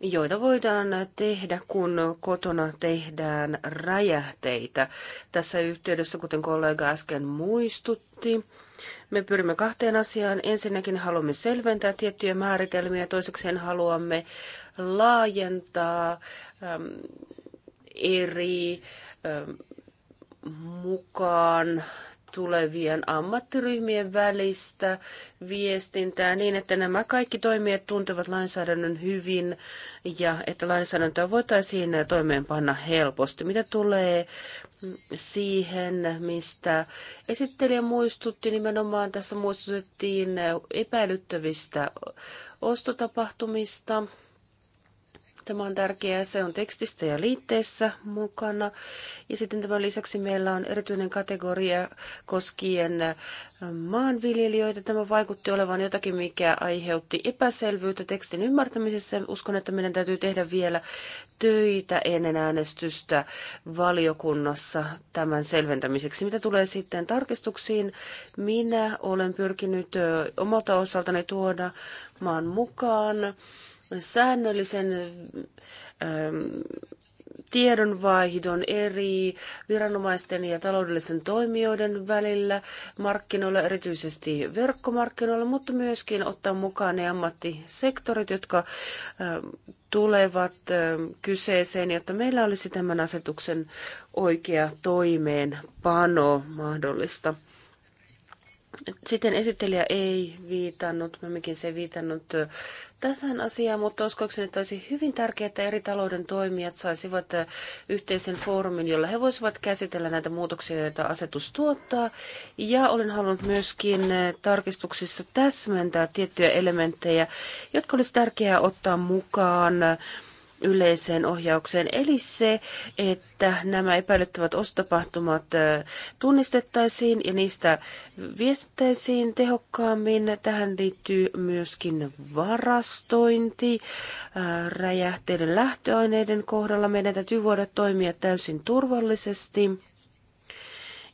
joita voidaan tehdä, kun kotona tehdään räjähteitä. Tässä yhteydessä, kuten kollega äsken muistutti, me pyrimme kahteen asiaan. Ensinnäkin haluamme selventää tiettyjä määritelmiä ja toisekseen haluamme laajentaa äm, eri äm, mukaan tulevien ammattiryhmien välistä viestintää niin, että nämä kaikki toimijat tuntevat lainsäädännön hyvin ja että lainsäädäntöä voitaisiin toimeenpanna helposti. Mitä tulee siihen, mistä esittelijä muistutti, nimenomaan tässä muistutettiin epäilyttävistä ostotapahtumista – Tämä on tärkeää, se on tekstistä ja liitteessä mukana. Ja sitten tämän lisäksi meillä on erityinen kategoria koskien ähm, maanviljelijöitä. Tämä vaikutti olevan jotakin, mikä aiheutti epäselvyyttä tekstin ymmärtämisessä. Uskon, että meidän täytyy tehdä vielä töitä ennen äänestystä valiokunnassa tämän selventämiseksi. Mitä tulee sitten tarkistuksiin, minä olen pyrkinyt omalta osaltani tuoda maan mukaan säännöllisen ähm, tiedonvaihdon eri viranomaisten ja taloudellisen toimijoiden välillä markkinoilla, erityisesti verkkomarkkinoilla, mutta myöskin ottaa mukaan ne ammattisektorit, jotka ähm, tulevat ähm, kyseeseen, jotta meillä olisi tämän asetuksen oikea toimeenpano mahdollista. Sitten esittelijä ei viitannut, mimmekin se ei viitannut tähän asiaan, mutta uskoakseni, että olisi hyvin tärkeää, että eri talouden toimijat saisivat yhteisen foorumin, jolla he voisivat käsitellä näitä muutoksia, joita asetus tuottaa. Ja olen halunnut myöskin tarkistuksissa täsmentää tiettyjä elementtejä, jotka olisi tärkeää ottaa mukaan yleiseen ohjaukseen, eli se, että nämä epäilyttävät ostotapahtumat tunnistettaisiin ja niistä viestittäisiin tehokkaammin. Tähän liittyy myöskin varastointi räjähteiden lähtöaineiden kohdalla. Meidän täytyy voida toimia täysin turvallisesti.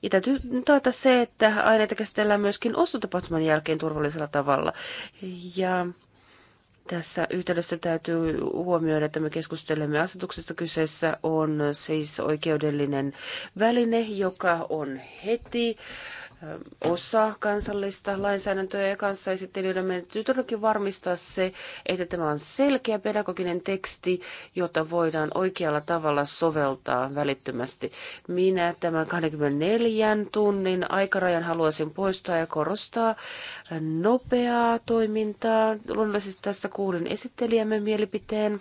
Ja täytyy taata se, että aineita käsitellään myöskin ostotapahtuman jälkeen turvallisella tavalla. Ja tässä yhteydessä täytyy huomioida, että me keskustelemme asetuksesta. Kyseessä on siis oikeudellinen väline, joka on heti osa kansallista lainsäädäntöä ja kanssaesittelijöiden meidän täytyy todellakin varmistaa se, että tämä on selkeä pedagoginen teksti, jota voidaan oikealla tavalla soveltaa välittömästi. Minä tämän 24 tunnin aikarajan haluaisin poistaa ja korostaa nopeaa toimintaa. Luonnollisesti tässä kuulin esittelijämme mielipiteen.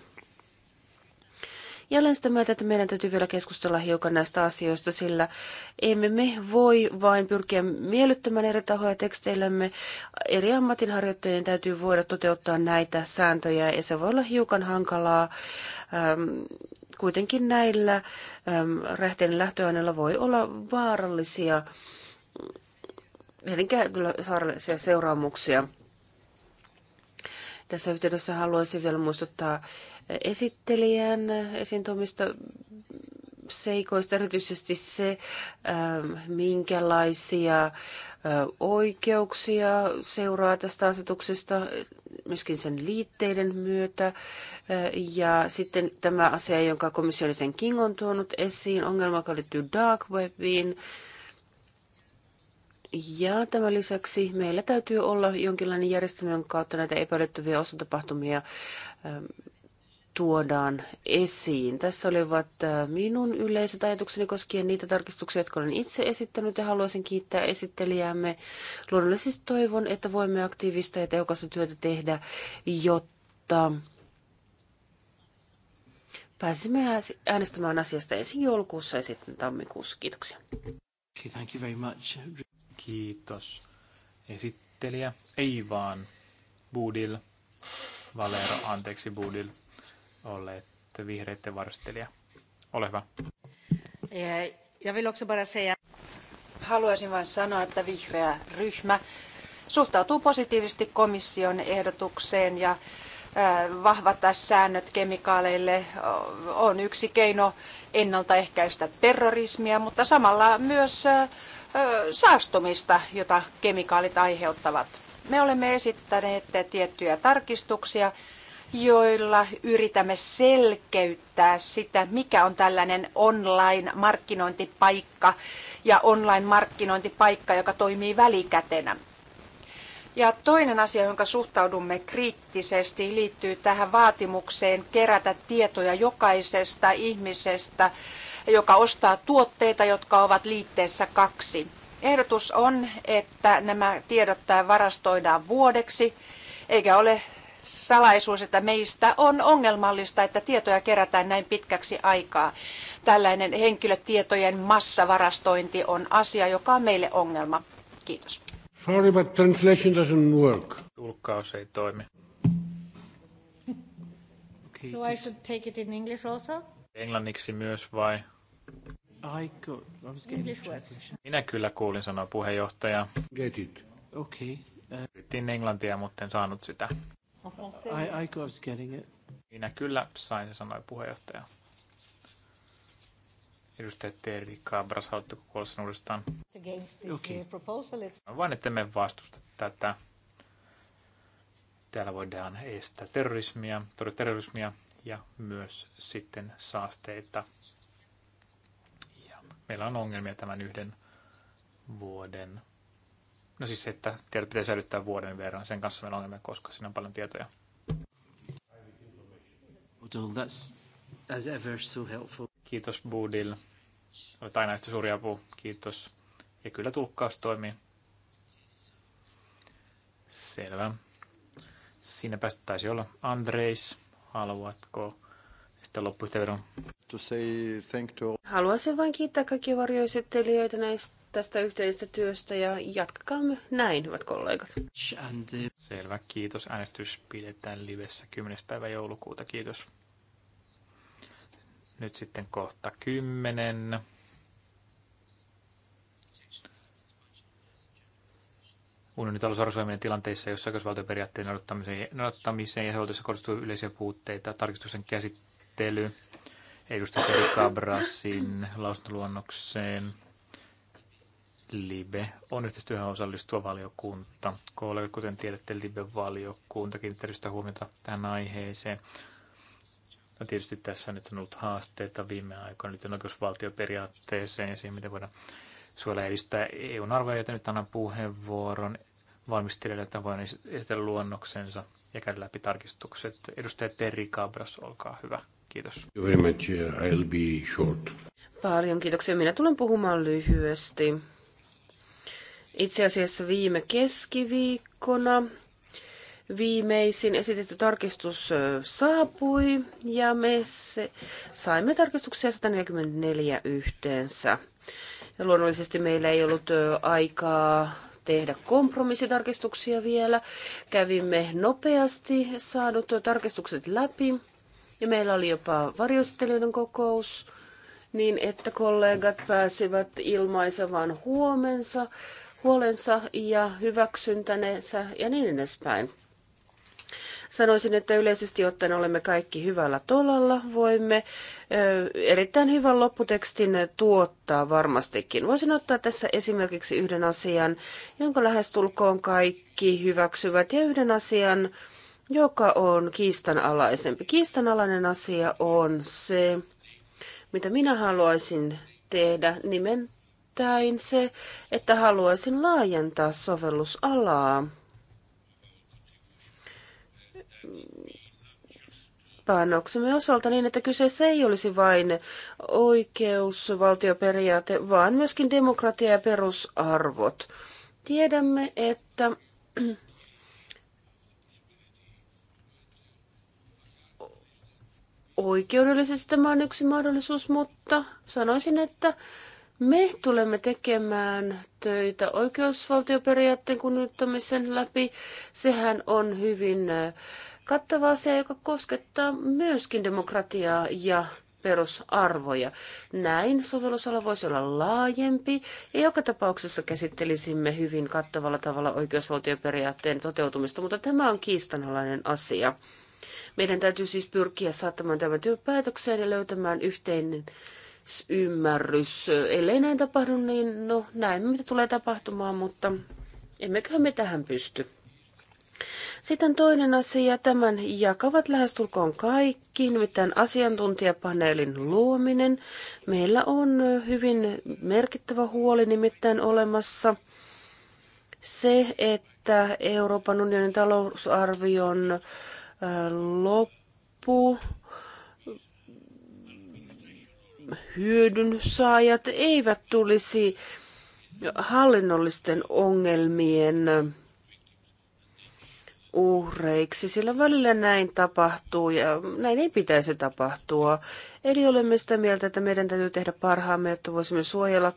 Ja olen sitä mieltä, että meidän täytyy vielä keskustella hiukan näistä asioista, sillä emme me voi vain pyrkiä miellyttämään eri tahoja teksteillämme. Eri ammatinharjoittajien täytyy voida toteuttaa näitä sääntöjä ja se voi olla hiukan hankalaa. Ähm, kuitenkin näillä ähm, räjähteiden lähtöaineilla voi olla vaarallisia saarallisia seuraamuksia. Tässä yhteydessä haluaisin vielä muistuttaa esittelijän esiintymistä seikoista, erityisesti se, ähm, minkälaisia oikeuksia seuraa tästä asetuksesta, myöskin sen liitteiden myötä. Ja sitten tämä asia, jonka komissiolisen King on tuonut esiin, ongelma, joka liittyy dark webiin. Ja tämän lisäksi meillä täytyy olla jonkinlainen järjestelmä, jonka kautta näitä epäilyttäviä osatapahtumia ähm, tuodaan esiin. Tässä olivat äh, minun yleiset ajatukseni koskien niitä tarkistuksia, jotka olen itse esittänyt ja haluaisin kiittää esittelijäämme. Luonnollisesti toivon, että voimme aktiivista ja tehokasta työtä tehdä, jotta pääsimme äänestämään asiasta ensin joulukuussa ja sitten tammikuussa. Kiitoksia. Okay, thank you very much. Kiitos. Esittelijä, ei vaan Budil, Valero, anteeksi Budil olleet vihreiden varastelija. Ole hyvä. Ja vill bara säga... Haluaisin vain sanoa, että vihreä ryhmä suhtautuu positiivisesti komission ehdotukseen ja vahvat säännöt kemikaaleille on yksi keino ennaltaehkäistä terrorismia, mutta samalla myös saastumista, jota kemikaalit aiheuttavat. Me olemme esittäneet tiettyjä tarkistuksia, joilla yritämme selkeyttää sitä, mikä on tällainen online-markkinointipaikka ja online-markkinointipaikka, joka toimii välikätenä. Ja toinen asia, jonka suhtaudumme kriittisesti, liittyy tähän vaatimukseen kerätä tietoja jokaisesta ihmisestä, joka ostaa tuotteita, jotka ovat liitteessä kaksi. Ehdotus on, että nämä tiedot varastoidaan vuodeksi, eikä ole salaisuus, että meistä on ongelmallista, että tietoja kerätään näin pitkäksi aikaa. Tällainen henkilötietojen massavarastointi on asia, joka on meille ongelma. Kiitos. Sorry, but translation doesn't work. Tulkkaus ei toimi. Okay. So I should take it in English also? Englanniksi myös vai? I could, English words. Minä kyllä kuulin sanoa puheenjohtaja. Get it. Okay. Uh, Yritin englantia, mutta en saanut sitä. En français. I, I was getting it. Minä kyllä sain, sanoi puheenjohtaja. Edustaja Terri Cabras, haluatteko kuulla sen uudestaan? Okay. Uh, no vain, että me vastusta tätä. Täällä voidaan estää terrorismia, torjua terrorismia ja myös sitten saasteita. Ja meillä on ongelmia tämän yhden vuoden No siis se, että tiedot pitäisi säilyttää vuoden verran. Sen kanssa meillä on ongelmia, koska siinä on paljon tietoja. Kiitos Budil. Olet aina yhtä suuri apu. Kiitos. Ja kyllä tulkkaus toimii. Selvä. Siinä päästäisi olla. Andreis, haluatko sitten loppuyhteenvedon? Haluaisin vain kiittää kaikki varjoesittelijöitä näistä tästä yhteisestä työstä ja jatkakaamme näin, hyvät kollegat. Selvä, kiitos. Äänestys pidetään livessä 10. päivä joulukuuta, kiitos. Nyt sitten kohta 10. unionin talousarvoisuojelmien tilanteissa, jossa oikeusvaltioperiaatteen noudattamiseen, noudattamiseen ja hoitoissa korostuu yleisiä puutteita, tarkistuksen käsittely, edustaja Kabrasin lausuntoluonnokseen. Libe on yhteistyöhön osallistuva valiokunta. Kollegat, kuten tiedätte, Libe-valiokunta kiinnittää huomiota tähän aiheeseen. No tietysti tässä nyt on ollut haasteita viime aikoina liittyen oikeusvaltioperiaatteeseen ja siihen, miten voidaan suojella edistää EUn arvoja, joten nyt annan puheenvuoron valmistelijalle, että voin esitellä luonnoksensa ja käydä läpi tarkistukset. Edustaja Terri Cabras, olkaa hyvä. Kiitos. Very much. Uh, I'll be short. Paljon kiitoksia. Minä tulen puhumaan lyhyesti. Itse asiassa viime keskiviikkona viimeisin esitetty tarkistus saapui ja me se, saimme tarkistuksia 144 yhteensä. Ja luonnollisesti meillä ei ollut aikaa tehdä kompromissitarkistuksia vielä. Kävimme nopeasti saadut tarkistukset läpi ja meillä oli jopa varjostelijoiden kokous niin, että kollegat pääsivät ilmaisemaan huomensa huolensa ja hyväksyntänsä ja niin edespäin. Sanoisin, että yleisesti ottaen olemme kaikki hyvällä tolalla. Voimme erittäin hyvän lopputekstin tuottaa varmastikin. Voisin ottaa tässä esimerkiksi yhden asian, jonka lähestulkoon kaikki hyväksyvät, ja yhden asian, joka on kiistanalaisempi. Kiistanalainen asia on se, mitä minä haluaisin tehdä nimen nimittäin se, että haluaisin laajentaa sovellusalaa. painoksemme osalta niin, että kyseessä ei olisi vain oikeus, valtioperiaate, vaan myöskin demokratia ja perusarvot. Tiedämme, että oikeudellisesti tämä on yksi mahdollisuus, mutta sanoisin, että me tulemme tekemään töitä oikeusvaltioperiaatteen kunnioittamisen läpi. Sehän on hyvin kattava asia, joka koskettaa myöskin demokratiaa ja perusarvoja. Näin sovellusala voisi olla laajempi ja joka tapauksessa käsittelisimme hyvin kattavalla tavalla oikeusvaltioperiaatteen toteutumista, mutta tämä on kiistanalainen asia. Meidän täytyy siis pyrkiä saattamaan tämä työ päätökseen ja löytämään yhteinen ymmärrys. Ellei näin tapahdu, niin no näin mitä tulee tapahtumaan, mutta emmeköhän me tähän pysty. Sitten toinen asia, tämän jakavat lähestulkoon kaikki, nimittäin asiantuntijapaneelin luominen. Meillä on hyvin merkittävä huoli nimittäin olemassa se, että Euroopan unionin talousarvion loppu hyödyn saajat eivät tulisi hallinnollisten ongelmien uhreiksi, sillä välillä näin tapahtuu ja näin ei pitäisi tapahtua. Eli olemme sitä mieltä, että meidän täytyy tehdä parhaamme, että voisimme suojella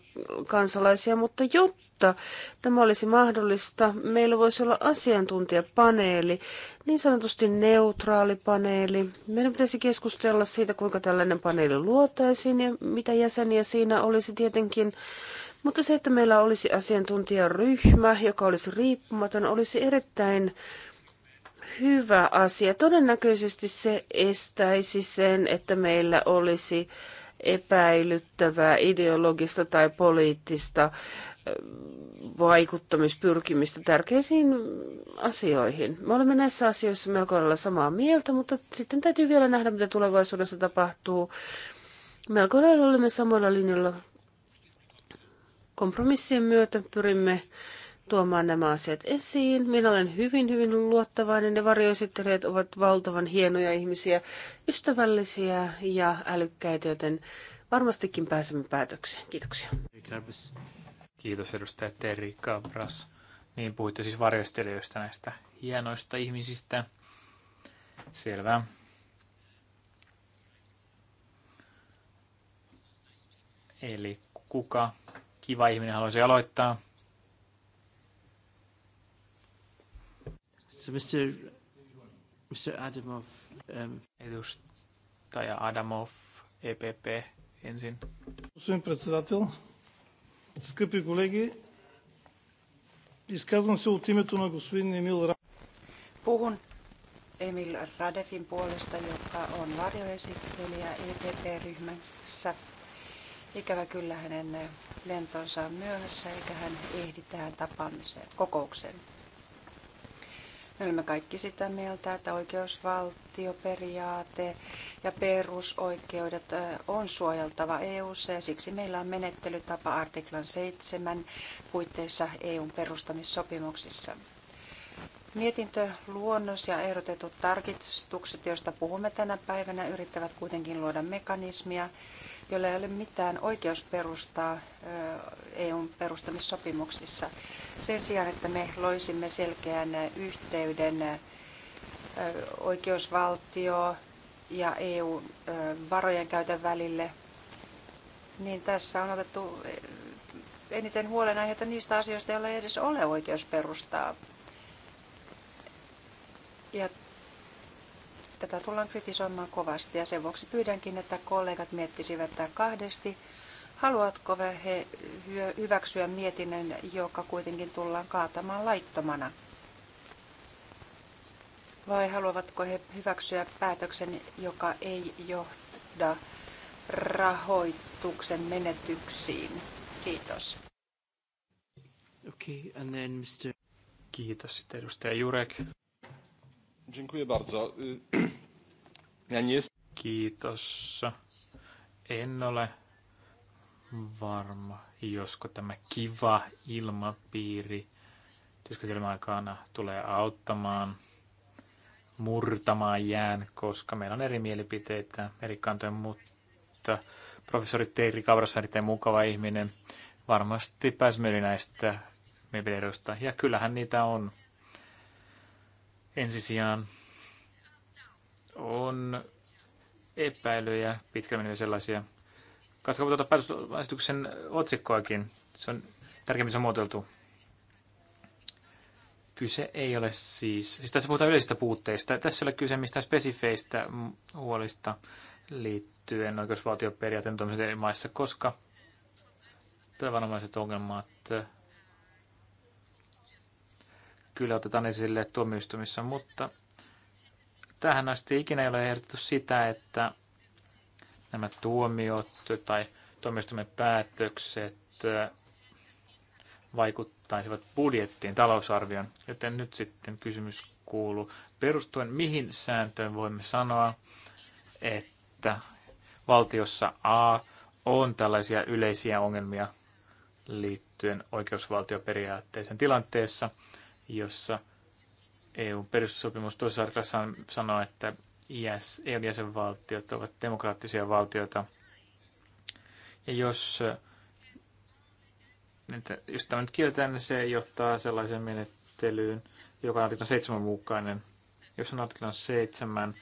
kansalaisia, mutta jotta tämä olisi mahdollista, meillä voisi olla asiantuntijapaneeli, niin sanotusti neutraali paneeli. Meidän pitäisi keskustella siitä, kuinka tällainen paneeli luotaisiin ja mitä jäseniä siinä olisi tietenkin. Mutta se, että meillä olisi asiantuntijaryhmä, joka olisi riippumaton, olisi erittäin hyvä asia. Todennäköisesti se estäisi sen, että meillä olisi epäilyttävää ideologista tai poliittista vaikuttamispyrkimistä tärkeisiin asioihin. Me olemme näissä asioissa melko lailla samaa mieltä, mutta sitten täytyy vielä nähdä, mitä tulevaisuudessa tapahtuu. Melko lailla olemme samalla linjalla kompromissien myötä pyrimme tuomaan nämä asiat esiin. Minä olen hyvin, hyvin luottavainen. Ne varjoesittelijät ovat valtavan hienoja ihmisiä, ystävällisiä ja älykkäitä, joten varmastikin pääsemme päätökseen. Kiitoksia. Kiitos edustaja Terri Cabras. Niin puhuitte siis varjostelijoista näistä hienoista ihmisistä. Selvä. Eli kuka kiva ihminen haluaisi aloittaa? So Mr. Mr. Adamov. Um... Edustaja Adamov, EPP ensin. Господин председател, скъпи колеги, изказвам се от името на господин Емил Радев. Puhun Emil Radefin puolesta, joka on varjoesittelijä EPP-ryhmässä. Ikävä kyllä hänen lentonsa on myöhässä eikä hän ehdi tähän tapaamiseen, kokoukseen. Me olemme kaikki sitä mieltä, että oikeusvaltioperiaate ja perusoikeudet on suojeltava EU:ssa ja siksi meillä on menettelytapa artiklan 7 puitteissa EUn perustamissopimuksissa. Mietintö, luonnos ja ehdotetut tarkistukset, joista puhumme tänä päivänä, yrittävät kuitenkin luoda mekanismia, jolla ei ole mitään oikeusperustaa EUn perustamissopimuksissa. Sen sijaan, että me loisimme selkeän yhteyden oikeusvaltio ja EU-varojen käytön välille, niin tässä on otettu eniten huolenaiheita niistä asioista, joilla ei edes ole oikeusperustaa. Ja tätä tullaan kritisoimaan kovasti ja sen vuoksi pyydänkin, että kollegat miettisivät tämä kahdesti. Haluatko he hyväksyä mietinnön, joka kuitenkin tullaan kaatamaan laittomana? Vai haluavatko he hyväksyä päätöksen, joka ei johda rahoituksen menetyksiin? Kiitos. Okay, and then Mr. Kiitos. Sitten edustaja Jurek. Dziękuję bardzo. Kiitos. En ole varma, josko tämä kiva ilmapiiri aikana tulee auttamaan murtamaan jään, koska meillä on eri mielipiteitä eri kantoja, mutta professori Teiri Kavrassa on erittäin mukava ihminen. Varmasti pääsemme yli näistä mielipideeroista, ja kyllähän niitä on ensisijaan on epäilyjä, pitkälle sellaisia. Katsokaa tuota päätösesityksen otsikkoakin. Se on tärkeimmin se on muoteltu. Kyse ei ole siis, siis tässä puhutaan yleisistä puutteista. Tässä ei ole kyse mistään spesifeistä huolista liittyen oikeusvaltioperiaatteen maissa, koska tavanomaiset ongelmat kyllä otetaan esille tuomioistumissa, mutta tähän asti ikinä ei ole ehdotettu sitä, että nämä tuomiot tai tuomioistuimen päätökset äh, vaikuttaisivat budjettiin, talousarvioon. Joten nyt sitten kysymys kuuluu, perustuen mihin sääntöön voimme sanoa, että valtiossa A on tällaisia yleisiä ongelmia liittyen oikeusvaltioperiaatteisen tilanteessa – jossa eu perussopimus toisaalta sanoo, että eu jäsenvaltiot ovat demokraattisia valtioita. Ja jos, äh, että jos tämä nyt kieltää, niin se johtaa sellaiseen menettelyyn, joka on artiklan 7 mukainen. Jos on artiklan 7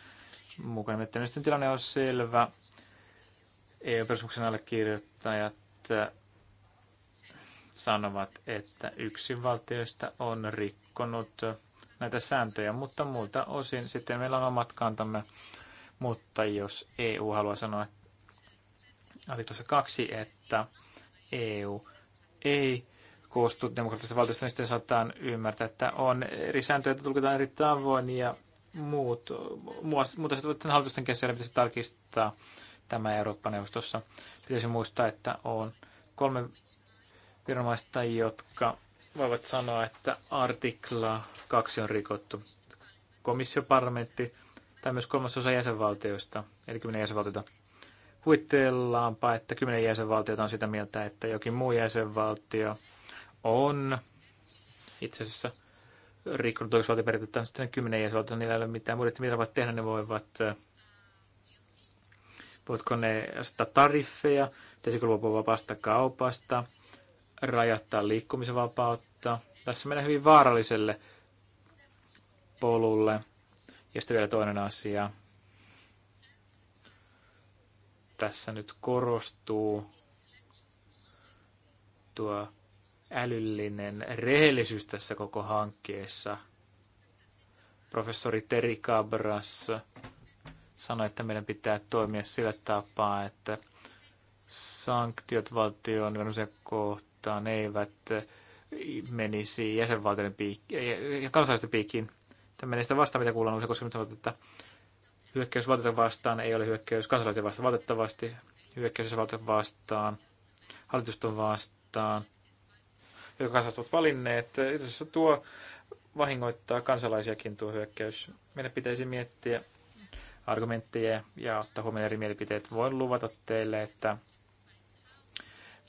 mukainen menettely, niin sitten tilanne on selvä. eu perussopimuksen allekirjoittajat äh, sanovat, että yksi valtioista on rikkonut näitä sääntöjä, mutta muilta osin sitten meillä on omat kantamme. Mutta jos EU haluaa sanoa artiklassa kaksi, että EU ei koostu demokraattisesta valtiosta, niin sitten saattaa ymmärtää, että on eri sääntöjä, joita tulkitaan eri tavoin ja muut, muuta sitten hallitusten kesken pitäisi tarkistaa tämä Eurooppa-neuvostossa. Pitäisi muistaa, että on kolme tai jotka voivat sanoa, että artikla 2 on rikottu. Komissio, parlamentti tai myös osa jäsenvaltioista, eli kymmenen jäsenvaltiota. Kuvitellaanpa, että kymmenen jäsenvaltiota on sitä mieltä, että jokin muu jäsenvaltio on itse asiassa rikkonut oikeusvaltioperiaatetta, sitten kymmenen jäsenvaltiota, niillä ei ole mitään budjettia, mitä voivat tehdä, ne voivat voitko ne asettaa tariffeja, pitäisikö luopua vapaasta kaupasta, rajoittaa liikkumisen vapautta. Tässä menee hyvin vaaralliselle polulle. Ja sitten vielä toinen asia. Tässä nyt korostuu tuo älyllinen rehellisyys tässä koko hankkeessa. Professori Teri Cabras sanoi, että meidän pitää toimia sillä tapaa, että sanktiot valtion kohtaan mutta ne eivät eh, menisi jäsenvaltioiden piikkiin ja kansalaisten piikkiin. Tämä menee sitä vastaan, mitä kuullaan usein, koska nyt sanotaan, että hyökkäys valtiota vastaan ei ole hyökkäys kansalaisia vastaan valitettavasti, hyökkäys valtiota vastaan, hallitusta vastaan, joka kansalaiset ovat valinneet. Itse asiassa tuo vahingoittaa kansalaisiakin tuo hyökkäys. Meidän pitäisi miettiä argumentteja ja ottaa huomioon eri mielipiteet. Voin luvata teille, että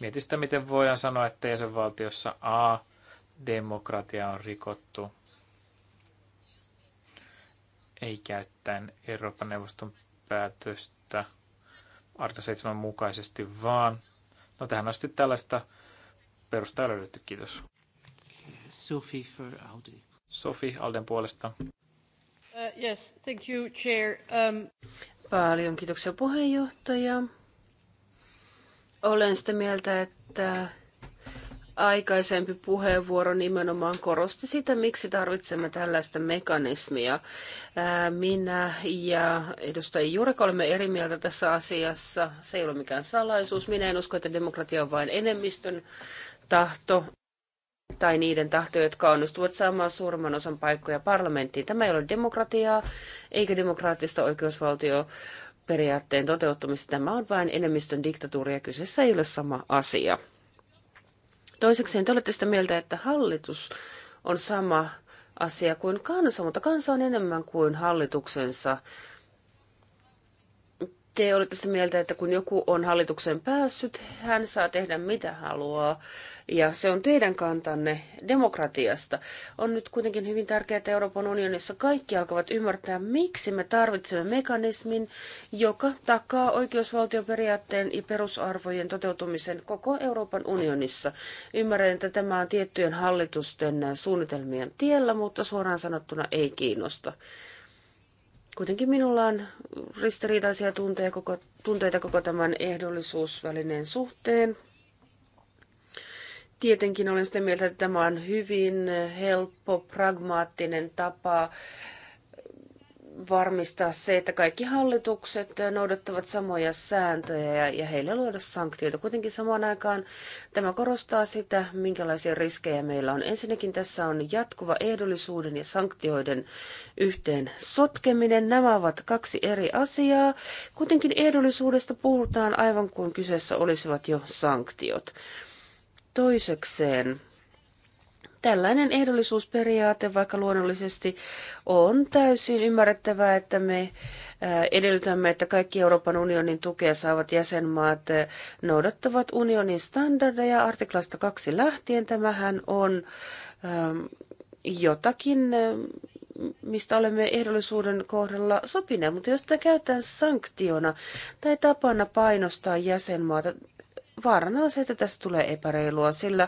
Mieti sitä, miten voidaan sanoa, että jäsenvaltiossa A, demokratia on rikottu, ei käyttäen Euroopan neuvoston päätöstä Arta 7 mukaisesti, vaan no tähän asti tällaista perustaa löydetty. Kiitos. Sophie for Audi. Sophie Alden puolesta. Uh, yes, thank you, chair. Um... Paljon kiitoksia puheenjohtaja. Olen sitä mieltä, että aikaisempi puheenvuoro nimenomaan korosti sitä, miksi tarvitsemme tällaista mekanismia. Minä ja edustaja Jurek olemme eri mieltä tässä asiassa. Se ei ole mikään salaisuus. Minä en usko, että demokratia on vain enemmistön tahto tai niiden tahto, jotka onnistuvat saamaan suurimman osan paikkoja parlamenttiin. Tämä ei ole demokratiaa, eikä demokraattista oikeusvaltio periaatteen toteuttamista. Tämä on vain enemmistön diktatuuri ja kyseessä ei ole sama asia. Toiseksi te olette sitä mieltä, että hallitus on sama asia kuin kansa, mutta kansa on enemmän kuin hallituksensa te olette sitä mieltä, että kun joku on hallituksen päässyt, hän saa tehdä mitä haluaa. Ja se on teidän kantanne demokratiasta. On nyt kuitenkin hyvin tärkeää, että Euroopan unionissa kaikki alkavat ymmärtää, miksi me tarvitsemme mekanismin, joka takaa oikeusvaltioperiaatteen ja perusarvojen toteutumisen koko Euroopan unionissa. Ymmärrän, että tämä on tiettyjen hallitusten suunnitelmien tiellä, mutta suoraan sanottuna ei kiinnosta. Kuitenkin minulla on ristiriitaisia tunteja koko, tunteita koko tämän ehdollisuusvälineen suhteen. Tietenkin olen sitä mieltä, että tämä on hyvin helppo, pragmaattinen tapa äh, varmistaa se, että kaikki hallitukset noudattavat samoja sääntöjä ja, ja heille luoda sanktioita. Kuitenkin samaan aikaan tämä korostaa sitä, minkälaisia riskejä meillä on. Ensinnäkin tässä on jatkuva ehdollisuuden ja sanktioiden yhteen sotkeminen. Nämä ovat kaksi eri asiaa. Kuitenkin ehdollisuudesta puhutaan aivan kuin kyseessä olisivat jo sanktiot. Toisekseen Tällainen ehdollisuusperiaate, vaikka luonnollisesti on täysin ymmärrettävää, että me äh, edellytämme, että kaikki Euroopan unionin tukea saavat jäsenmaat äh, noudattavat unionin standardeja artiklasta 2 lähtien. Tämähän on ähm, jotakin, äh, mistä olemme ehdollisuuden kohdalla sopineet, mutta jos tämä käytetään sanktiona tai tapana painostaa jäsenmaata, vaarana on se, että tästä tulee epäreilua, sillä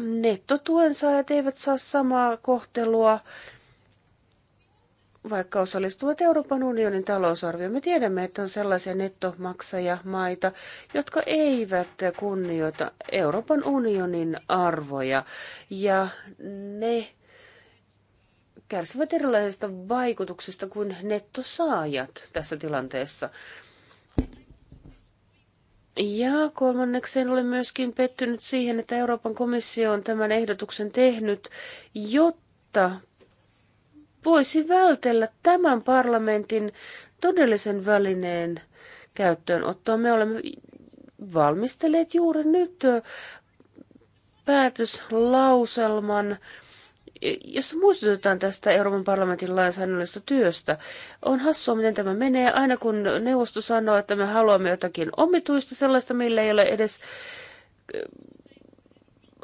nettotuensaajat eivät saa samaa kohtelua, vaikka osallistuvat Euroopan unionin talousarvioon. Me tiedämme, että on sellaisia nettomaksajamaita, jotka eivät kunnioita Euroopan unionin arvoja, ja ne kärsivät erilaisista vaikutuksista kuin nettosaajat tässä tilanteessa. Ja kolmannekseen olen myöskin pettynyt siihen, että Euroopan komissio on tämän ehdotuksen tehnyt, jotta voisi vältellä tämän parlamentin todellisen välineen käyttöönottoa. Me olemme valmistelleet juuri nyt päätöslauselman jos muistutetaan tästä Euroopan parlamentin lainsäädännöllisestä työstä. On hassua, miten tämä menee. Aina kun neuvosto sanoo, että me haluamme jotakin omituista, sellaista, millä ei ole edes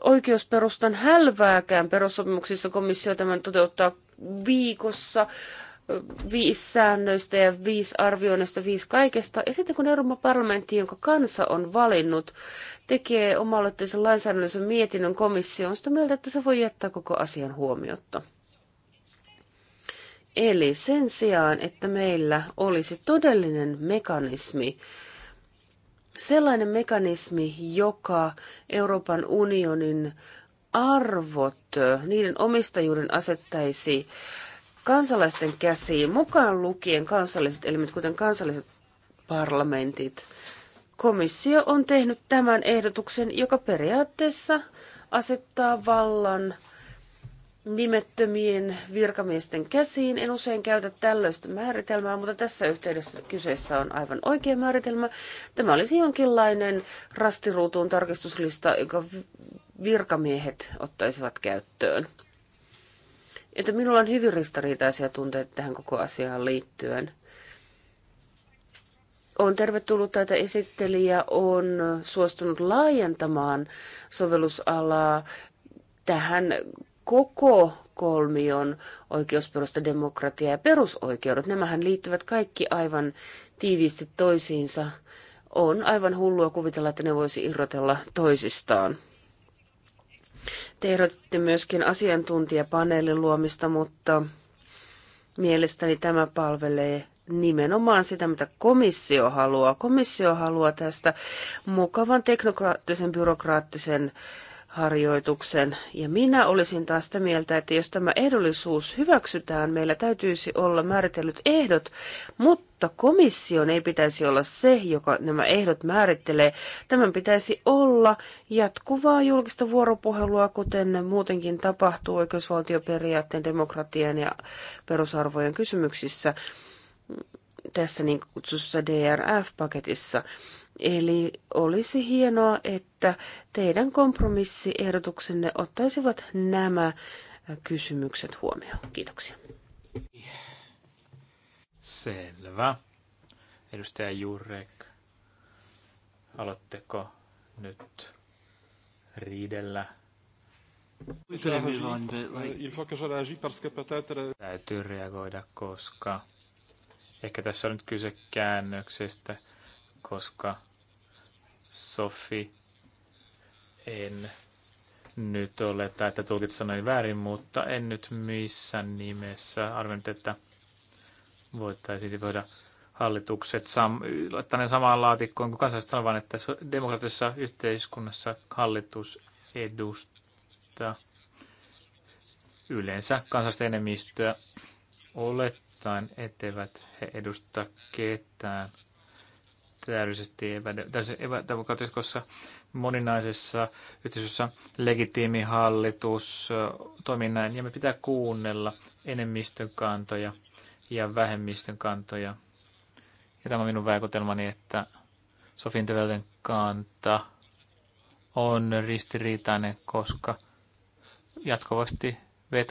oikeusperustan hälvääkään perussopimuksissa komissio tämän toteuttaa viikossa viisi säännöistä ja viisi arvioinnista, viisi kaikesta. Ja sitten kun Euroopan parlamentti, jonka kansa on valinnut, tekee omalloitteisen lainsäädännöllisen mietinnön komissioon, sitä mieltä, että se voi jättää koko asian huomiotta. Eli sen sijaan, että meillä olisi todellinen mekanismi, sellainen mekanismi, joka Euroopan unionin arvot, niiden omistajuuden asettaisi äh, kansalaisten käsiin, mukaan lukien kansalliset elimet, kuten kansalliset parlamentit. Komissio on tehnyt tämän ehdotuksen, joka periaatteessa asettaa vallan nimettömien virkamiesten käsiin. En usein käytä tällaista määritelmää, mutta tässä yhteydessä kyseessä on aivan oikea määritelmä. Tämä olisi jonkinlainen rastiruutuun tarkistuslista, joka virkamiehet ottaisivat käyttöön että minulla on hyvin ristiriitaisia tunteita tähän koko asiaan liittyen. On tervetullut, tätä esittelijä on suostunut laajentamaan sovellusalaa tähän koko kolmion oikeusperusta, demokratia ja perusoikeudet. Nämähän liittyvät kaikki aivan tiiviisti toisiinsa. On aivan hullua kuvitella, että ne voisi irrotella toisistaan. Te ehdotitte myöskin asiantuntijapaneelin luomista, mutta mielestäni tämä palvelee nimenomaan sitä, mitä komissio haluaa. Komissio haluaa tästä mukavan teknokraattisen, byrokraattisen äh, harjoituksen. Ja minä olisin taas sitä mieltä, että jos tämä ehdollisuus hyväksytään, meillä täytyisi olla määritellyt ehdot, mutta komission ei pitäisi olla se, joka nämä ehdot määrittelee. Tämän pitäisi olla jatkuvaa julkista vuoropuhelua, kuten muutenkin tapahtuu oikeusvaltioperiaatteen, demokratian ja perusarvojen kysymyksissä tässä niin kutsussa DRF-paketissa. Eli olisi hienoa, että teidän kompromissiehdotuksenne ottaisivat nämä äh, kysymykset huomioon. Kiitoksia. Selvä. Edustaja Jurek, aloitteko nyt riidellä? Euh, Täytyy reagoida, koska ehkä tässä on nyt kyse käännöksestä, koska Sofi, en nyt ole, tai että tulkit sanoi väärin, mutta en nyt missään nimessä arvennut, että voitaisiin voida hallitukset sam- laittaa ne samaan laatikkoon kuin kansalaiset sanovat, että demokraattisessa yhteiskunnassa hallitus edustaa yleensä kansallista enemmistöä olettaen, etteivät he edusta ketään täydellisesti epädemokraattisessa moninaisessa yhteisössä legitiimi hallitus toimii näin, ja me pitää kuunnella enemmistön kantoja ja vähemmistön kantoja. Ja tämä on minun vaikutelmani, että Sofin Tövelten kanta on ristiriitainen, koska jatkuvasti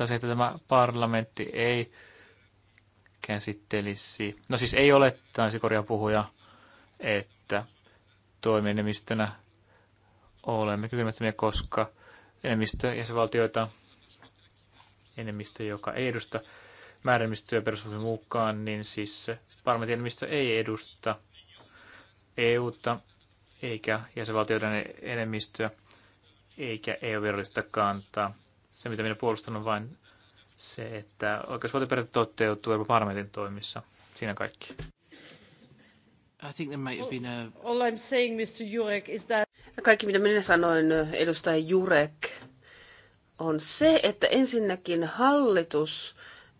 se, että tämä parlamentti ei käsittelisi, no siis ei olettaisi korjaa puhuja, että toimienemistönä olemme kykymättömiä, koska enemmistö jäsenvaltioita, enemmistö, joka ei edusta määräenemmistöä perustuksen mukaan, niin siis parlamentin enemmistö ei edusta EUta eikä jäsenvaltioiden enemmistöä eikä EU-virallista kantaa. Se, mitä minä puolustan, on vain se, että oikeusvaltioperiaate toteutuu Euroopan parlamentin toimissa. Siinä kaikki. I think there might have been a... All I'm saying, Mr. Jurek, is that... Kaikki, mitä minä sanoin, edustaja Jurek, on se, että ensinnäkin hallitus,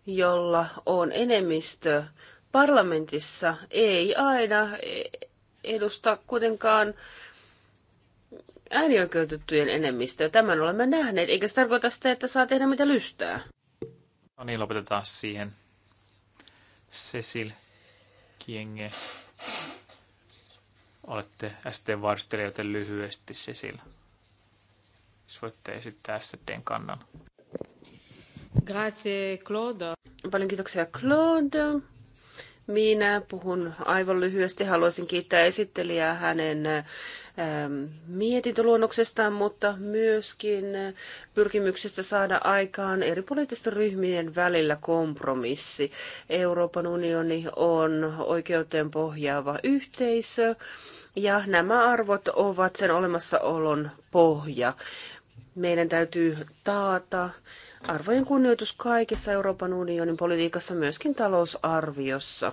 jolla on enemmistö parlamentissa, ei aina edusta kuitenkaan äänioikeutettujen enemmistöä. Tämän olemme nähneet, eikä se tarkoita sitä, että saa tehdä mitä lystää. No niin, lopetetaan siihen. Cecil Kienge olette ST-varstelija, joten lyhyesti Cecil. Jos voitte esittää STn kannan. Grazie, Claude. Paljon kiitoksia, Claude. Minä puhun aivan lyhyesti. Haluaisin kiittää esittelijää hänen Ähm, mietintöluonnoksestaan, mutta myöskin pyrkimyksestä saada aikaan eri poliittisten ryhmien välillä kompromissi. Euroopan unioni on oikeuteen pohjaava yhteisö ja nämä arvot ovat sen olemassaolon pohja. Meidän täytyy taata arvojen kunnioitus kaikessa Euroopan unionin politiikassa, myöskin talousarviossa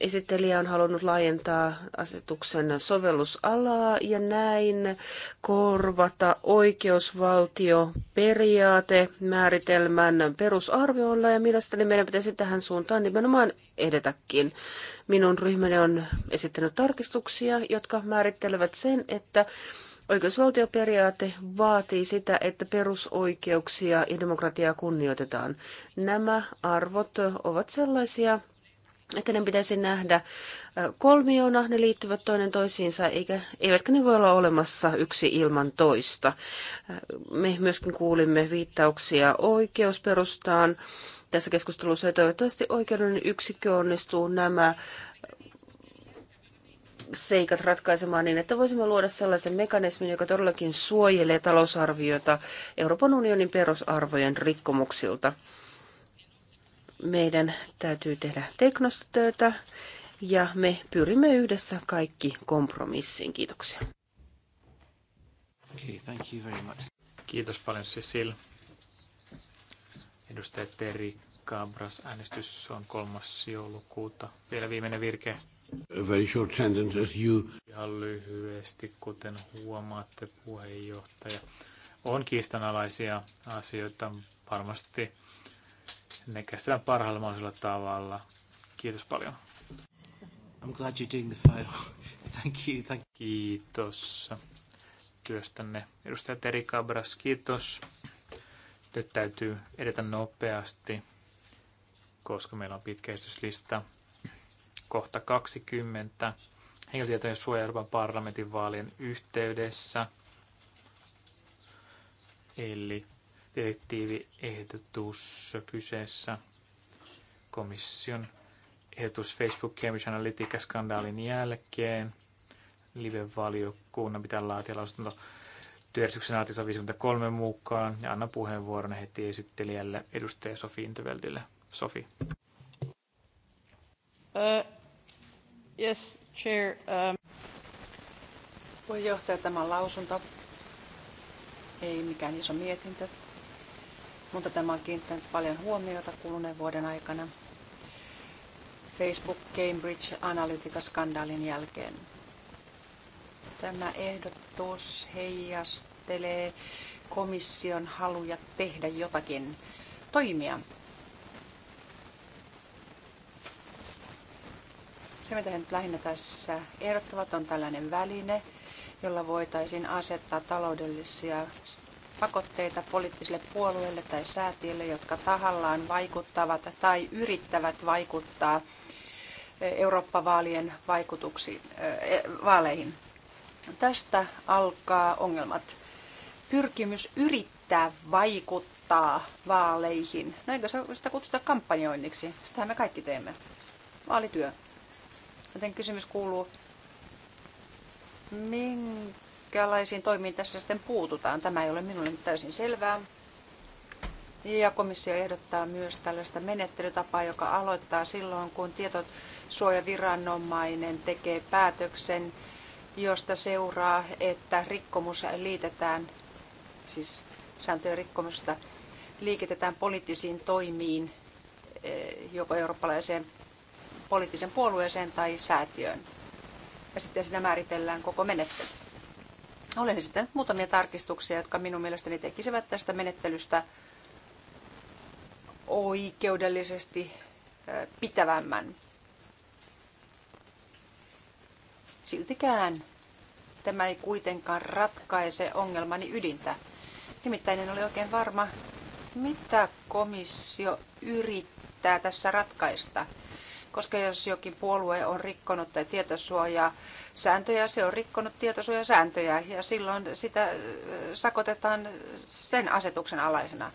esittelijä on halunnut laajentaa asetuksen sovellusalaa ja näin korvata oikeusvaltioperiaate määritelmän perusarvioilla ja mielestäni meidän pitäisi tähän suuntaan nimenomaan edetäkin. Minun ryhmäni on esittänyt tarkistuksia, jotka määrittelevät sen, että Oikeusvaltioperiaate vaatii sitä, että perusoikeuksia ja demokratiaa kunnioitetaan. Nämä arvot ovat sellaisia, että ne pitäisi nähdä kolmiona, ne liittyvät toinen toisiinsa, eikä, eivätkä ne voi olla olemassa yksi ilman toista. Me myöskin kuulimme viittauksia oikeusperustaan tässä keskustelussa, ja toivottavasti oikeuden yksikkö onnistuu nämä seikat ratkaisemaan niin, että voisimme luoda sellaisen mekanismin, joka todellakin suojelee talousarviota Euroopan unionin perusarvojen rikkomuksilta meidän täytyy tehdä teknosta työtä ja me pyrimme yhdessä kaikki kompromissiin. Kiitoksia. Okay, thank you very much. Kiitos paljon Cecil. Edustaja Terri Cabras äänestys on 3. joulukuuta. Vielä viimeinen virke. A very short sentence as you... Ihan lyhyesti, kuten huomaatte puheenjohtaja. On kiistanalaisia asioita varmasti ne kestetään parhaalla mahdollisella tavalla. Kiitos paljon. I'm glad you're doing the file. Thank you, thank you. Kiitos työstänne. Edustaja Teri Cabras, kiitos. Nyt täytyy edetä nopeasti, koska meillä on pitkä esityslista. Kohta 20. Henkilötietojen suoja Euroopan parlamentin vaalien yhteydessä. Eli direktiiviehdotus kyseessä. Komission ehdotus Facebook Cambridge Analytica-skandaalin jälkeen. Live-valiokunnan pitää laatia lausunto työjärjestyksen artikla 53 mukaan ja anna puheenvuoron heti esittelijälle edustaja Sofi Interveldille. Sofi. Uh, yes, chair. Um... Puheenjohtaja, tämä on lausunto. Ei mikään iso mietintö mutta tämä on kiinnittänyt paljon huomiota kuluneen vuoden aikana Facebook Cambridge Analytica-skandaalin jälkeen. Tämä ehdotus heijastelee komission haluja tehdä jotakin toimia. Se, mitä he nyt lähinnä tässä ehdottavat, on tällainen väline, jolla voitaisiin asettaa taloudellisia pakotteita poliittisille puolueille tai säätiöille, jotka tahallaan vaikuttavat tai yrittävät vaikuttaa eh, Eurooppa-vaalien vaikutuksiin, eh, eh, vaaleihin. Tästä alkaa ongelmat. Pyrkimys yrittää vaikuttaa vaaleihin. No eikö sitä kutsuta kampanjoinniksi? Sitähän me kaikki teemme. Vaalityö. Joten kysymys kuuluu, minkä minkälaisiin toimiin tässä sitten puututaan. Tämä ei ole minulle nyt täysin selvää. Ja komissio ehdottaa myös tällaista menettelytapaa, joka aloittaa silloin, kun tietosuojaviranomainen tekee päätöksen, josta seuraa, että rikkomus liitetään, siis sääntöjen rikkomusta liiketetään poliittisiin toimiin, eh, joko eurooppalaiseen poliittisen puolueeseen tai säätiöön. Ja sitten siinä määritellään koko menettely. Olen esittänyt muutamia tarkistuksia, jotka minun mielestäni tekisivät tästä menettelystä oikeudellisesti pitävämmän. Siltikään tämä ei kuitenkaan ratkaise ongelmani ydintä. Nimittäin en ole oikein varma, mitä komissio yrittää tässä ratkaista. Koska jos jokin puolue on rikkonut tai tietosuojaa sääntöjä, se on rikkonut tietosuojasääntöjä ja silloin sitä sakotetaan sen asetuksen alaisena.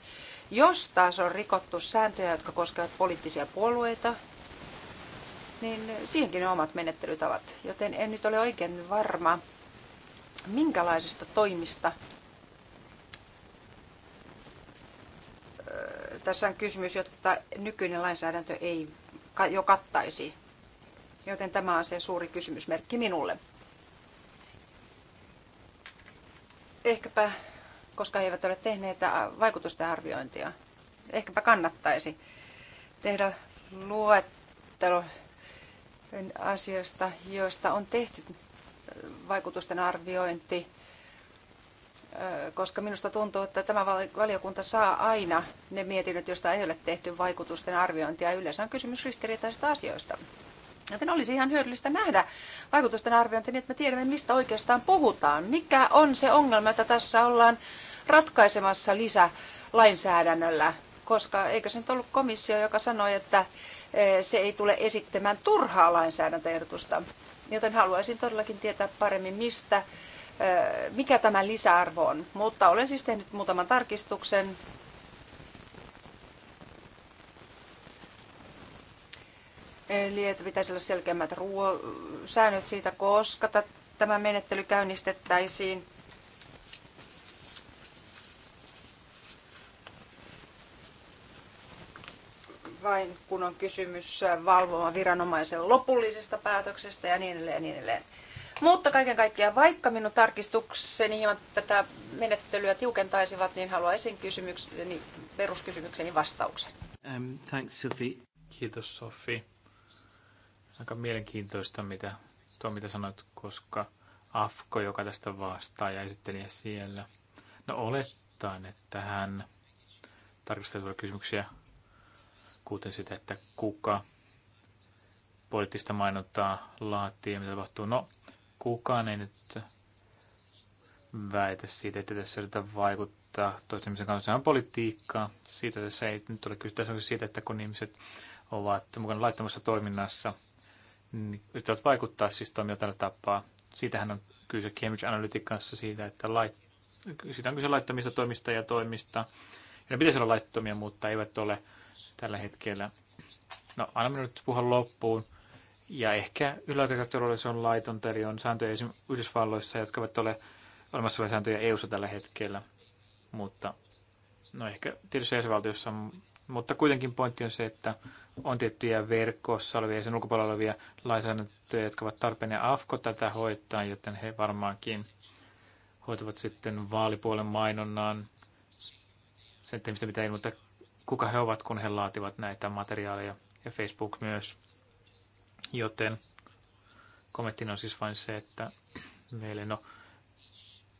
Jos taas on rikottu sääntöjä, jotka koskevat poliittisia puolueita, niin siihenkin on omat menettelytavat. Joten en nyt ole oikein varma, minkälaisista toimista tässä on kysymys, jotta nykyinen lainsäädäntö ei jo kattaisi. Joten tämä on se suuri kysymysmerkki minulle. Ehkäpä, koska he eivät ole tehneet vaikutusten arviointia, ehkäpä kannattaisi tehdä luettelo asiasta, joista on tehty vaikutusten arviointi, koska minusta tuntuu, että tämä valiokunta saa aina ne mietinnöt, joista ei ole tehty vaikutusten arviointia. Yleensä on kysymys ristiriitaisista asioista. Joten olisi ihan hyödyllistä nähdä vaikutusten arviointi niin, että me tiedämme, mistä oikeastaan puhutaan. Mikä on se ongelma, jota tässä ollaan ratkaisemassa lisälainsäädännöllä? Koska eikö se nyt ollut komissio, joka sanoi, että eh, se ei tule esittämään turhaa lainsäädäntöehdotusta. Joten haluaisin todellakin tietää paremmin, mistä, eh, mikä tämä lisäarvo on. Mutta olen siis tehnyt muutaman tarkistuksen Eli että pitäisi olla selkeämmät ruo- säännöt siitä, koska tämä menettely käynnistettäisiin. vain kun on kysymys valvomaan viranomaisen lopullisesta päätöksestä ja niin edelleen ja niin edelleen. Mutta kaiken kaikkiaan, vaikka minun tarkistukseni hieman tätä menettelyä tiukentaisivat, niin haluaisin kysymykseni, peruskysymykseni vastauksen. Um, thanks, Sophie. Kiitos, Sophie aika mielenkiintoista, mitä, tuo mitä sanoit, koska Afko, joka tästä vastaa ja esittelijä siellä, no olettaen, että hän tarkastelee kysymyksiä, kuten sitä, että kuka poliittista mainontaa laatii ja mitä tapahtuu. No, kukaan ei nyt väitä siitä, että tässä yritetään vaikuttaa toisten kanssa politiikkaa. Siitä tässä ei nyt ole kyse. on siitä, että kun ihmiset ovat mukana laittamassa toiminnassa – niin yrittävät vaikuttaa siis toimia tällä tapaa. Siitähän on kyse Cambridge Analyticassa siitä, että lait, siitä on kyse laittomista toimista ja toimista. Ja ne pitäisi olla laittomia, mutta eivät ole tällä hetkellä. No, anna minun nyt puhua loppuun. Ja ehkä yläaikakäyttöluudelle se on laitonta, eli on sääntöjä esimerkiksi Yhdysvalloissa, jotka eivät ole olemassa olevia sääntöjä eu tällä hetkellä. Mutta no ehkä tietysti jäsenvaltiossa on mutta kuitenkin pointti on se, että on tiettyjä verkossa olevia ja sen ulkopuolella olevia lainsäädäntöjä, jotka ovat tarpeen ja AFKO tätä hoitaa, joten he varmaankin hoitavat sitten vaalipuolen mainonnan sen, että mistä pitää ilmoittaa, kuka he ovat, kun he laativat näitä materiaaleja ja Facebook myös. Joten kommenttina on siis vain se, että meille, no,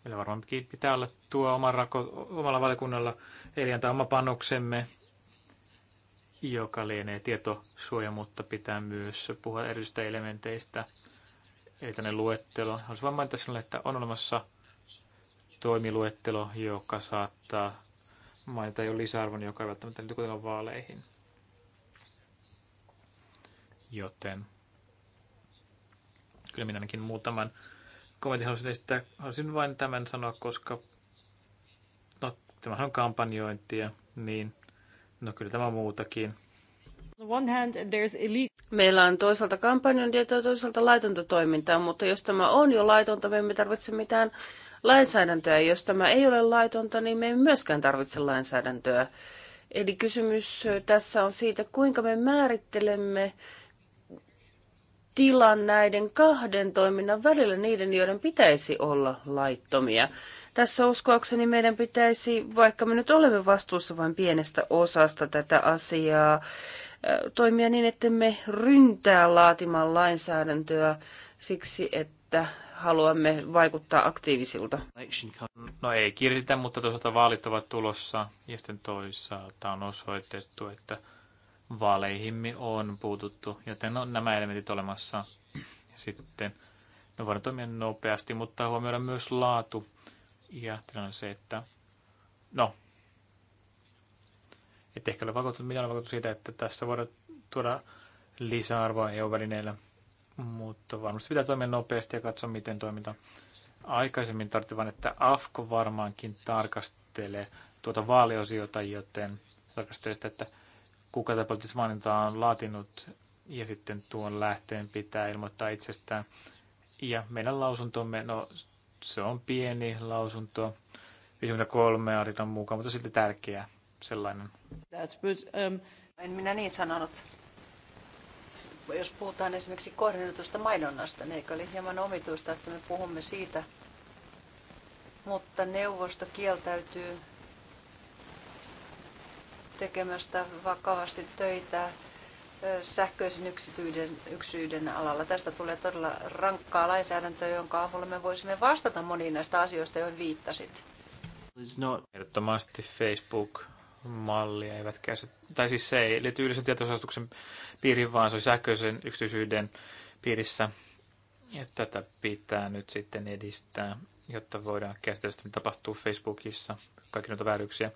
meillä varmaan pitää olla tuo oma rako, omalla valikunnalla, eli antaa oma panoksemme joka lienee tietosuoja, mutta pitää myös puhua erityisistä elementeistä. Eli tänne luettelo. Haluaisin vain mainita sinulle, että on olemassa toimiluettelo, joka saattaa mainita jo lisäarvon, joka ei välttämättä liity kuitenkaan vaaleihin. Joten kyllä minä ainakin muutaman kommentin halusin esittää. Halusin vain tämän sanoa, koska no, tämähän on kampanjointia, niin – No kyllä tämä muutakin. Meillä on toisaalta kampanjon ja toisaalta laitonta toimintaa, mutta jos tämä on jo laitonta, me emme tarvitse mitään lainsäädäntöä. Jos tämä ei ole laitonta, niin me emme myöskään tarvitse lainsäädäntöä. Eli kysymys tässä on siitä, kuinka me määrittelemme tilan näiden kahden toiminnan välillä, niiden, joiden pitäisi olla laittomia. Tässä uskoakseni meidän pitäisi, vaikka me nyt olemme vastuussa vain pienestä osasta tätä asiaa, toimia niin, että me ryntää laatimaan lainsäädäntöä siksi, että haluamme vaikuttaa aktiivisilta. No ei kirjitä, mutta toisaalta vaalit ovat tulossa ja sitten toisaalta on osoitettu, että vaaleihimme on puututtu, joten on nämä elementit olemassa. Sitten no voidaan toimia nopeasti, mutta huomioida myös laatu ja tilanne on se, että no, että ehkä ole vakuuttunut, mitä olen vakuuttunut siitä, että tässä voidaan tuoda lisäarvoa EU-välineillä, mutta varmasti pitää toimia nopeasti ja katsoa, miten toiminta aikaisemmin tarvitsee, vaan että AFKO varmaankin tarkastelee tuota vaaliosiota, joten tarkastelee sitä, että kuka tapauksessa maininta on laatinut ja sitten tuon lähteen pitää ilmoittaa itsestään. Ja meidän lausuntomme, no se on pieni lausunto, 53 artikan mukaan, mutta silti tärkeä sellainen. That's good. Um, en minä niin sanonut. Jos puhutaan esimerkiksi kohdennetusta mainonnasta, niin eikö oli hieman omituista, että me puhumme siitä, mutta neuvosto kieltäytyy tekemästä vakavasti töitä sähköisen yksityiden, yksyyden alalla. Tästä tulee todella rankkaa lainsäädäntöä, jonka avulla me voisimme vastata moniin näistä asioista, joihin viittasit. No, ehdottomasti Facebook mallia eivät käsit, tai siis se ei liity yleisen tietosastuksen piiriin, vaan se on sähköisen yksityisyyden piirissä. Ja tätä pitää nyt sitten edistää, jotta voidaan käsitellä sitä, mitä tapahtuu Facebookissa, kaikki noita vääryksiä.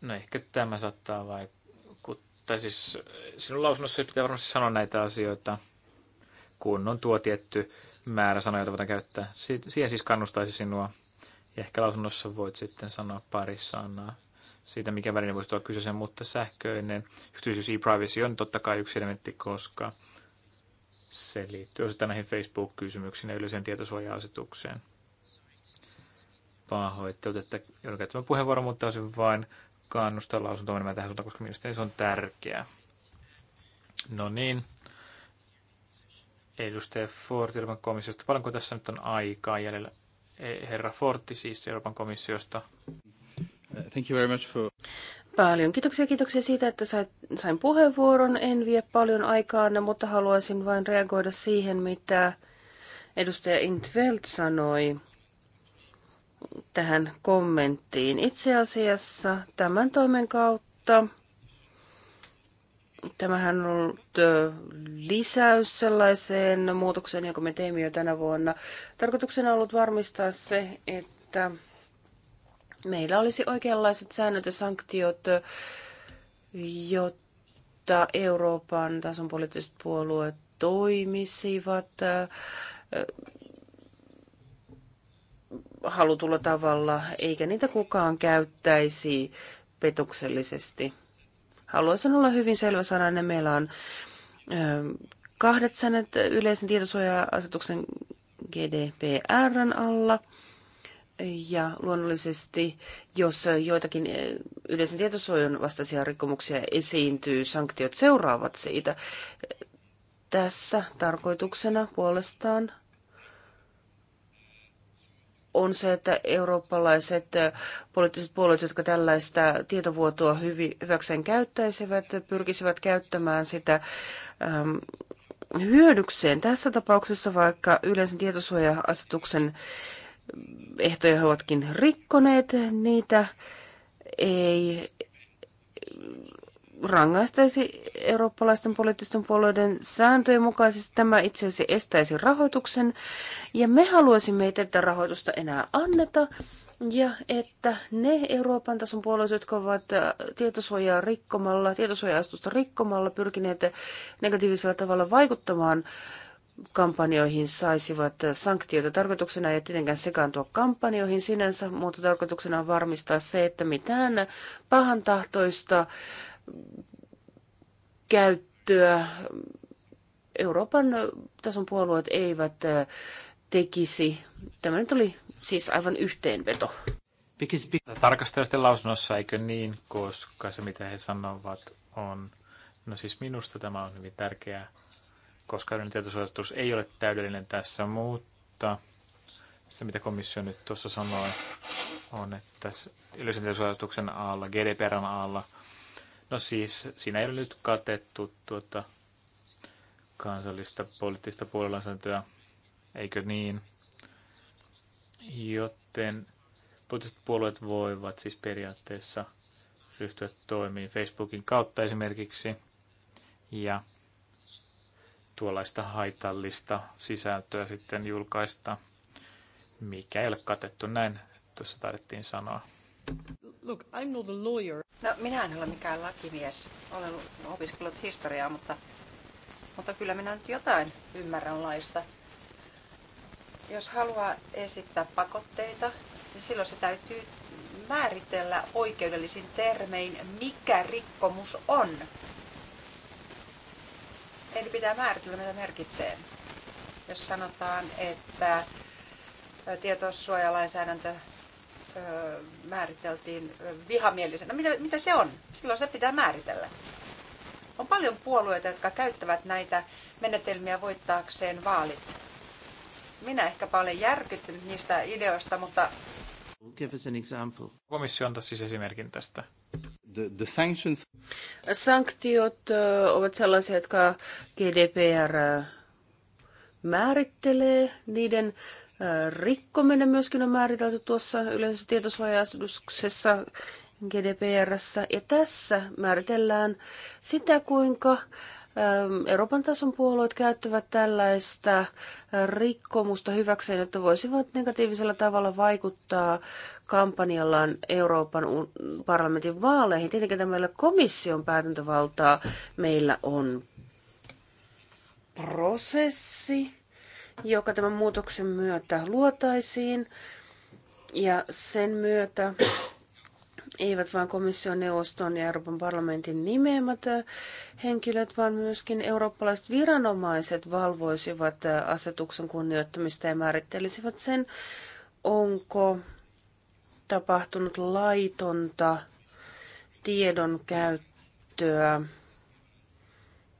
No ehkä tämä saattaa vaikuttaa tai siis sinun lausunnossa pitää varmasti sanoa näitä asioita, kun on tuo tietty määrä sanoja, joita voidaan käyttää. Siihen siis kannustaisi sinua. Ja ehkä lausunnossa voit sitten sanoa pari sanaa siitä, mikä väline voisi tulla kyseeseen, mutta sähköinen yksityisyys e-privacy on totta kai yksi elementti, koska se liittyy osittain näihin Facebook-kysymyksiin ja yleiseen tietosuoja-asetukseen. Pahoittelut, että joudun käyttämään puheenvuoron, mutta olisin vain kannustaa lausuntoa menemään tähän suuntaan, koska mielestäni se on tärkeää. No niin. Edustaja Ford Euroopan komissiosta. Paljonko tässä nyt on aikaa jäljellä? E, herra Fortti siis Euroopan komissiosta. Thank you very much for... Paljon kiitoksia, kiitoksia siitä, että sain puheenvuoron. En vie paljon aikaa, mutta haluaisin vain reagoida siihen, mitä edustaja Intveld sanoi tähän kommenttiin. Itse asiassa tämän toimen kautta tämähän on ollut lisäys sellaiseen muutokseen, jonka me teimme jo tänä vuonna. Tarkoituksena on ollut varmistaa se, että meillä olisi oikeanlaiset säännöt ja sanktiot, jotta Euroopan tason poliittiset puolueet toimisivat halutulla tavalla, eikä niitä kukaan käyttäisi petoksellisesti. Haluaisin olla hyvin selvä sanainen. Meillä on kahdet sanat yleisen tietosuoja-asetuksen GDPRn alla. Ja luonnollisesti, jos joitakin yleisen tietosuojan vastaisia rikkomuksia esiintyy, sanktiot seuraavat siitä. Tässä tarkoituksena puolestaan on se, että eurooppalaiset poliittiset puolueet, jotka tällaista tietovuotoa hyväkseen käyttäisivät, pyrkisivät käyttämään sitä ähm, hyödykseen. Tässä tapauksessa vaikka yleensä tietosuoja-asetuksen ehtoja he ovatkin rikkoneet, niitä ei rangaistaisi eurooppalaisten poliittisten puolueiden sääntöjen mukaisesti. Tämä itse asiassa estäisi rahoituksen ja me haluaisimme, että tätä rahoitusta enää anneta ja että ne Euroopan tason puolueet, jotka ovat äh, tietosuojaa rikkomalla, tietosuoja rikkomalla pyrkineet negatiivisella tavalla vaikuttamaan kampanjoihin saisivat äh, sanktioita. Tarkoituksena ei tietenkään sekaantua kampanjoihin sinänsä, mutta tarkoituksena on varmistaa se, että mitään pahantahtoista käyttöä. Euroopan tason puolueet eivät äh, tekisi. Tämä nyt oli siis aivan yhteenveto. Tarkastelusten lausunnossa eikö niin, koska se mitä he sanovat on, no siis minusta tämä on hyvin tärkeää, koska tietosuojatus ei ole täydellinen tässä, mutta se mitä komissio nyt tuossa sanoi on, että yleisen tietosuojatuksen alla, GDPRn alla – No siis siinä ei ole nyt katettu tuota kansallista poliittista puolelainsäädäntöä, eikö niin? Joten poliittiset puolueet voivat siis periaatteessa ryhtyä toimiin Facebookin kautta esimerkiksi. Ja tuollaista haitallista sisältöä sitten julkaista, mikä ei ole katettu. Näin tuossa tarvittiin sanoa. Look, I'm not a lawyer. No, minä en ole mikään lakimies. Olen opiskellut historiaa, mutta, mutta kyllä minä nyt jotain ymmärrän laista. Jos haluaa esittää pakotteita, niin silloin se täytyy määritellä oikeudellisin termein, mikä rikkomus on. Eli pitää määritellä, mitä merkitsee. Jos sanotaan, että tietosuojalainsäädäntö määriteltiin vihamielisenä. Mitä, mitä se on? Silloin se pitää määritellä. On paljon puolueita, jotka käyttävät näitä menetelmiä voittaakseen vaalit. Minä ehkä paljon järkyttynyt niistä ideoista, mutta... Give us an example. Komissio antaa siis esimerkin tästä. The, the sanctions... Sanktiot ovat sellaisia, jotka GDPR määrittelee. Niiden rikkominen myöskin on määritelty tuossa yleisessä tietosuoja-asetuksessa GDPRssä. Ja tässä määritellään sitä, kuinka Euroopan tason puolueet käyttävät tällaista rikkomusta hyväkseen, että voisivat negatiivisella tavalla vaikuttaa kampanjallaan Euroopan parlamentin vaaleihin. Tietenkin tämä meillä komission päätäntövaltaa. Meillä on prosessi joka tämän muutoksen myötä luotaisiin. Ja sen myötä eivät vain komission neuvoston ja Euroopan parlamentin nimeämät äh, henkilöt, vaan myöskin eurooppalaiset viranomaiset valvoisivat äh, asetuksen kunnioittamista ja määrittelisivät sen, onko tapahtunut laitonta tiedon käyttöä.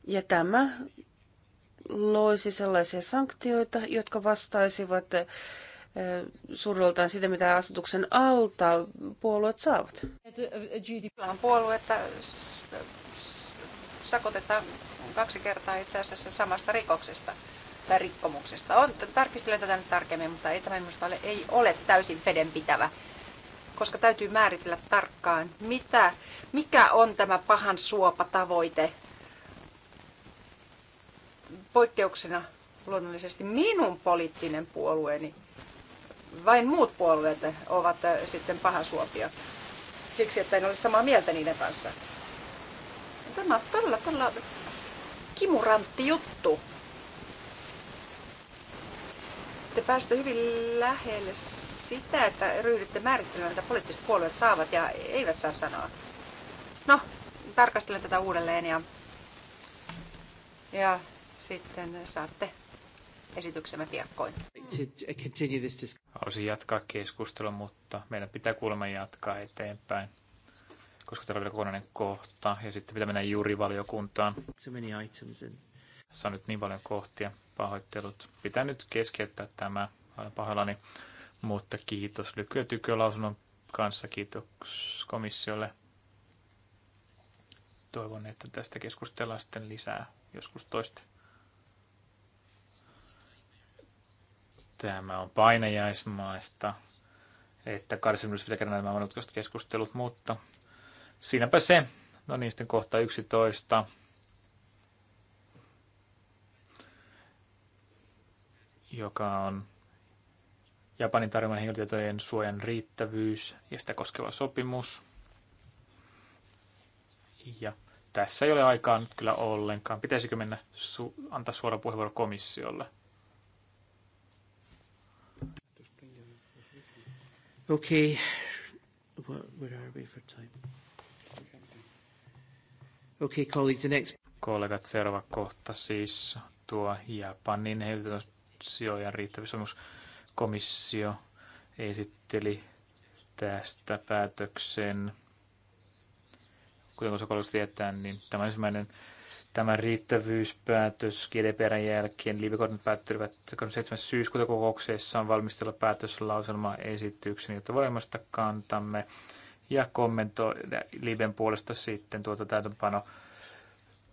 Ja tämä loisi sellaisia sanktioita, jotka vastaisivat eh, suurultaan sitä, mitä asetuksen alta puolueet saavat. Kyllähän puoluetta sakotetaan kaksi kertaa itse asiassa samasta rikoksesta tai rikkomuksesta. On, tarkistelen tätä nyt tarkemmin, mutta ei tämä minusta ole, ei ole täysin vedenpitävä, koska täytyy määritellä tarkkaan, mitä, mikä on tämä pahan suopa tavoite poikkeuksena luonnollisesti minun poliittinen puolueeni. Vain muut puolueet ovat äh, sitten pahasuopia. Siksi, että en ole samaa mieltä niiden kanssa. Tämä on todella, todella kimurantti juttu. Te pääsette hyvin lähelle sitä, että ryhdytte määrittelemään, mitä poliittiset puolueet saavat ja eivät saa sanoa. No, tarkastelen tätä uudelleen ja, ja sitten saatte esityksemme piakkoin. Haluaisin jatkaa keskustelua, mutta meidän pitää kuulemma jatkaa eteenpäin, koska täällä on vielä kokonainen kohta ja sitten pitää mennä juuri valiokuntaan. Tässä on nyt niin paljon kohtia, pahoittelut. Pitää nyt keskeyttää tämä, olen pahoillani, mutta kiitos Lyky- ja lausunnon kanssa, kiitos komissiolle. Toivon, että tästä keskustellaan sitten lisää joskus toista. Tämä on painajaismaista, että karsimus pitää käydä nämä monimutkaiset keskustelut, mutta siinäpä se. No niin, sitten kohta 11. joka on Japanin tarjoaman henkilötietojen suojan riittävyys ja sitä koskeva sopimus. Ja tässä ei ole aikaa nyt kyllä ollenkaan. Pitäisikö mennä su- antaa suora puheenvuoro komissiolle? Okay, where, are we for time? Okay, colleagues, the next... Kollegat, seuraava kohta siis tuo Japanin heiltäsijojen riittävyysomus. Komissio esitteli tästä päätöksen. Kuten kollegat tietää, niin tämä ensimmäinen Tämä riittävyyspäätös GDPRn jälkeen liivikortit päättyivät 7. syyskuuta kokouksessa on valmistella päätöslauselma esityksen, jotta voimasta kantamme ja kommentoida Liben puolesta sitten tuota täytäntöpano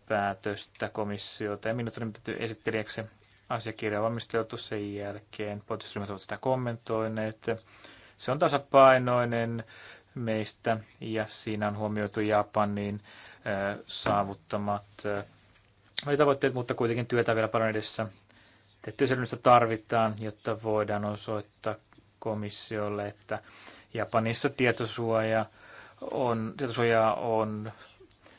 päätöstä komissiota. Ja minut on nimitetty esittelijäksi asiakirja valmisteltu sen jälkeen. Poliittiset ovat sitä kommentoineet. Se on tasapainoinen meistä ja siinä on huomioitu Japanin saavuttamat tavoitteet, mutta kuitenkin työtä vielä paljon edessä. Tehtyä tarvitaan, jotta voidaan osoittaa komissiolle, että Japanissa tietosuoja on, tietosuojaa on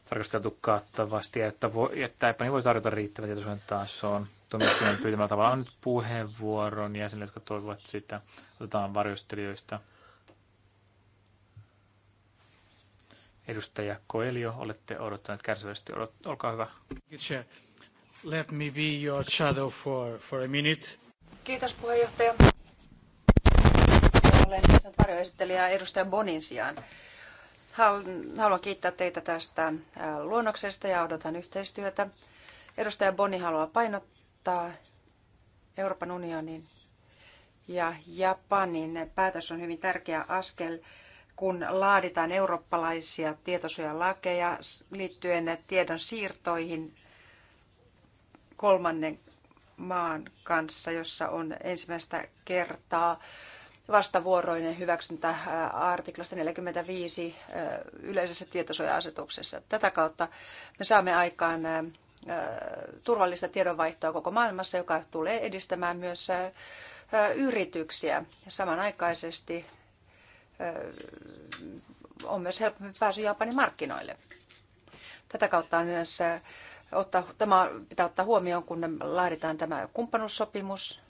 tarkasteltu kattavasti, ja että, voi, että Japani voi tarjota riittävän tietosuojan tasoon. Tuomioistuimen pyytämällä tavalla on nyt puheenvuoron jäsenille, jotka toivovat sitä. Otetaan varjostelijoista Edustaja Koelio, olette odottaneet kärsivästi. Olkaa hyvä. Let me be your shadow for, for a minute. Kiitos puheenjohtaja. Olen siis tässä varjoesittelijä edustaja Bonin sijaan. Haluan kiittää teitä tästä luonnoksesta ja odotan yhteistyötä. Edustaja Boni haluaa painottaa Euroopan unionin ja Japanin päätös on hyvin tärkeä askel kun laaditaan eurooppalaisia tietosuojalakeja liittyen tiedon siirtoihin kolmannen maan kanssa, jossa on ensimmäistä kertaa vastavuoroinen hyväksyntä äh, artiklasta 45 äh, yleisessä tietosuoja-asetuksessa. Tätä kautta me saamme aikaan äh, turvallista tiedonvaihtoa koko maailmassa, joka tulee edistämään myös yrityksiä. Samanaikaisesti on myös helpompi pääsy Japanin markkinoille. Tätä kautta on myös ottaa, tämä pitää ottaa huomioon, kun laaditaan tämä kumppanuussopimus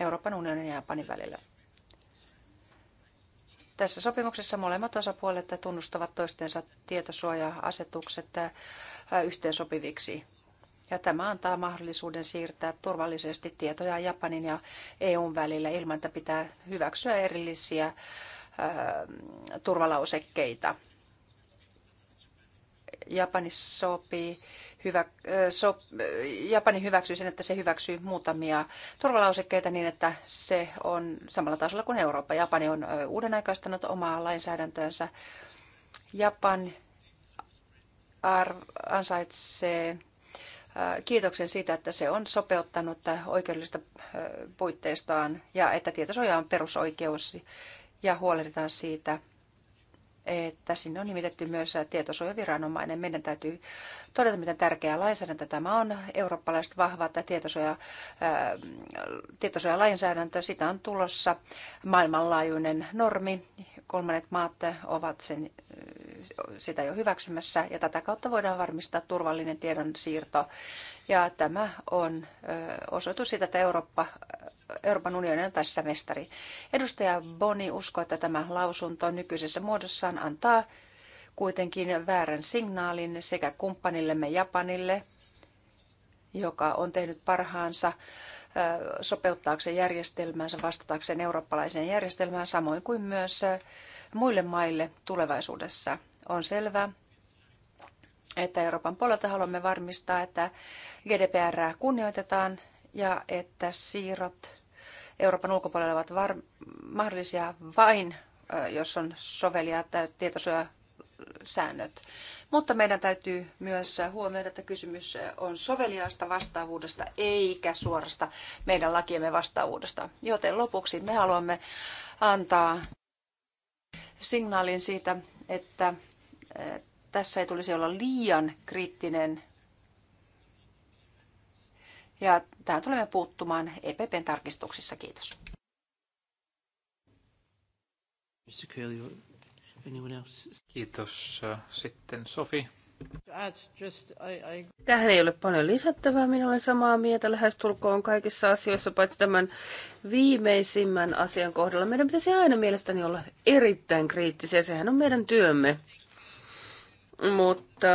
Euroopan unionin ja Japanin välillä. Tässä sopimuksessa molemmat osapuolet tunnustavat toistensa tietosuoja-asetukset yhteensopiviksi. Ja tämä antaa mahdollisuuden siirtää turvallisesti tietoja Japanin ja EUn välillä ilman, että pitää hyväksyä erillisiä Äh, turvalausekkeita. Japani, sopii, hyvä, äh, so, Japani hyväksyy sen, että se hyväksyy muutamia turvalausekkeita niin, että se on samalla tasolla kuin Eurooppa. Japani on äh, uudenaikaistanut omaa lainsäädäntöönsä. Japan ansaitsee kiitoksen siitä, että se on sopeuttanut oikeudellista puitteistaan ja että tietosuoja on perusoikeus ja huolehditaan siitä, että sinne on nimitetty myös tietosuojaviranomainen. Meidän täytyy todeta, miten tärkeää lainsäädäntö tämä on. Eurooppalaiset vahvat tietosuoja, äh, tietosuojalainsäädäntö, sitä on tulossa maailmanlaajuinen normi. Kolmannet maat ovat sen, äh, sitä jo hyväksymässä ja tätä kautta voidaan varmistaa turvallinen tiedonsiirto ja tämä on osoitus siitä, että Eurooppa, Euroopan unioni on tässä mestari. Edustaja Boni uskoo, että tämä lausunto nykyisessä muodossaan antaa kuitenkin väärän signaalin sekä kumppanillemme Japanille, joka on tehnyt parhaansa sopeuttaakseen järjestelmäänsä, vastataakseen eurooppalaiseen järjestelmään, samoin kuin myös muille maille tulevaisuudessa. On selvää, että Euroopan puolelta haluamme varmistaa, että GDPR kunnioitetaan ja että siirrot Euroopan ulkopuolella ovat var- mahdollisia vain, jos on soveliaat tietosuojasäännöt. Mutta meidän täytyy myös huomioida, että kysymys on soveliaasta vastaavuudesta eikä suorasta meidän lakiemme vastaavuudesta. Joten lopuksi me haluamme antaa signaalin siitä, että tässä ei tulisi olla liian kriittinen. Ja tähän tulemme puuttumaan EPPn tarkistuksissa. Kiitos. Kiitos. Sitten Sofi. Tähän ei ole paljon lisättävää. Minä olen samaa mieltä lähestulkoon kaikissa asioissa, paitsi tämän viimeisimmän asian kohdalla. Meidän pitäisi aina mielestäni olla erittäin kriittisiä. Sehän on meidän työmme mutta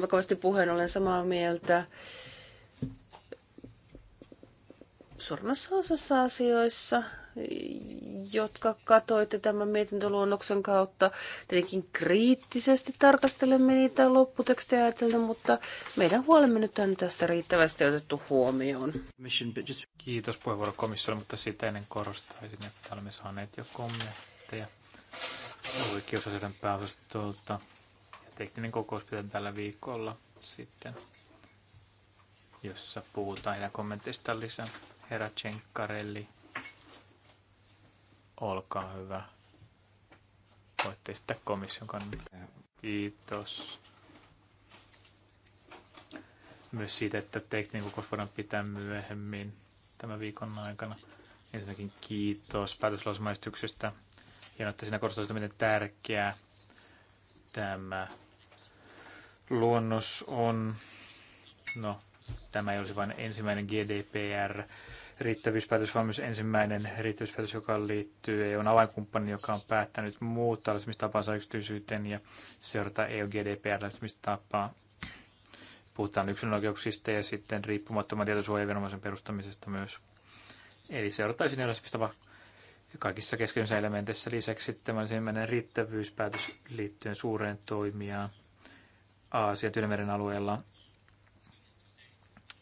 vakavasti ähm, puheen olen samaa mieltä. Suurimmassa osassa asioissa, jotka katoitte tämän mietintöluonnoksen kautta, tietenkin kriittisesti tarkastelemme niitä lopputekstejä ajatellen, mutta meidän huolemme nyt on tässä riittävästi otettu huomioon. Kiitos puheenvuorokomissiolle, mutta sitä ennen korostaisin, että olemme saaneet jo kommentteja oikeusasioiden pääosastolta. Tekninen kokous pitää tällä viikolla sitten, jossa puhutaan ja kommenteista lisää. Herra Tsenkkarelli, olkaa hyvä. Voitte sitä komission kannalta. Kiitos. Myös siitä, että tekninen kokous voidaan pitää myöhemmin tämän viikon aikana. Ensinnäkin kiitos päätöslausumaistyksestä Hienoa, että siinä korostaa sitä, miten tärkeää tämä luonnos on. No, tämä ei olisi vain ensimmäinen GDPR, riittävyyspäätös, vaan myös ensimmäinen riittävyyspäätös, joka liittyy EUn avainkumppani, joka on päättänyt muuttaa lähestymistapaansa yksityisyyteen ja seurata EU-GDPR-lähestymistapaa. Puhutaan yksilön oikeuksista ja sitten riippumattoman tietosuojaviranomaisen perustamisesta myös. Eli sinne lähestymistapa kaikissa keskeisissä elementeissä. Lisäksi tämä ensimmäinen riittävyyspäätös liittyen suureen toimijaan Aasian Tyynemeren alueella.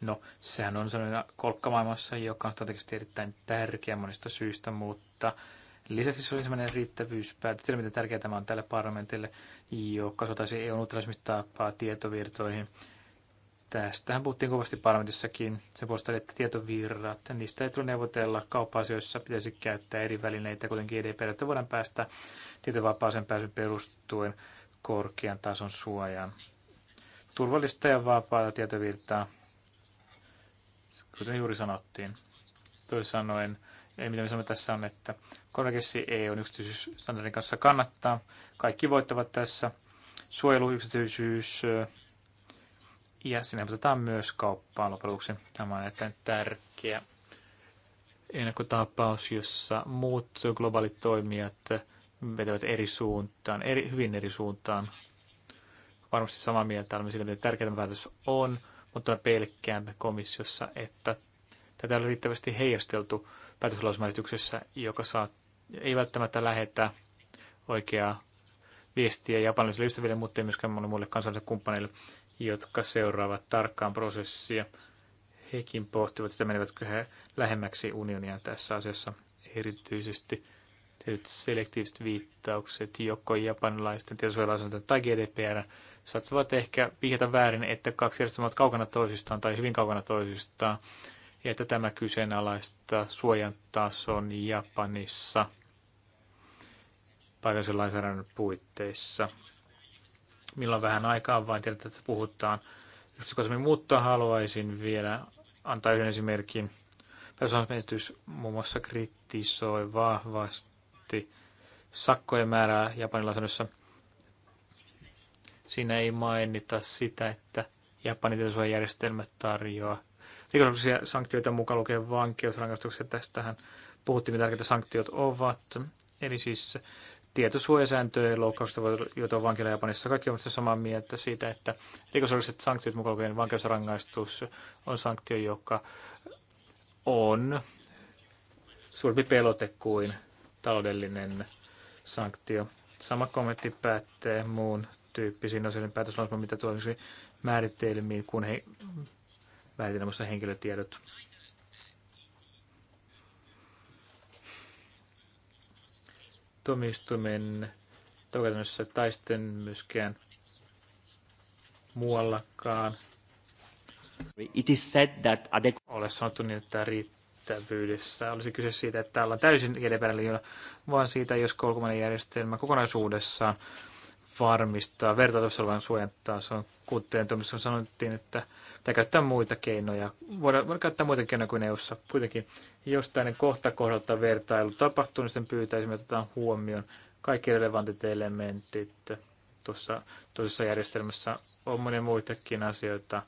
No, sehän on sellainen kolkkamaailmassa, joka on strategisesti erittäin tärkeä monista syistä, mutta lisäksi se oli sellainen riittävyyspäätös, tiedä miten tärkeää tämä on tälle parlamentille, joka sotaisi EU-neutralismista tapaa tietovirtoihin Tästähän puhuttiin kovasti parlamentissakin. Se puolesta, että tietovirrat, niistä ei tule neuvotella. Kauppa-asioissa pitäisi käyttää eri välineitä, kuten GDPR, että voidaan päästä tietovapaaseen pääsyn perustuen korkean tason suojaan. Turvallista ja vapaata tietovirtaa, kuten juuri sanottiin. Toisin sanoen, ei mitä me sanomme tässä on, että konvergenssi ei on yksityisyysstandardin kanssa kannattaa. Kaikki voittavat tässä. Suojelu, yksityisyys, ja sinne otetaan myös kauppaan lopuksi. Tämä on erittäin tärkeä ennakkotapaus, jossa muut globaalit toimijat vetävät eri suuntaan, eri, hyvin eri suuntaan. Varmasti samaa mieltä olemme siitä, miten tärkeä päätös on, mutta pelkäämme komissiossa, että tätä on riittävästi heijasteltu päätöslausumaesityksessä, joka saa, ei välttämättä lähetä oikeaa viestiä japanilaisille ystäville, mutta ei myöskään muille kansallisille kumppaneille jotka seuraavat tarkkaan prosessia. Hekin pohtivat sitä, menevätkö he lähemmäksi unionia tässä asiassa erityisesti selektiiviset viittaukset joko japanilaisten tietosuojelaisuuden tai GDPR saattavat ehkä vihjata väärin, että kaksi järjestelmää ovat kaukana toisistaan tai hyvin kaukana toisistaan, ja että tämä kyseenalaista suojan tason Japanissa paikallisen lainsäädännön puitteissa milloin vähän aikaa vain tietää, että puhutaan. Jos kosmin muuttaa, haluaisin vielä antaa yhden esimerkin. Perusosmenettys muun muassa kritisoi vahvasti sakkojen määrää japanilaisuudessa. Siinä ei mainita sitä, että Japanin tietosuojajärjestelmä tarjoaa rikosuksia sanktioita mukaan lukien vankeusrangaistuksia. Tästähän puhuttiin, mitä tärkeitä sanktiot ovat. Eli siis tietosuojasääntöjen loukkauksista voi joutua vankila Japanissa. Kaikki ovat samaa mieltä siitä, että rikosolliset sanktiot mukaan lukien vankeusrangaistus on sanktio, joka on suurempi pelote kuin taloudellinen sanktio. Sama kommentti päättää muun tyyppisiin asioiden päätöslausumaan, mitä tulee määritelmiin, kun he määritelmässä henkilötiedot. tuomioistuimen toiminnassa tai sitten myöskään muuallakaan. It is said that adek- ole sanottu niin, että riittävyydessä olisi kyse siitä, että on täysin edepäin vaan siitä, jos koulukumainen järjestelmä kokonaisuudessaan varmistaa vertailussa olevan suojan tason. Kuten tuomissa sanottiin, että tai käyttää muita keinoja. Voidaan, voidaan käyttää muita keinoja kuin EUssa. Kuitenkin, jos tällainen kohta kohdalta vertailu tapahtuu, niin sitten pyytäisimme otetaan huomioon kaikki relevantit elementit. Tuossa toisessa järjestelmässä on monia muitakin asioita,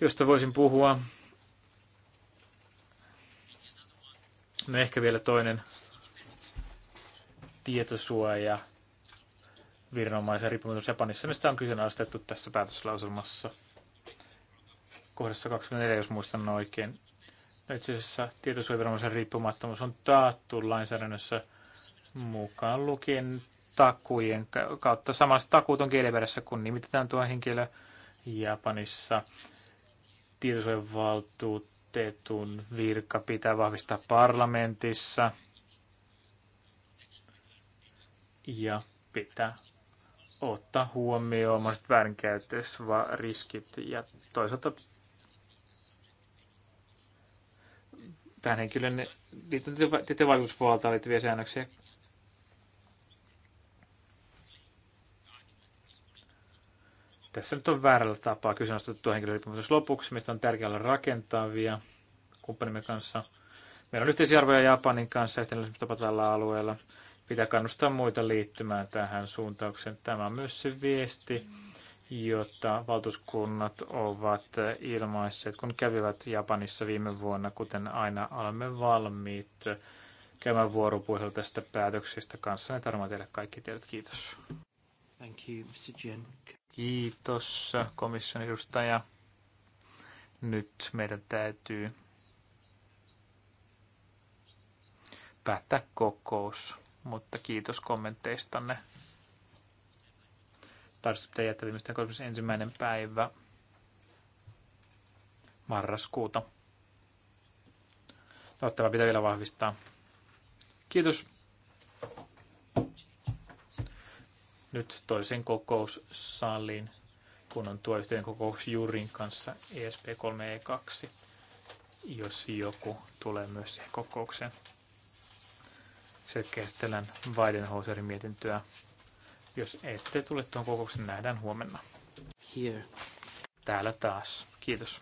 joista voisin puhua. No ehkä vielä toinen tietosuoja viranomaisen riippumattomuus Japanissa, mistä on kyseenalaistettu tässä päätöslauselmassa kohdassa 24, jos muistan oikein. No itse asiassa tietosuojaviranomaisen riippumattomuus on taattu lainsäädännössä mukaan lukien takujen kautta. Samassa takuut on kieliperässä, kun nimitetään tuo henkilö Japanissa. Tietosuojavaltuutetun virka pitää vahvistaa parlamentissa ja pitää ottaa huomioon mahdolliset väärinkäytösriskit ja toisaalta tähän henkilön tietyn vaikutusvaltaan liittyviä säännöksiä. Tässä nyt on väärällä tapaa kyseenalaistettu henkilöriippumattomuus lopuksi, mistä on tärkeää olla rakentavia kumppanimme kanssa. Meillä on yhteisiä arvoja Japanin kanssa yhtenäisyytapa tällä alueella. Pitää kannustaa muita liittymään tähän suuntaukseen. Tämä on myös se viesti, jota valtuuskunnat ovat ilmaisseet, kun kävivät Japanissa viime vuonna, kuten aina olemme valmiit käymään vuoropuhelu tästä päätöksistä kanssa. Ja tarvitaan teille kaikki tiedot. Kiitos. Thank you, Mr. Kiitos, komission edustaja. Nyt meidän täytyy päättää kokous, mutta kiitos kommenteistanne tarvitsisi pitää jättää viimeistään 31. päivä marraskuuta. Toivottavasti pitää vielä vahvistaa. Kiitos. Nyt toisen kokoussaliin, kun on tuo yhteen kokous Jurin kanssa ESP3E2, e jos joku tulee myös siihen kokoukseen. Se käsitellään Weidenhauserin mietintöä. Jos ette tule tuon kokouksen, nähdään huomenna. Here. Täällä taas. Kiitos.